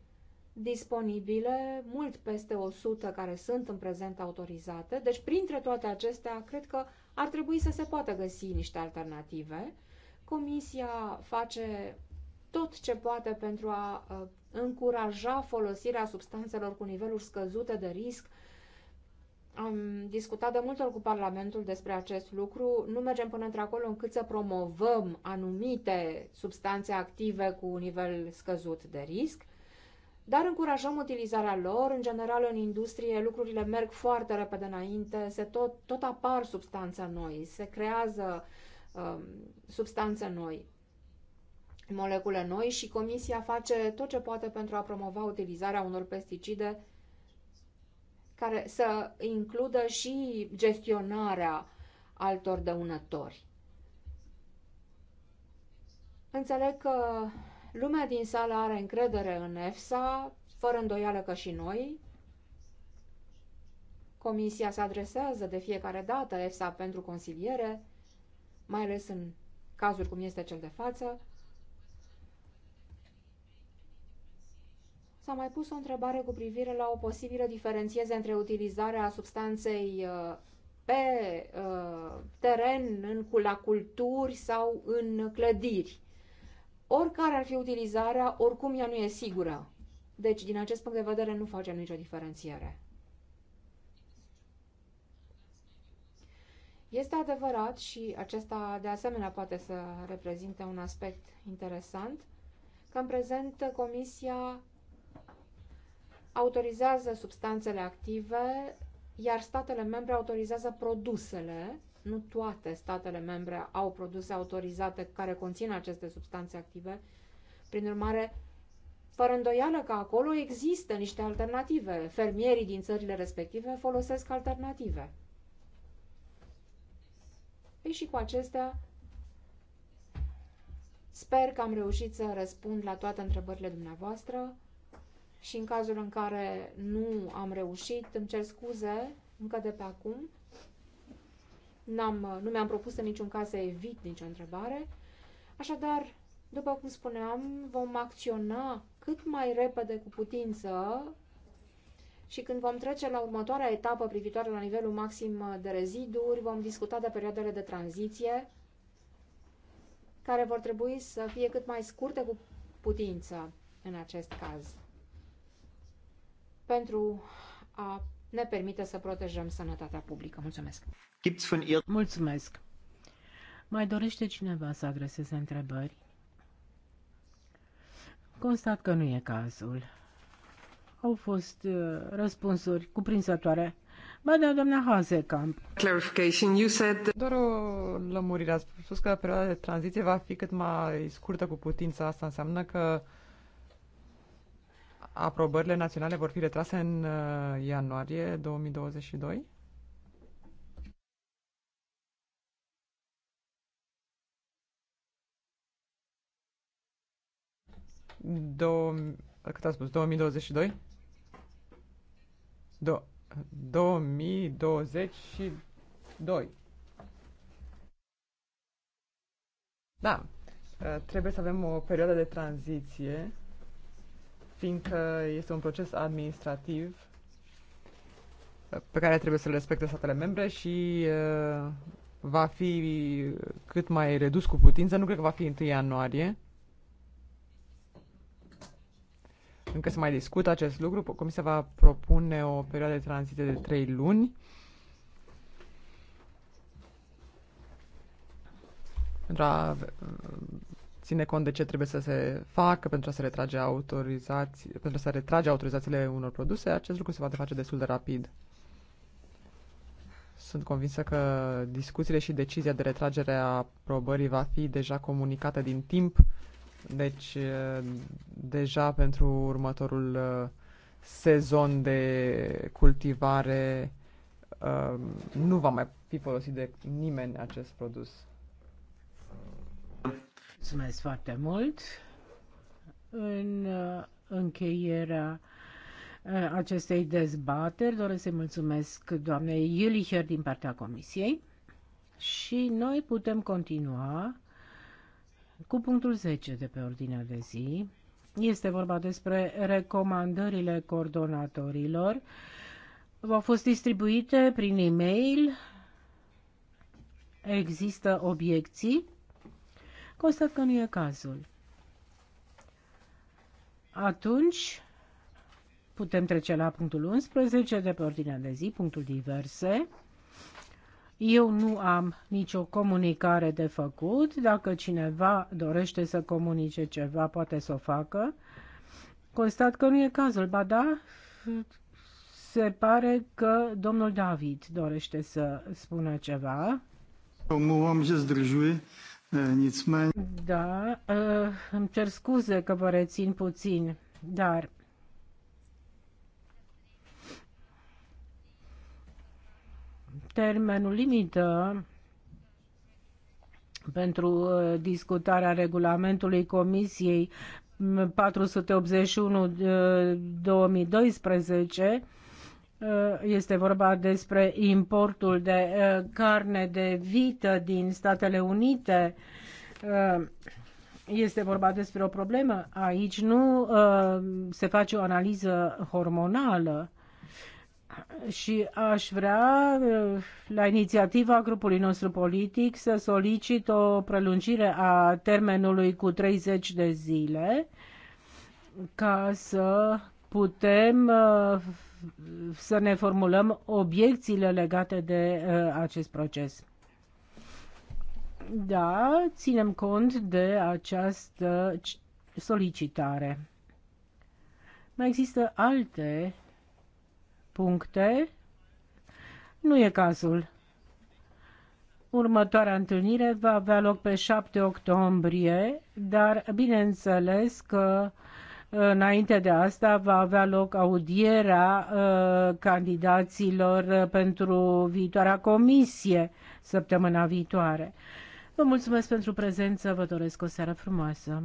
disponibile, mult peste 100 care sunt în prezent autorizate. Deci, printre toate acestea, cred că ar trebui să se poată găsi niște alternative. Comisia face tot ce poate pentru a uh, încuraja folosirea substanțelor cu niveluri scăzute de risc am discutat de multe ori cu Parlamentul despre acest lucru. Nu mergem până într-acolo încât să promovăm anumite substanțe active cu un nivel scăzut de risc, dar încurajăm utilizarea lor. În general, în industrie, lucrurile merg foarte repede înainte, se tot, tot apar substanțe noi, se creează um, substanțe noi, molecule noi și Comisia face tot ce poate pentru a promova utilizarea unor pesticide care să includă și gestionarea altor dăunători. Înțeleg că lumea din sală are încredere în EFSA, fără îndoială că și noi. Comisia se adresează de fiecare dată EFSA pentru consiliere, mai ales în cazuri cum este cel de față. S-a mai pus o întrebare cu privire la o posibilă diferențiere între utilizarea substanței uh, pe uh, teren, în, la culturi sau în clădiri. Oricare ar fi utilizarea, oricum ea nu e sigură. Deci, din acest punct de vedere, nu facem nicio diferențiere. Este adevărat și acesta de asemenea poate să reprezinte un aspect interesant, că în prezent Comisia autorizează substanțele active, iar statele membre autorizează produsele. Nu toate statele membre au produse autorizate care conțin aceste substanțe active. Prin urmare, fără îndoială că acolo există niște alternative. Fermierii din țările respective folosesc alternative. Ei și cu acestea, sper că am reușit să răspund la toate întrebările dumneavoastră și în cazul în care nu am reușit, îmi cer scuze încă de pe acum. N-am, nu mi-am propus în niciun caz să evit nicio întrebare. Așadar, după cum spuneam, vom acționa cât mai repede cu putință și când vom trece la următoarea etapă privitoare la nivelul maxim de reziduri, vom discuta de perioadele de tranziție, care vor trebui să fie cât mai scurte cu putință în acest caz pentru a ne permite să protejăm sănătatea publică. Mulțumesc! Mulțumesc! Mai dorește cineva să agreseze întrebări? Constat că nu e cazul. Au fost uh, răspunsuri cuprinsătoare. Ba da, doamna Hazekamp. Clarification, you said... Doar o lămurire. Ați spus că perioada de tranziție va fi cât mai scurtă cu putință. Asta înseamnă că aprobările naționale vor fi retrase în uh, ianuarie 2022? Do cât a spus? 2022? Do, 2022. Da, uh, trebuie să avem o perioadă de tranziție fiindcă este un proces administrativ uh, pe care trebuie să-l respecte statele membre și uh, va fi cât mai redus cu putință. Nu cred că va fi 1 ianuarie. Încă se mai discută acest lucru. Comisia va propune o perioadă de tranziție de 3 luni. Pentru a ține cont de ce trebuie să se facă pentru a se retrage autorizații, pentru a se retrage autorizațiile unor produse, acest lucru se poate face destul de rapid. Sunt convinsă că discuțiile și decizia de retragere a probării va fi deja comunicată din timp, deci deja pentru următorul sezon de cultivare nu va mai fi folosit de nimeni acest produs. Mulțumesc foarte mult. În uh, încheierea uh, acestei dezbateri doresc să mulțumesc doamnei Iulicher din partea Comisiei și noi putem continua cu punctul 10 de pe ordinea de zi. Este vorba despre recomandările coordonatorilor. au fost distribuite prin e-mail. Există obiecții? Constat că nu e cazul. Atunci putem trece la punctul 11 de pe ordinea de zi, punctul diverse. Eu nu am nicio comunicare de făcut. Dacă cineva dorește să comunice ceva, poate să o facă. Constat că nu e cazul, ba da, se pare că domnul David dorește să spună ceva. am že zdržuji. Da, uh, îmi cer scuze că vă rețin puțin, dar termenul limită pentru uh, discutarea regulamentului Comisiei 481-2012 mm, Eh, este vorba despre importul de eh, carne de vită din Statele Unite. Eh, este vorba despre o problemă. Aici nu se face o analiză hormonală și aș vrea, la inițiativa grupului nostru politic, să solicit o prelungire a termenului cu 30 de zile ca să putem să ne formulăm obiecțiile legate de uh, acest proces. Da, ținem cont de această solicitare. Mai există alte puncte? Nu e cazul. Următoarea întâlnire va avea loc pe 7 octombrie, dar bineînțeles că Înainte de asta va avea loc audierea uh, candidaților uh, pentru viitoarea comisie săptămâna viitoare. Vă mulțumesc pentru prezență, vă doresc o seară frumoasă.